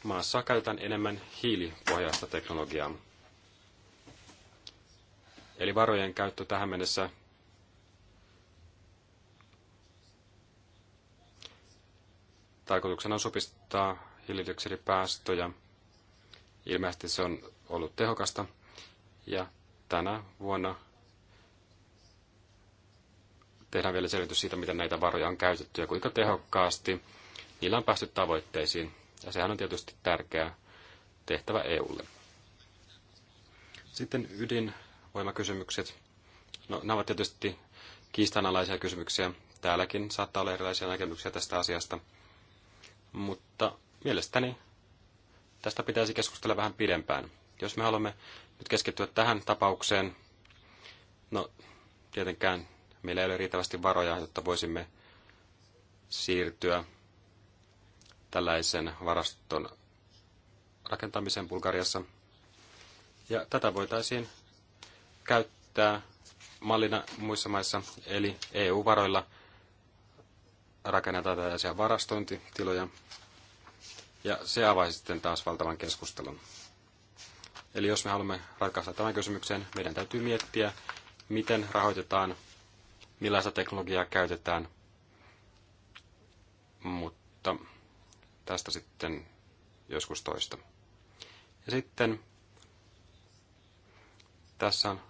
maassa käytetään enemmän hiilipohjaista teknologiaa. Eli varojen käyttö tähän mennessä tarkoituksena on supistaa hiilidioksidipäästöjä. Ilmeisesti se on ollut tehokasta. Ja tänä vuonna tehdään vielä selvitys siitä, miten näitä varoja on käytetty ja kuinka tehokkaasti niillä on päästy tavoitteisiin. Ja sehän on tietysti tärkeä tehtävä EUlle. Sitten ydinvoimakysymykset. No, nämä ovat tietysti kiistanalaisia kysymyksiä. Täälläkin saattaa olla erilaisia näkemyksiä tästä asiasta. Mutta mielestäni tästä pitäisi keskustella vähän pidempään. Jos me haluamme nyt keskittyä tähän tapaukseen, no tietenkään meillä ei ole riittävästi varoja, jotta voisimme siirtyä tällaisen varaston rakentamiseen Bulgariassa. Ja tätä voitaisiin käyttää mallina muissa maissa, eli EU-varoilla rakennetaan tällaisia varastointitiloja, ja se avaisi sitten taas valtavan keskustelun. Eli jos me haluamme ratkaista tämän kysymyksen, meidän täytyy miettiä, miten rahoitetaan, millaista teknologiaa käytetään. Mutta tästä sitten joskus toista. Ja sitten tässä on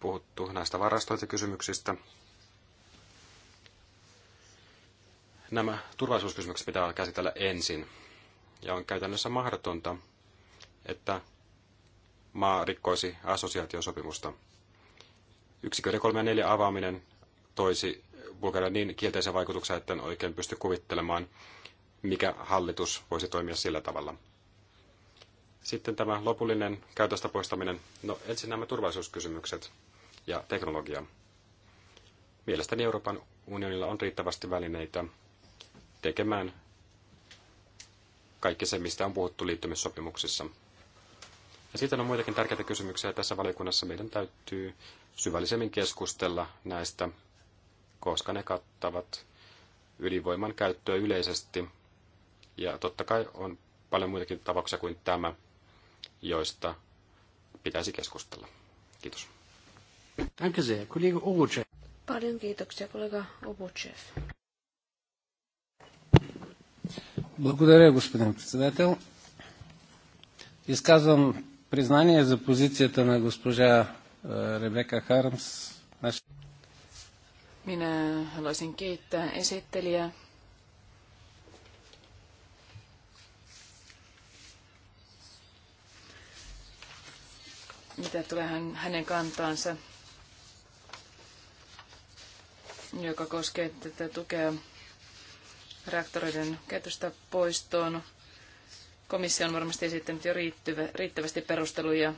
puhuttu näistä varastointikysymyksistä. nämä turvallisuuskysymykset pitää käsitellä ensin. Ja on käytännössä mahdotonta, että maa rikkoisi assosiaatiosopimusta. Yksiköiden 3 ja 4 avaaminen toisi Bulgarian niin kielteisen vaikutuksen, että en oikein pysty kuvittelemaan, mikä hallitus voisi toimia sillä tavalla. Sitten tämä lopullinen käytöstä poistaminen. No ensin nämä turvallisuuskysymykset ja teknologia. Mielestäni Euroopan unionilla on riittävästi välineitä tekemään kaikki se, mistä on puhuttu liittymissopimuksissa. Ja sitten on muitakin tärkeitä kysymyksiä. Tässä valiokunnassa meidän täytyy syvällisemmin keskustella näistä, koska ne kattavat ydinvoiman käyttöä yleisesti. Ja totta kai on paljon muitakin tapauksia kuin tämä, joista pitäisi keskustella. Kiitos. Danke sehr, Kollege Obuchev. Paljon kiitoksia, kollega Obuchev. Благодаря, господин председател. Изказвам признание за позицията на госпожа Ребека Хармс. Minä haluaisin kiittää esittelijää. Mitä tulee hänen kantaansa, joka koskee tätä tukea reaktoreiden käytöstä poistoon. Komissio on varmasti esittänyt jo riittyvä, riittävästi perusteluja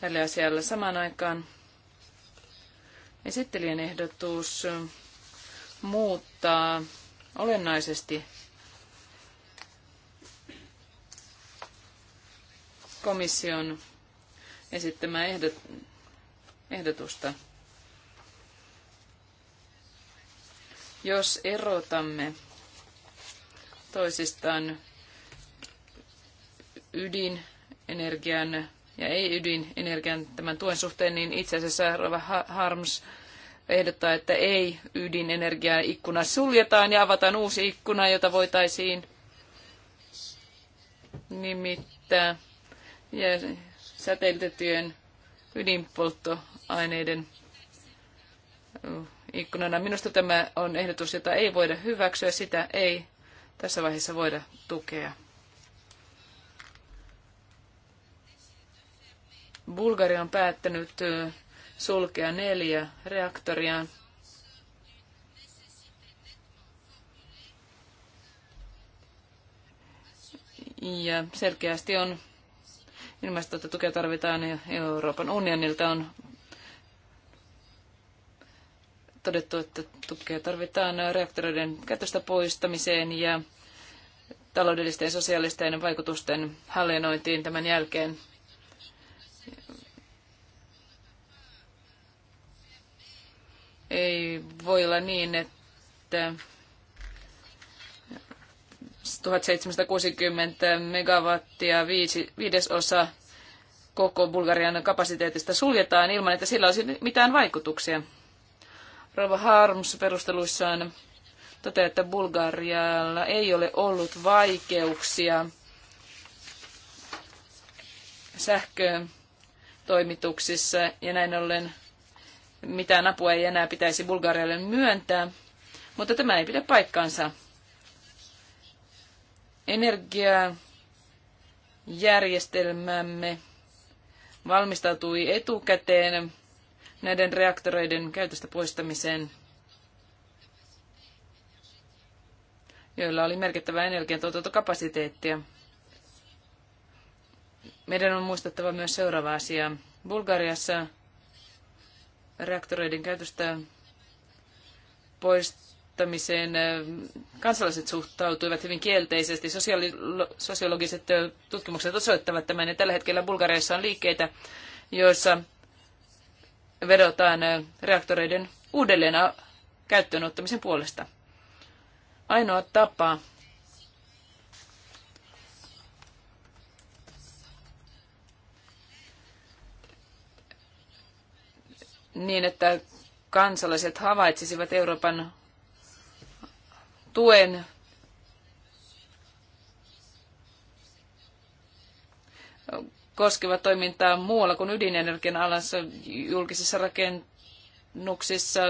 tälle asialle samaan aikaan. Esittelijän ehdotus muuttaa olennaisesti komission esittämää ehdot, ehdotusta. Jos erotamme toisistaan ydinenergian ja ei-ydinenergian tämän tuen suhteen, niin itse asiassa Rova Harms ehdottaa, että ei ydinenergian ikkuna suljetaan ja avataan uusi ikkuna, jota voitaisiin nimittää ja säteiltetyjen ydinpolttoaineiden ikkunana. Minusta tämä on ehdotus, jota ei voida hyväksyä, sitä ei tässä vaiheessa voida tukea. Bulgari on päättänyt sulkea neljä reaktoriaan. Ja selkeästi on ilmastotukea tarvitaan Euroopan unionilta on todettu, että tukea tarvitaan reaktoreiden käytöstä poistamiseen ja taloudellisten ja sosiaalisten vaikutusten hallinnointiin tämän jälkeen. Ei voi olla niin, että 1760 megawattia viidesosa koko Bulgarian kapasiteetista suljetaan ilman, että sillä olisi mitään vaikutuksia. Rova Harms perusteluissaan toteaa, että Bulgarialla ei ole ollut vaikeuksia sähkötoimituksissa ja näin ollen mitään apua ei enää pitäisi Bulgarialle myöntää, mutta tämä ei pidä paikkaansa. Energiajärjestelmämme valmistautui etukäteen näiden reaktoreiden käytöstä poistamiseen, joilla oli merkittävää energiantuotantokapasiteettia. Meidän on muistettava myös seuraava asia. Bulgariassa reaktoreiden käytöstä poistamiseen kansalaiset suhtautuivat hyvin kielteisesti. Sosiaali- sosiologiset tutkimukset osoittavat tämän ja tällä hetkellä Bulgariassa on liikkeitä, joissa vedotaan reaktoreiden uudelleen käyttöönottamisen puolesta. Ainoa tapa niin, että kansalaiset havaitsisivat Euroopan tuen koskeva toimintaa muualla kuin ydinenergian alassa, julkisissa rakennuksissa,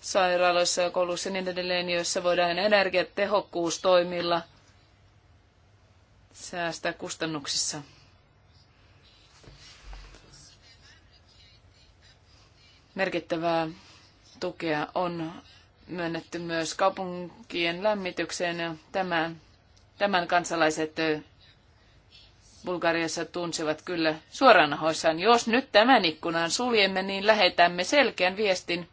sairaaloissa ja kouluissa ja niin edelleen, joissa voidaan energiatehokkuustoimilla säästää kustannuksissa. Merkittävää tukea on myönnetty myös kaupunkien lämmitykseen ja tämän, tämän kansalaiset Bulgariassa tunsivat kyllä suoranahoissaan. Jos nyt tämän ikkunan suljemme, niin lähetämme selkeän viestin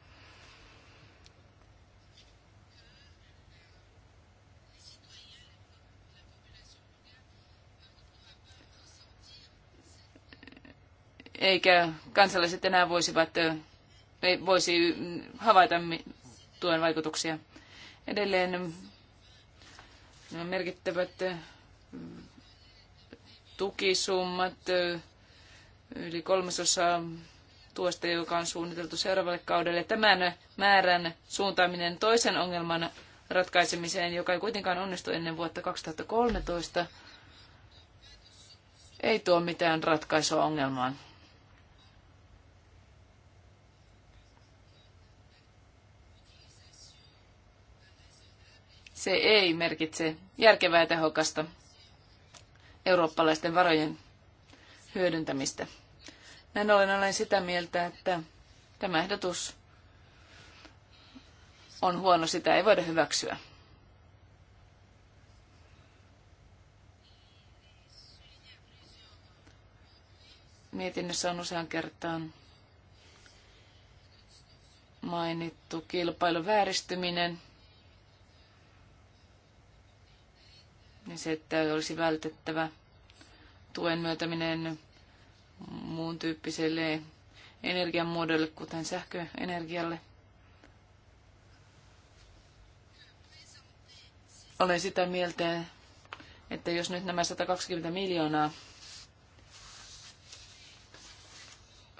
eikä kansalaiset enää voisivat, voisi havaita tuen vaikutuksia. Edelleen nämä merkittävät tukisummat, yli kolmasosa tuosta, joka on suunniteltu seuraavalle kaudelle. Tämän määrän suuntaaminen toisen ongelman ratkaisemiseen, joka ei kuitenkaan onnistu ennen vuotta 2013, ei tuo mitään ratkaisua ongelmaan. Se ei merkitse järkevää ja tehokasta eurooppalaisten varojen hyödyntämistä. Näin ollen olen sitä mieltä, että tämä ehdotus on huono, sitä ei voida hyväksyä. Mietinnössä on usean kertaan mainittu kilpailuvääristyminen. niin se, että olisi vältettävä tuen myötäminen muun tyyppiselle energiamuodolle, kuten sähköenergialle. Olen sitä mieltä, että jos nyt nämä 120 miljoonaa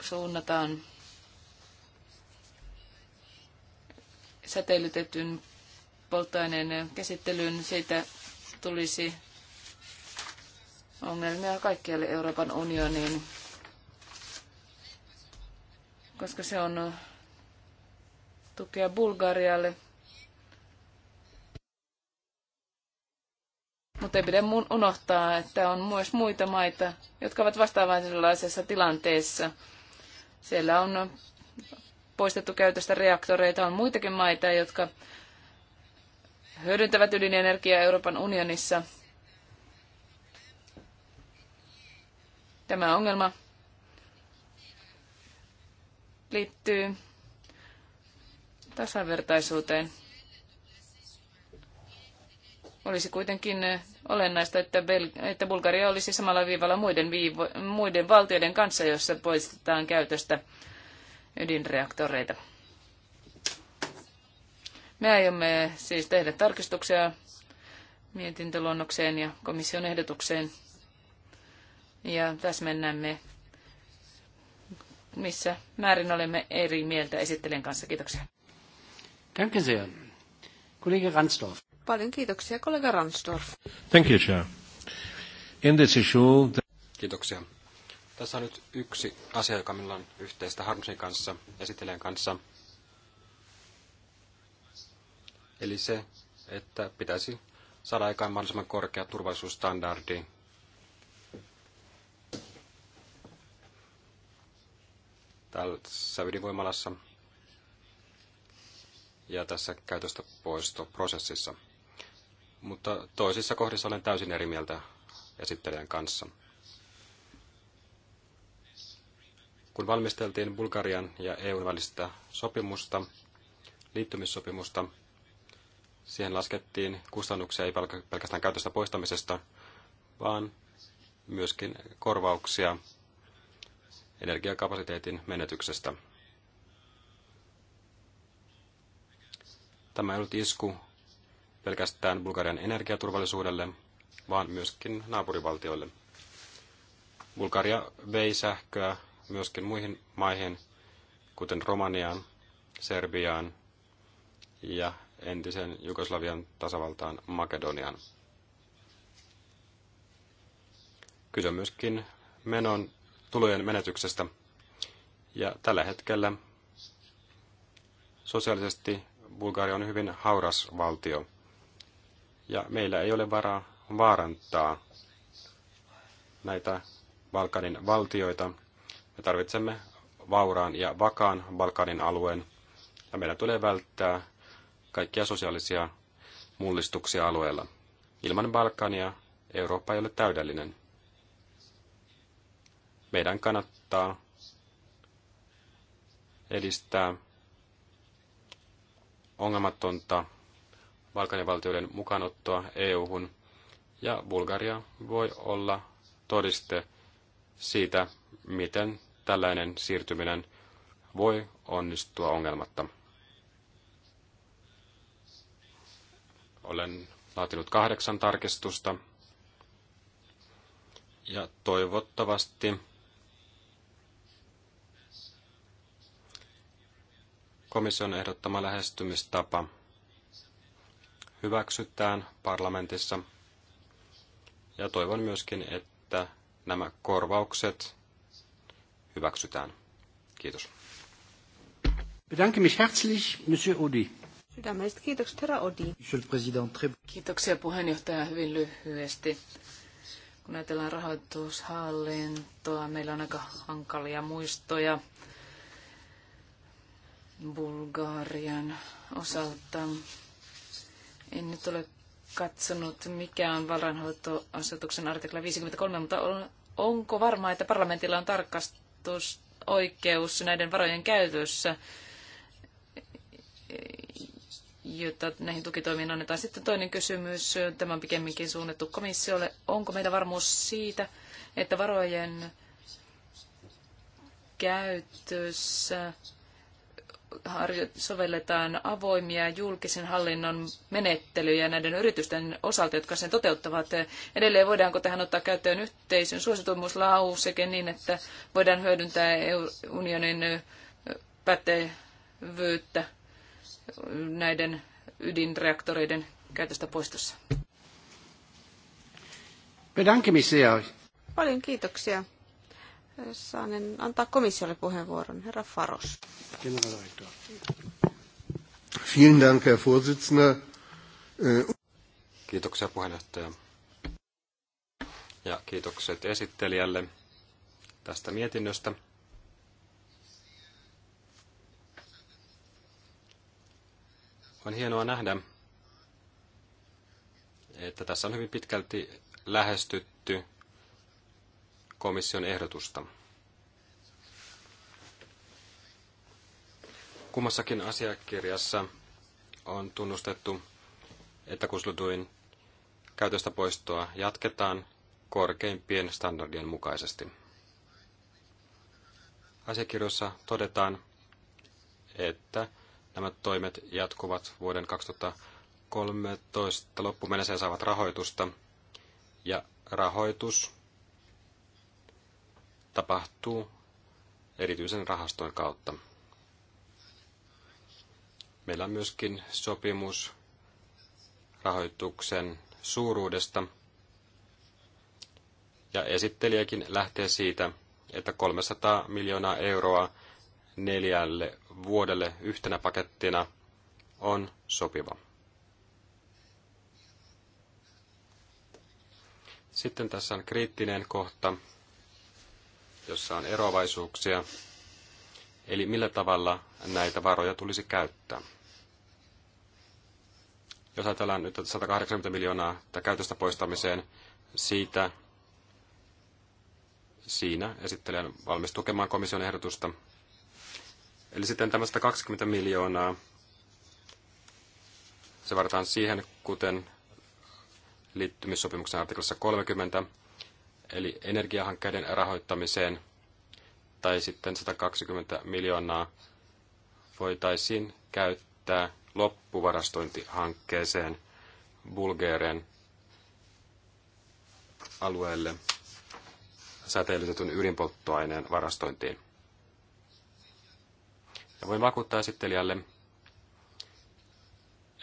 suunnataan säteilytetyn polttoaineen käsittelyyn, siitä tulisi ongelmia kaikkialle Euroopan unioniin, koska se on tukea Bulgarialle. Mutta ei pidä unohtaa, että on myös muita maita, jotka ovat vastaavaisenlaisessa tilanteessa. Siellä on poistettu käytöstä reaktoreita, on muitakin maita, jotka hyödyntävät ydinenergiaa Euroopan unionissa. Tämä ongelma liittyy tasavertaisuuteen. Olisi kuitenkin eh, olennaista, että, Bel- että Bulgaria olisi samalla viivalla muiden, viivo- muiden valtioiden kanssa, jossa poistetaan käytöstä ydinreaktoreita. Me aiomme siis tehdä tarkistuksia mietintöluonnokseen ja komission ehdotukseen ja täsmennämme, missä määrin olemme eri mieltä esittelijän kanssa. Kiitoksia. Danke sehr. Kollege Ransdorf. Paljon kiitoksia, kollega Ransdorf. Thank you, Chair. In this issue... Kiitoksia. Tässä on nyt yksi asia, joka minulla on yhteistä Harmsin kanssa, esittelijän kanssa, Eli se, että pitäisi saada aikaan mahdollisimman korkea turvallisuusstandardi. tässä ydinvoimalassa ja tässä käytöstä poistoprosessissa. Mutta toisissa kohdissa olen täysin eri mieltä esittelijän kanssa. Kun valmisteltiin Bulgarian ja EUn välistä sopimusta, liittymissopimusta, Siihen laskettiin kustannuksia ei pelkästään käytöstä poistamisesta, vaan myöskin korvauksia energiakapasiteetin menetyksestä. Tämä ei ollut isku pelkästään Bulgarian energiaturvallisuudelle, vaan myöskin naapurivaltioille. Bulgaria vei sähköä myöskin muihin maihin, kuten Romaniaan, Serbiaan ja entisen Jugoslavian tasavaltaan Makedonian. Kyse myöskin menon tulojen menetyksestä. Ja tällä hetkellä sosiaalisesti Bulgaria on hyvin hauras valtio. Ja meillä ei ole varaa vaarantaa näitä Balkanin valtioita. Me tarvitsemme vauraan ja vakaan Balkanin alueen. Ja meidän tulee välttää kaikkia sosiaalisia mullistuksia alueella. Ilman Balkania Eurooppa ei ole täydellinen. Meidän kannattaa edistää ongelmatonta Balkanin valtioiden mukaanottoa EU-hun, ja Bulgaria voi olla todiste siitä, miten tällainen siirtyminen voi onnistua ongelmatta. Olen laatinut kahdeksan tarkistusta. Ja toivottavasti komission ehdottama lähestymistapa hyväksytään parlamentissa. Ja toivon myöskin, että nämä korvaukset hyväksytään. Kiitos. Bedanke mich herzlich, Monsieur Audi. Tämmöiset kiitokset, herra Odi. Kiitoksia puheenjohtaja hyvin lyhyesti. Kun ajatellaan rahoitushallintoa, meillä on aika hankalia muistoja Bulgarian osalta. En nyt ole katsonut, mikä on varainhoitoasetuksen artikla 53, mutta onko varmaa, että parlamentilla on tarkastusoikeus näiden varojen käytössä? jotta näihin tukitoimiin annetaan. Sitten toinen kysymys, tämä on pikemminkin suunnattu komissiolle. Onko meillä varmuus siitä, että varojen käytössä sovelletaan avoimia julkisen hallinnon menettelyjä näiden yritysten osalta, jotka sen toteuttavat. Edelleen voidaanko tähän ottaa käyttöön yhteisön suositumuslauseke niin, että voidaan hyödyntää unionin pätevyyttä näiden ydinreaktoreiden käytöstä poistossa. Paljon kiitoksia. Saanen antaa komissiolle puheenvuoron. Herra Faros. Äh, kiitoksia puheenjohtaja. Ja kiitokset esittelijälle tästä mietinnöstä. On hienoa nähdä, että tässä on hyvin pitkälti lähestytty komission ehdotusta. Kummassakin asiakirjassa on tunnustettu, että kuslutuin käytöstä poistoa jatketaan korkeimpien standardien mukaisesti. Asiakirjoissa todetaan, että Nämä toimet jatkuvat vuoden 2013 loppumennessä ja saavat rahoitusta. Ja rahoitus tapahtuu erityisen rahaston kautta. Meillä on myöskin sopimus rahoituksen suuruudesta. Ja esittelijäkin lähtee siitä, että 300 miljoonaa euroa neljälle vuodelle yhtenä pakettina on sopiva. Sitten tässä on kriittinen kohta, jossa on eroavaisuuksia, eli millä tavalla näitä varoja tulisi käyttää. Jos ajatellaan nyt 180 miljoonaa käytöstä poistamiseen, siitä siinä esittelijän valmis tukemaan komission ehdotusta. Eli sitten tämä 120 miljoonaa, se varataan siihen, kuten liittymissopimuksen artiklassa 30, eli energiahankkeiden rahoittamiseen, tai sitten 120 miljoonaa voitaisiin käyttää loppuvarastointihankkeeseen Bulgarian alueelle säteilytetyn ydinpolttoaineen varastointiin. Ja voin vakuuttaa esittelijälle,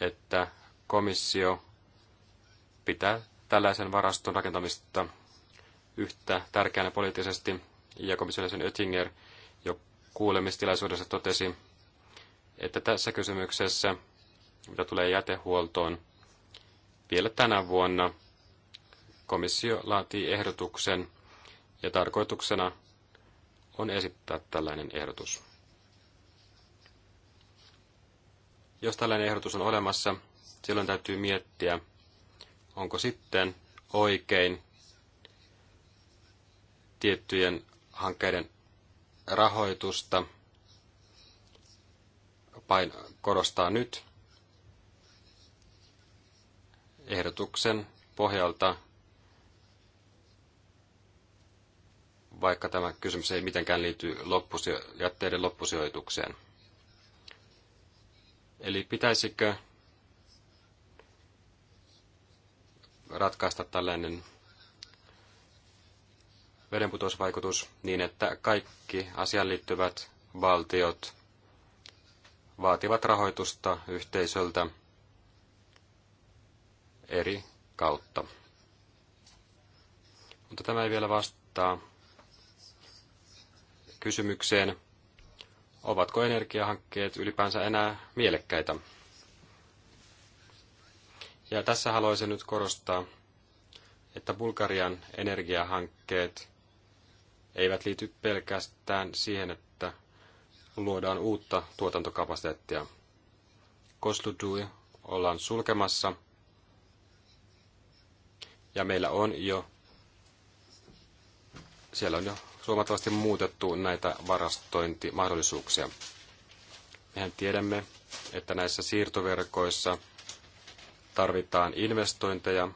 että komissio pitää tällaisen varaston rakentamista yhtä tärkeänä poliittisesti, ja komissiolaisen Oettinger jo kuulemistilaisuudessa totesi, että tässä kysymyksessä, mitä tulee jätehuoltoon, vielä tänä vuonna komissio laatii ehdotuksen, ja tarkoituksena on esittää tällainen ehdotus. Jos tällainen ehdotus on olemassa, silloin täytyy miettiä, onko sitten oikein tiettyjen hankkeiden rahoitusta pain, korostaa nyt ehdotuksen pohjalta, vaikka tämä kysymys ei mitenkään liity loppusijo- jätteiden loppusijoitukseen. Eli pitäisikö ratkaista tällainen vedenputousvaikutus niin, että kaikki asiaan liittyvät valtiot vaativat rahoitusta yhteisöltä eri kautta. Mutta tämä ei vielä vastaa kysymykseen, Ovatko energiahankkeet ylipäänsä enää mielekkäitä? Ja tässä haluaisin nyt korostaa, että Bulgarian energiahankkeet eivät liity pelkästään siihen, että luodaan uutta tuotantokapasiteettia. Kostudui ollaan sulkemassa ja meillä on jo siellä on jo huomattavasti muutettu näitä varastointimahdollisuuksia. Mehän tiedämme, että näissä siirtoverkoissa tarvitaan investointeja,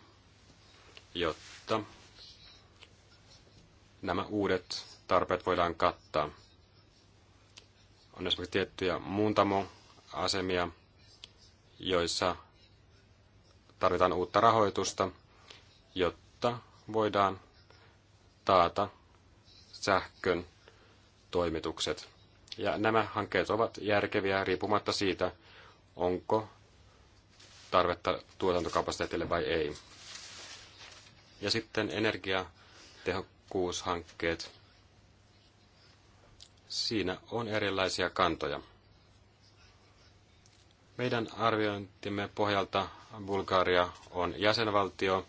jotta nämä uudet tarpeet voidaan kattaa. On esimerkiksi tiettyjä muuntamoasemia, joissa tarvitaan uutta rahoitusta, jotta voidaan taata sähkön toimitukset. Ja nämä hankkeet ovat järkeviä riippumatta siitä, onko tarvetta tuotantokapasiteetille vai ei. Ja sitten energiatehokkuushankkeet. Siinä on erilaisia kantoja. Meidän arviointimme pohjalta Bulgaria on jäsenvaltio,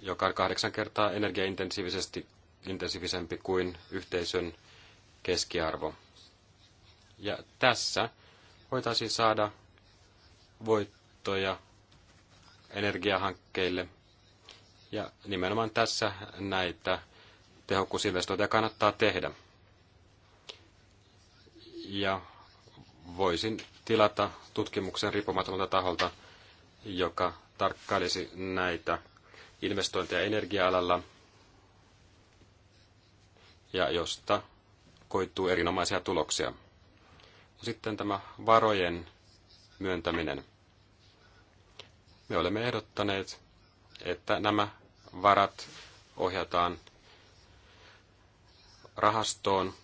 joka on kahdeksan kertaa energiaintensiivisesti intensiivisempi kuin yhteisön keskiarvo. Ja tässä voitaisiin saada voittoja energiahankkeille. Ja nimenomaan tässä näitä tehokkuusinvestointeja kannattaa tehdä. Ja voisin tilata tutkimuksen riippumattomalta taholta, joka tarkkailisi näitä investointeja energia-alalla ja josta koittuu erinomaisia tuloksia. Sitten tämä varojen myöntäminen. Me olemme ehdottaneet, että nämä varat ohjataan rahastoon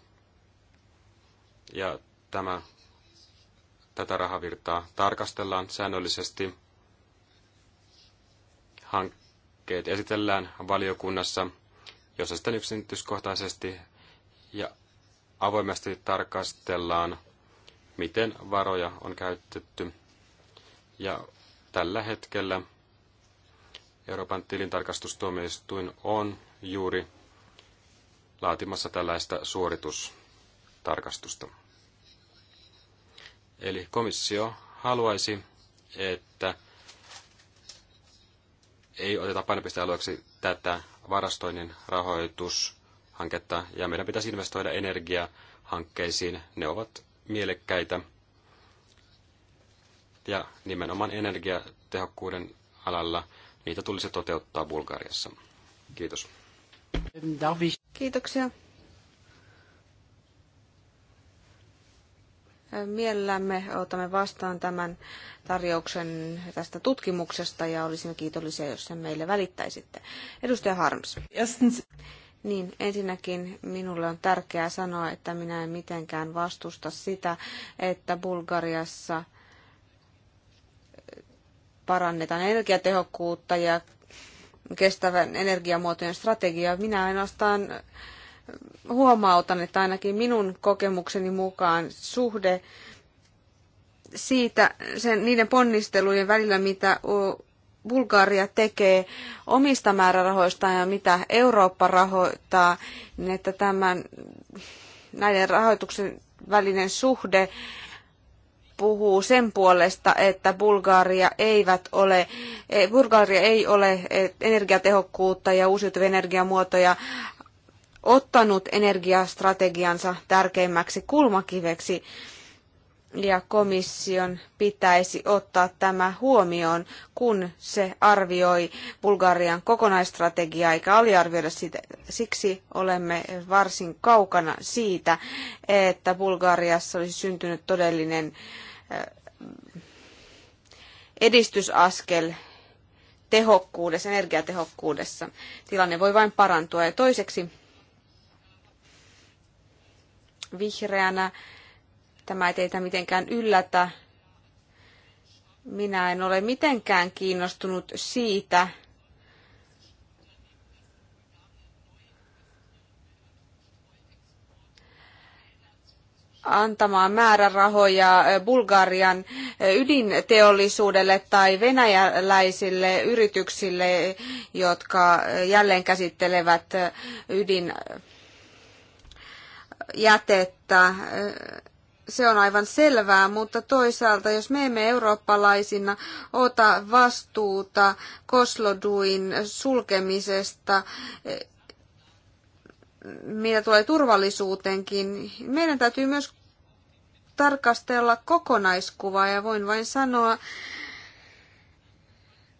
ja tämä, tätä rahavirtaa tarkastellaan säännöllisesti. Hankkeet esitellään valiokunnassa jossa sitten yksityiskohtaisesti ja avoimesti tarkastellaan, miten varoja on käytetty. Ja tällä hetkellä Euroopan tilintarkastustuomioistuin on juuri laatimassa tällaista suoritustarkastusta. Eli komissio haluaisi, että ei oteta painopistealueeksi tätä varastoinnin rahoitushanketta, ja meidän pitäisi investoida energiahankkeisiin. Ne ovat mielekkäitä. Ja nimenomaan energiatehokkuuden alalla niitä tulisi toteuttaa Bulgariassa. Kiitos. Kiitoksia. Mielellämme otamme vastaan tämän tarjouksen tästä tutkimuksesta ja olisimme kiitollisia, jos sen meille välittäisitte. Edustaja Harms. Niin, ensinnäkin minulle on tärkeää sanoa, että minä en mitenkään vastusta sitä, että Bulgariassa parannetaan energiatehokkuutta ja kestävän energiamuotojen strategiaa. Minä ainoastaan huomautan, että ainakin minun kokemukseni mukaan suhde siitä, sen, niiden ponnistelujen välillä, mitä Bulgaria tekee omista määrärahoistaan ja mitä Eurooppa rahoittaa, niin että tämän, näiden rahoituksen välinen suhde puhuu sen puolesta, että Bulgaria, eivät ole, e, Bulgaria ei ole e, energiatehokkuutta ja uusiutuvia energiamuotoja ottanut energiastrategiansa tärkeimmäksi kulmakiveksi ja komission pitäisi ottaa tämä huomioon, kun se arvioi Bulgarian kokonaistrategiaa eikä aliarvioida sitä. Siksi olemme varsin kaukana siitä, että Bulgariassa olisi syntynyt todellinen eh, edistysaskel tehokkuudessa, energiatehokkuudessa. Tilanne voi vain parantua. Ja toiseksi vihreänä. Tämä ei teitä mitenkään yllätä. Minä en ole mitenkään kiinnostunut siitä, antamaan määrärahoja Bulgarian ydinteollisuudelle tai venäläisille yrityksille, jotka jälleen käsittelevät ydin jätettä. Se on aivan selvää, mutta toisaalta, jos me emme eurooppalaisina ota vastuuta Kosloduin sulkemisesta, mitä tulee turvallisuuteenkin, meidän täytyy myös tarkastella kokonaiskuvaa ja voin vain sanoa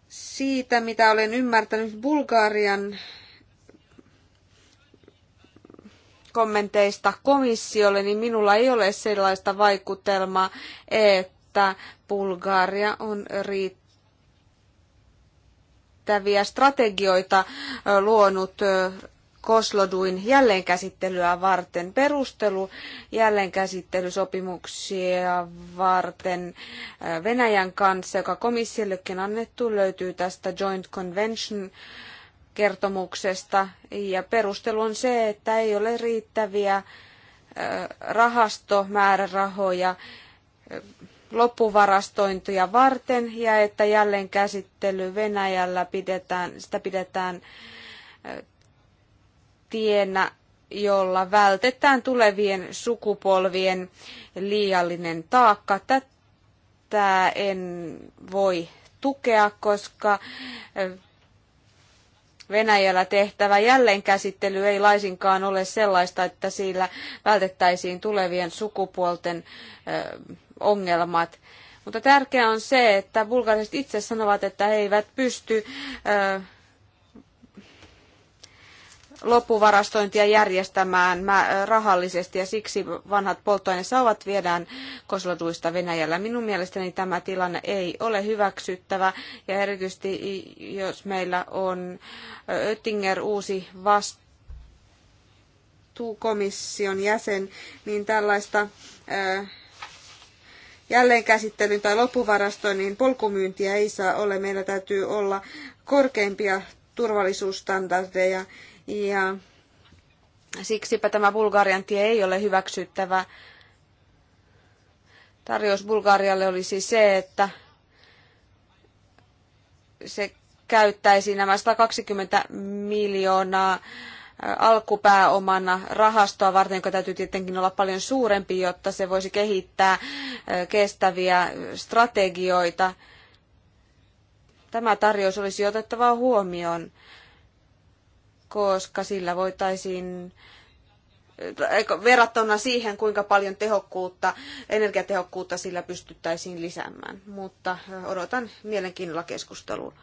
siitä, mitä olen ymmärtänyt Bulgarian kommenteista komissiolle, niin minulla ei ole sellaista vaikutelmaa, että Bulgaria on riittäviä strategioita luonut Kosloduin jälleenkäsittelyä varten perustelu jälleenkäsittelysopimuksia varten Venäjän kanssa, joka komissiollekin annettu löytyy tästä Joint Convention kertomuksesta ja perustelu on se, että ei ole riittäviä rahastomäärärahoja loppuvarastointia varten ja että jälleen käsittely Venäjällä pidetään, sitä pidetään tienä, jolla vältetään tulevien sukupolvien liiallinen taakka. Tätä en voi tukea, koska Venäjällä tehtävä jälleenkäsittely ei laisinkaan ole sellaista, että sillä vältettäisiin tulevien sukupuolten ongelmat. Mutta tärkeää on se, että bulgariset itse sanovat, että he eivät pysty loppuvarastointia järjestämään rahallisesti ja siksi vanhat polttoainesauvat viedään kosloduista Venäjällä. Minun mielestäni tämä tilanne ei ole hyväksyttävä ja erityisesti jos meillä on Oettinger uusi vastuukomission jäsen, niin tällaista jälleenkäsittelyn tai loppuvarastoinnin polkumyyntiä ei saa olla. Meillä täytyy olla korkeimpia turvallisuusstandardeja ja siksipä tämä Bulgarian tie ei ole hyväksyttävä. Tarjous Bulgarialle olisi siis se, että se käyttäisi nämä 120 miljoonaa alkupääomana rahastoa varten, joka täytyy tietenkin olla paljon suurempi, jotta se voisi kehittää kestäviä strategioita. Tämä tarjous olisi otettava huomioon koska sillä voitaisiin verrattuna siihen, kuinka paljon tehokkuutta, energiatehokkuutta sillä pystyttäisiin lisäämään. Mutta odotan mielenkiinnolla keskustelua.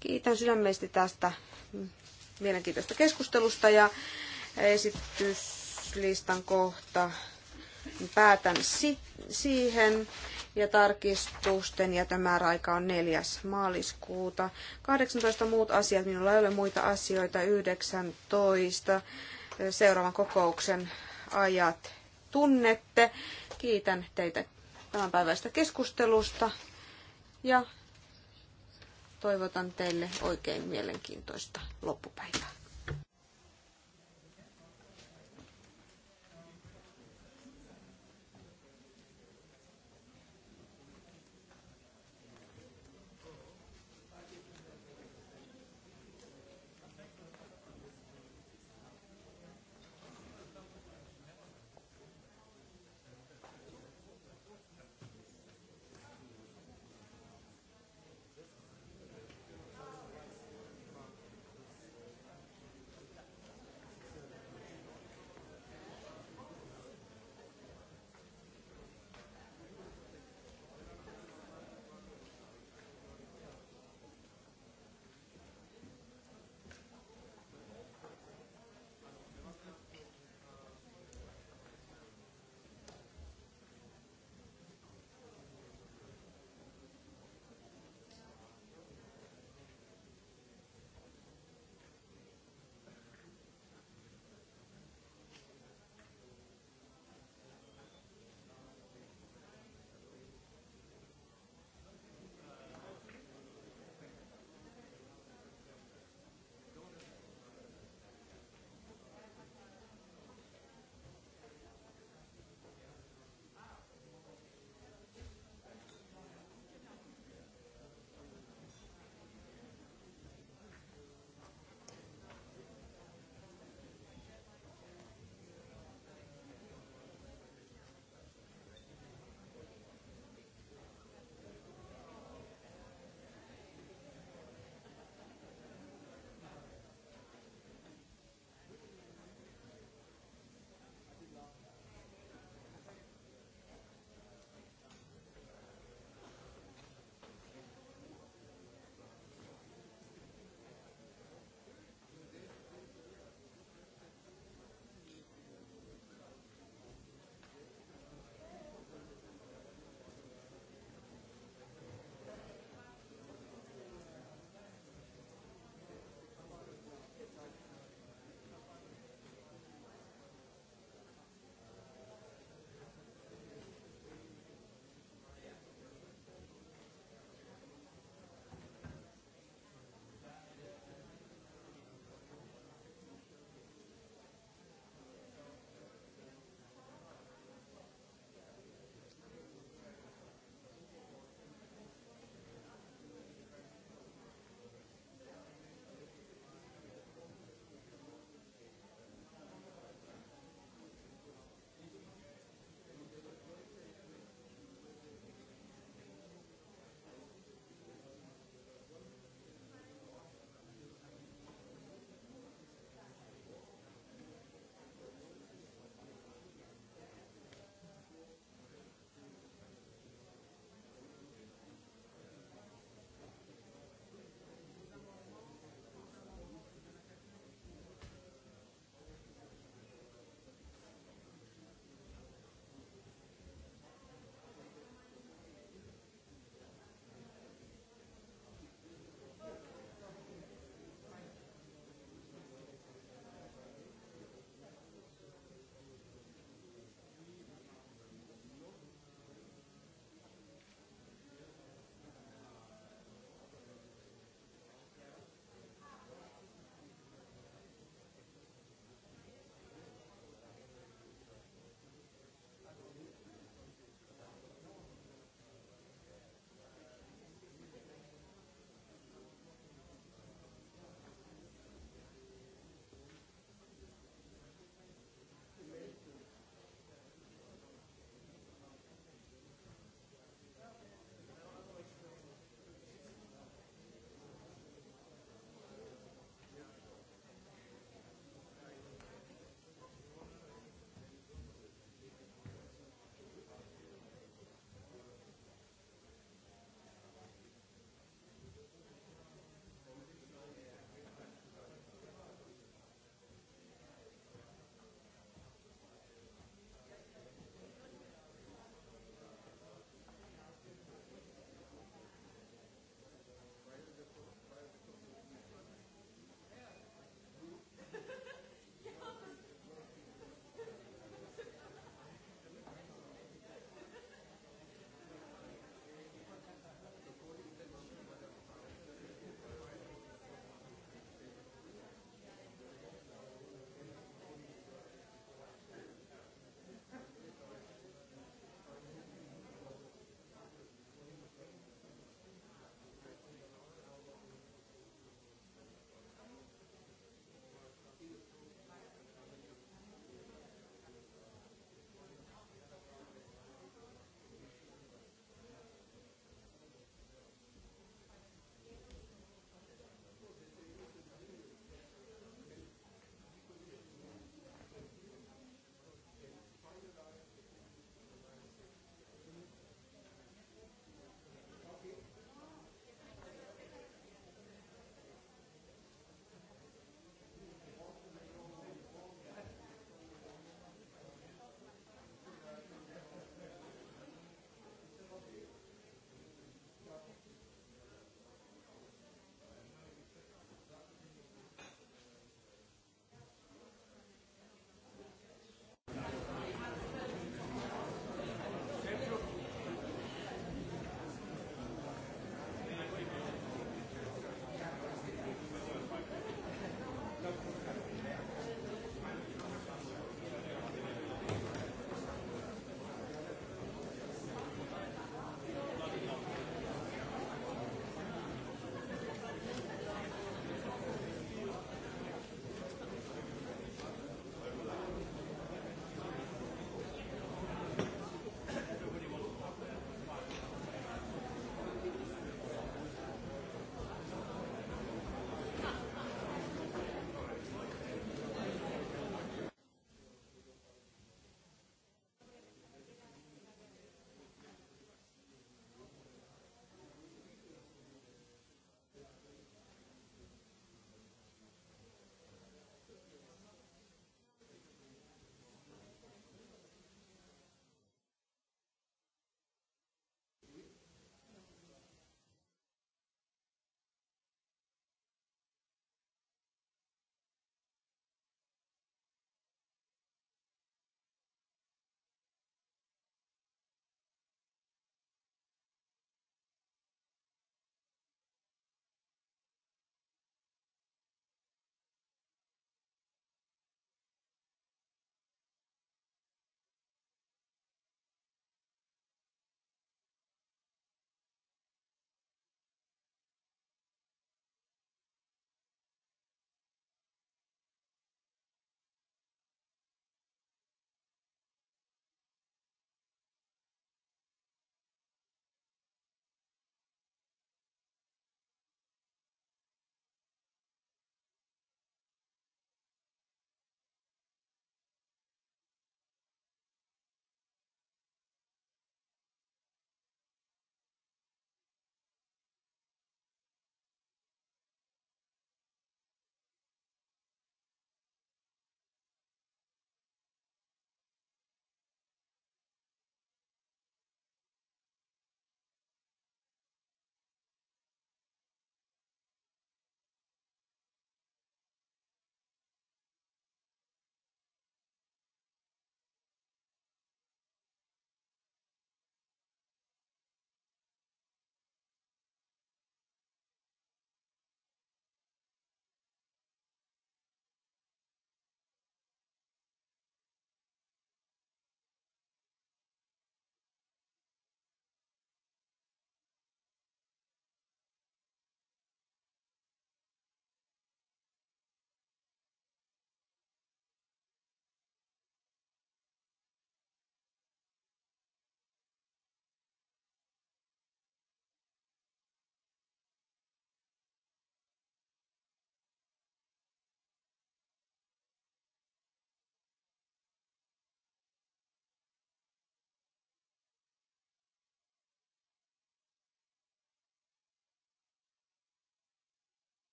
Kiitän sydämellisesti tästä mielenkiintoista keskustelusta ja esityslistan kohta päätän si- siihen ja tarkistusten ja tämä aika on 4. maaliskuuta. 18 muut asiat, minulla ei ole muita asioita, 19 seuraavan kokouksen ajat tunnette. Kiitän teitä tämänpäiväistä keskustelusta ja toivotan teille oikein mielenkiintoista loppupäivää.